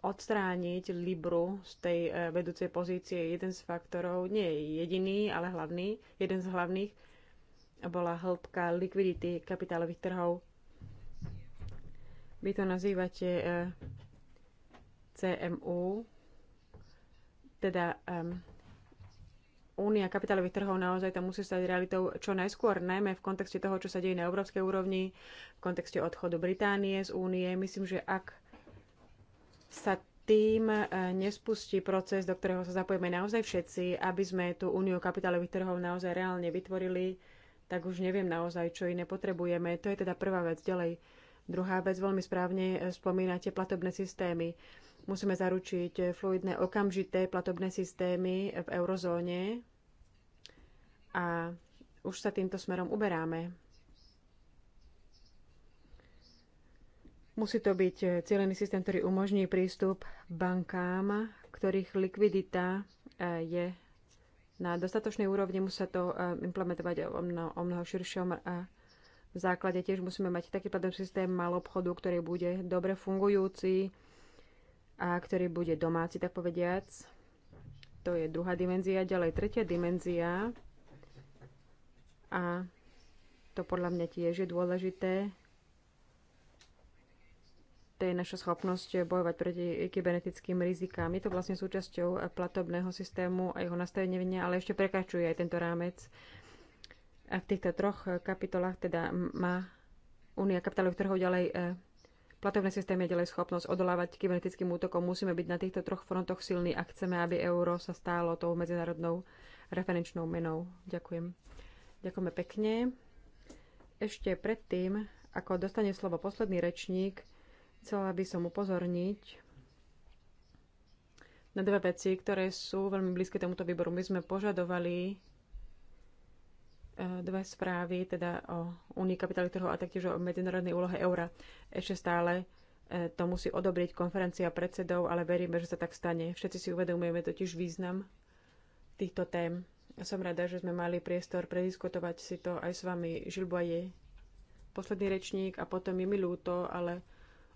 odstrániť Libru z tej e, vedúcej pozície. Jeden z faktorov, nie je jediný, ale hlavný, jeden z hlavných, bola hĺbka likvidity kapitálových trhov. Vy to nazývate e, CMU, teda únia kapitálových trhov naozaj tam musí stať realitou čo najskôr, najmä v kontexte toho, čo sa deje na európskej úrovni, v kontexte odchodu Británie z únie. Myslím, že ak sa tým e, nespustí proces, do ktorého sa zapojíme naozaj všetci, aby sme tú úniu kapitálových trhov naozaj reálne vytvorili, tak už neviem naozaj, čo iné potrebujeme. To je teda prvá vec. Ďalej, druhá vec, veľmi správne e, spomínate platobné systémy. Musíme zaručiť e, fluidné okamžité platobné systémy v eurozóne a už sa týmto smerom uberáme. Musí to byť e, cieľený systém, ktorý umožní prístup bankám, ktorých likvidita e, je na dostatočnej úrovni, musí sa to e, implementovať o mnoho, o mnoho širšom v základe tiež musíme mať taký platobný systém mal obchodu, ktorý bude dobre fungujúci a ktorý bude domáci, tak povediac. To je druhá dimenzia. Ďalej tretia dimenzia. A to podľa mňa tiež je dôležité to je naša schopnosť bojovať proti kybernetickým rizikám. Je to vlastne súčasťou platobného systému a jeho nastavenia, ale ešte prekračuje aj tento rámec. A v týchto troch kapitolách teda má Únia kapitálových trhov ďalej e, platobné systémy ďalej schopnosť odolávať kybernetickým útokom. Musíme byť na týchto troch frontoch silní, a chceme, aby euro sa stálo tou medzinárodnou referenčnou menou. Ďakujem. Ďakujeme pekne. Ešte predtým, ako dostane slovo posledný rečník, Chcela by som upozorniť na dve veci, ktoré sú veľmi blízke tomuto výboru. My sme požadovali e, dve správy, teda o Unii kapitálových trhov a taktiež o medzinárodnej úlohe eura. Ešte stále e, to musí odobriť konferencia predsedov, ale veríme, že sa tak stane. Všetci si uvedomujeme totiž význam týchto tém. Som rada, že sme mali priestor prediskutovať si to aj s vami, Žilboje, posledný rečník a potom je mi ľúto, ale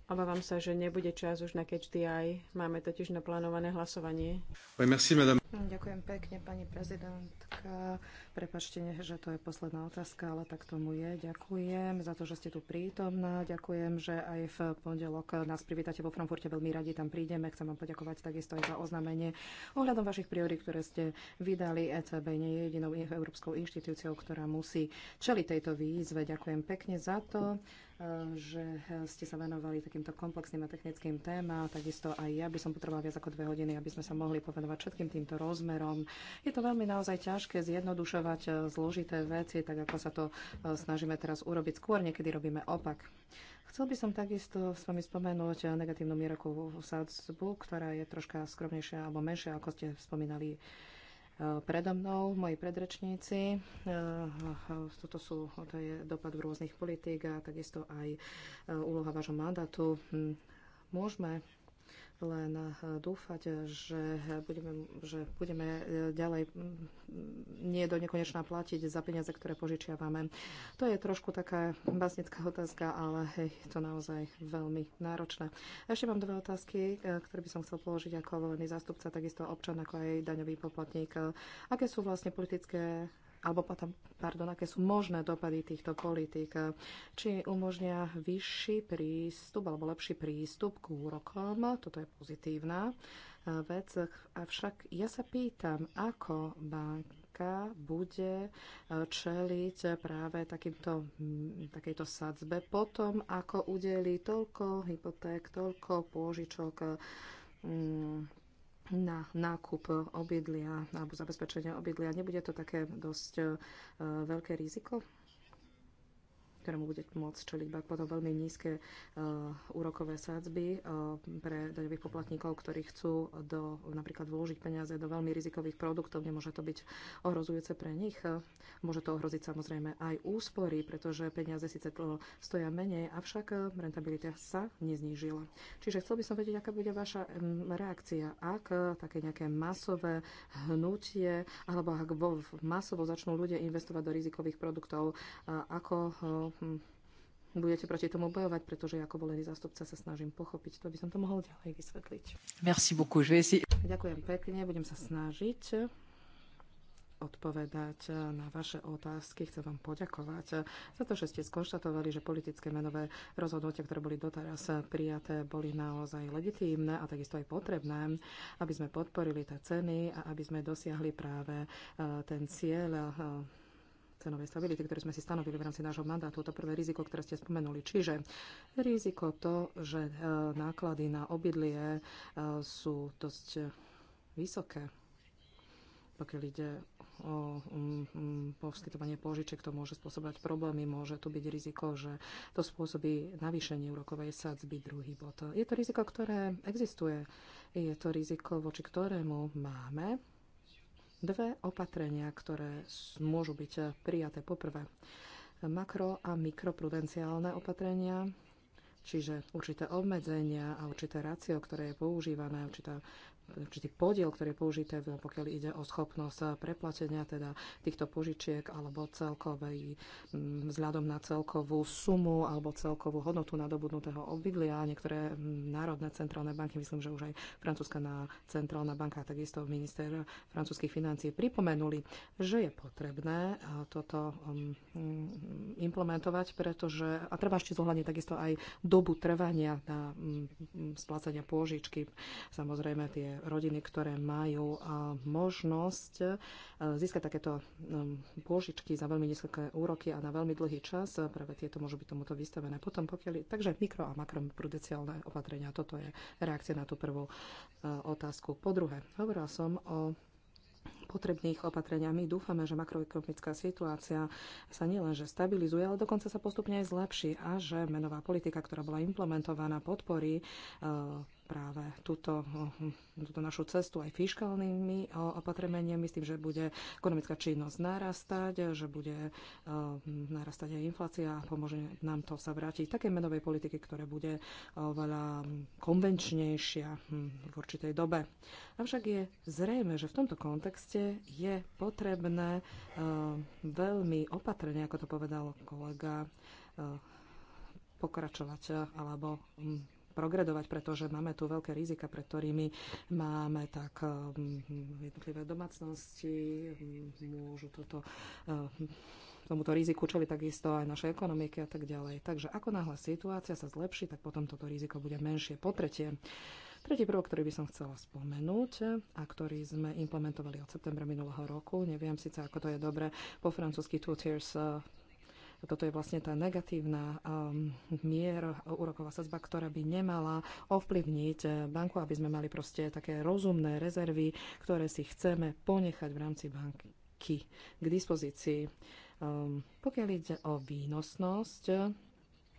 Obávam sa, že nebude čas už na catch the eye. Máme totiž naplánované hlasovanie. Oui, merci, madame. Hm, ďakujem pekne, pani prezidentka. Prepačte, že to je posledná otázka, ale tak tomu je. Ďakujem za to, že ste tu prítomná. Ďakujem, že aj v pondelok nás privítate vo Frankfurte. Veľmi radi tam prídeme. Chcem vám poďakovať takisto aj za oznámenie ohľadom vašich priorít, ktoré ste vydali. ECB nie je jedinou e- európskou inštitúciou, ktorá musí čeliť tejto výzve. Ďakujem pekne za to. Eh, že eh, ste sa venovali takýmto komplexným a technickým témam. Takisto aj ja by som potrebovala viac ako dve hodiny, aby sme sa mohli povenovať všetkým týmto rozmerom. Je to veľmi naozaj ťažké zjednodušovať eh, zložité veci, tak ako sa to snažíme teraz urobiť. Skôr niekedy robíme opak. Chcel by som takisto s vami spomenúť negatívnu mieroku sadzbu, ktorá je troška skromnejšia alebo menšia, ako ste spomínali Eh, predo mnou, moji predrečníci. Eh, eh, toto sú, to je dopad v rôznych politík a takisto aj úloha vášho mandátu. Hm, môžeme len eh, dúfať, že budeme, že budeme eh, ďalej mm, nie do nekonečná platiť za peniaze, ktoré požičiavame. To je trošku taká básnická otázka, ale hej, je to naozaj veľmi náročné. Ešte mám dve otázky, eh, ktoré by som chcel položiť ako volený zástupca, takisto občan, ako aj daňový poplatník. Aké sú vlastne politické alebo potom, pardon, aké sú možné dopady týchto politík, či umožnia vyšší prístup alebo lepší prístup k úrokom, toto je pozitívna vec, avšak ja sa pýtam, ako banka bude eh, čeliť práve takýmto, mm, takejto sadzbe potom, ako udeli toľko hypoték, toľko pôžičok eh, mm, na nákup obydlia alebo zabezpečenie obydlia. Nebude to také dosť e, veľké riziko? ktorému bude môcť čeliť potom veľmi nízke eh, úrokové sádzby eh, pre daňových poplatníkov, ktorí chcú do, napríklad vložiť peniaze do veľmi rizikových produktov. Nemôže to byť ohrozujúce pre nich. Môže to ohroziť samozrejme aj úspory, pretože peniaze síce eh, stoja menej, avšak rentabilita sa neznížila. Čiže chcel by som vedieť, aká bude vaša reakcia, ak také nejaké masové hnutie, alebo ak vo, masovo začnú ľudia investovať do rizikových produktov, ako Hm, budete proti tomu bojovať, pretože ako volený zástupca sa snažím pochopiť to, by som to mohol ďalej vysvetliť. Merci beaucoup. Je si... Ďakujem pekne, budem sa snažiť odpovedať na vaše otázky. Chcem vám poďakovať za to, že ste skonštatovali, že politické menové rozhodnutia, ktoré boli doteraz prijaté, boli naozaj legitímne a takisto aj potrebné, aby sme podporili tie ceny a aby sme dosiahli práve eh, ten cieľ eh, cenovej stability, ktoré sme si stanovili v rámci nášho mandátu, to prvé riziko, ktoré ste spomenuli. Čiže riziko to, že e, náklady na obydlie e, sú dosť vysoké, pokiaľ ide o poskytovanie požičiek, to môže spôsobovať problémy, môže tu byť riziko, že to spôsobí navýšenie úrokovej sadzby druhý bod. Je to riziko, ktoré existuje, je to riziko, voči ktorému máme dve opatrenia, ktoré môžu byť prijaté. Poprvé, makro- a mikroprudenciálne opatrenia, čiže určité obmedzenia a určité rácio, ktoré je používané, určitá určitý podiel, ktorý je použité, pokiaľ ide o schopnosť eh, preplatenia teda týchto požičiek alebo celkovej, mm, vzhľadom na celkovú sumu alebo celkovú hodnotu nadobudnutého obydlia. Niektoré mm, národné centrálne banky, myslím, že už aj francúzska na centrálna banka, takisto minister francúzských financií pripomenuli, že je potrebné eh, toto mm, implementovať, pretože a treba ešte zohľadniť takisto aj dobu trvania na splácania pôžičky. Samozrejme tie rodiny, ktoré majú možnosť e, získať takéto e, pôžičky za veľmi nízke úroky a na veľmi dlhý čas, práve tieto môžu byť tomuto vystavené. Potom pokiaľ, takže mikro a makroprudenciálne opatrenia, toto je reakcia na tú prvú e, otázku. Po druhé, hovorila som o potrebných opatreniami. Dúfame, že makroekonomická situácia sa nielenže stabilizuje, ale dokonca sa postupne aj zlepší a že menová politika, ktorá bola implementovaná, podporí uh, práve túto, túto našu cestu aj fiskálnymi eh, opatremeniami s tým, že bude ekonomická činnosť narastať, že bude eh, narastať aj inflácia a pomôže nám to sa vrátiť také menovej politiky, ktoré bude eh, oveľa konvenčnejšia hm, v určitej dobe. Avšak je zrejme, že v tomto kontexte je potrebné veľmi opatrne, ako to povedal kolega, pokračovať alebo hm, progredovať, pretože máme tu veľké rizika, pred ktorými máme tak mm, jednotlivé domácnosti, mm, môžu toto eh, tomuto riziku čeli takisto aj naše ekonomiky a tak ďalej. Takže ako náhle situácia sa zlepší, tak potom toto riziko bude menšie. Po tretie, Tretí prvok, ktorý by som chcela spomenúť a ktorý sme implementovali od septembra minulého roku, neviem síce, ako to je dobre po francúzsky two tiers eh, toto je vlastne tá negatívna um, mier, úroková sadzba, ktorá by nemala ovplyvniť eh, banku, aby sme mali proste také rozumné rezervy, ktoré si chceme ponechať v rámci banky k dispozícii. Um, pokiaľ ide o výnosnosť,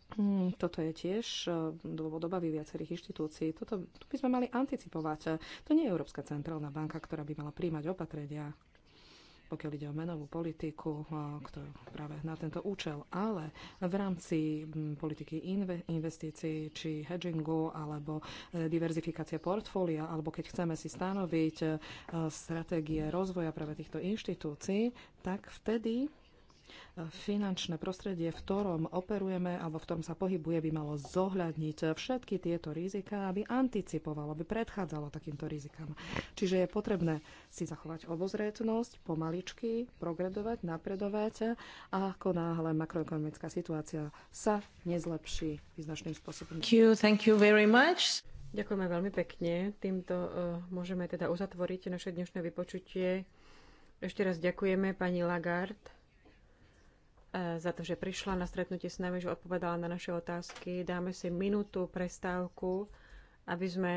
Hmm, toto je tiež eh, dôvod viacerých inštitúcií. Toto by sme mali anticipovať. To nie je Európska centrálna banka, ktorá by mala príjmať opatrenia pokiaľ ide o menovú politiku, ktorú práve na tento účel, ale v rámci politiky investícií či hedgingu alebo e, diverzifikácie portfólia, alebo keď chceme si stanoviť e, stratégie rozvoja práve týchto inštitúcií, tak vtedy finančné prostredie, v ktorom operujeme alebo v ktorom sa pohybuje, by malo zohľadniť všetky tieto rizika, aby anticipovalo, aby predchádzalo takýmto rizikám. Čiže je potrebné si zachovať obozretnosť, pomaličky, progredovať, napredovať a ako náhle makroekonomická situácia sa nezlepší význačným spôsobom. Thank you, thank you very much. Ďakujeme veľmi pekne. Týmto uh, môžeme teda uzatvoriť naše dnešné vypočutie. Ešte raz ďakujeme pani Lagarde E, za to, že prišla na stretnutie s nami, že odpovedala na naše otázky. Dáme si minútu prestávku, aby sme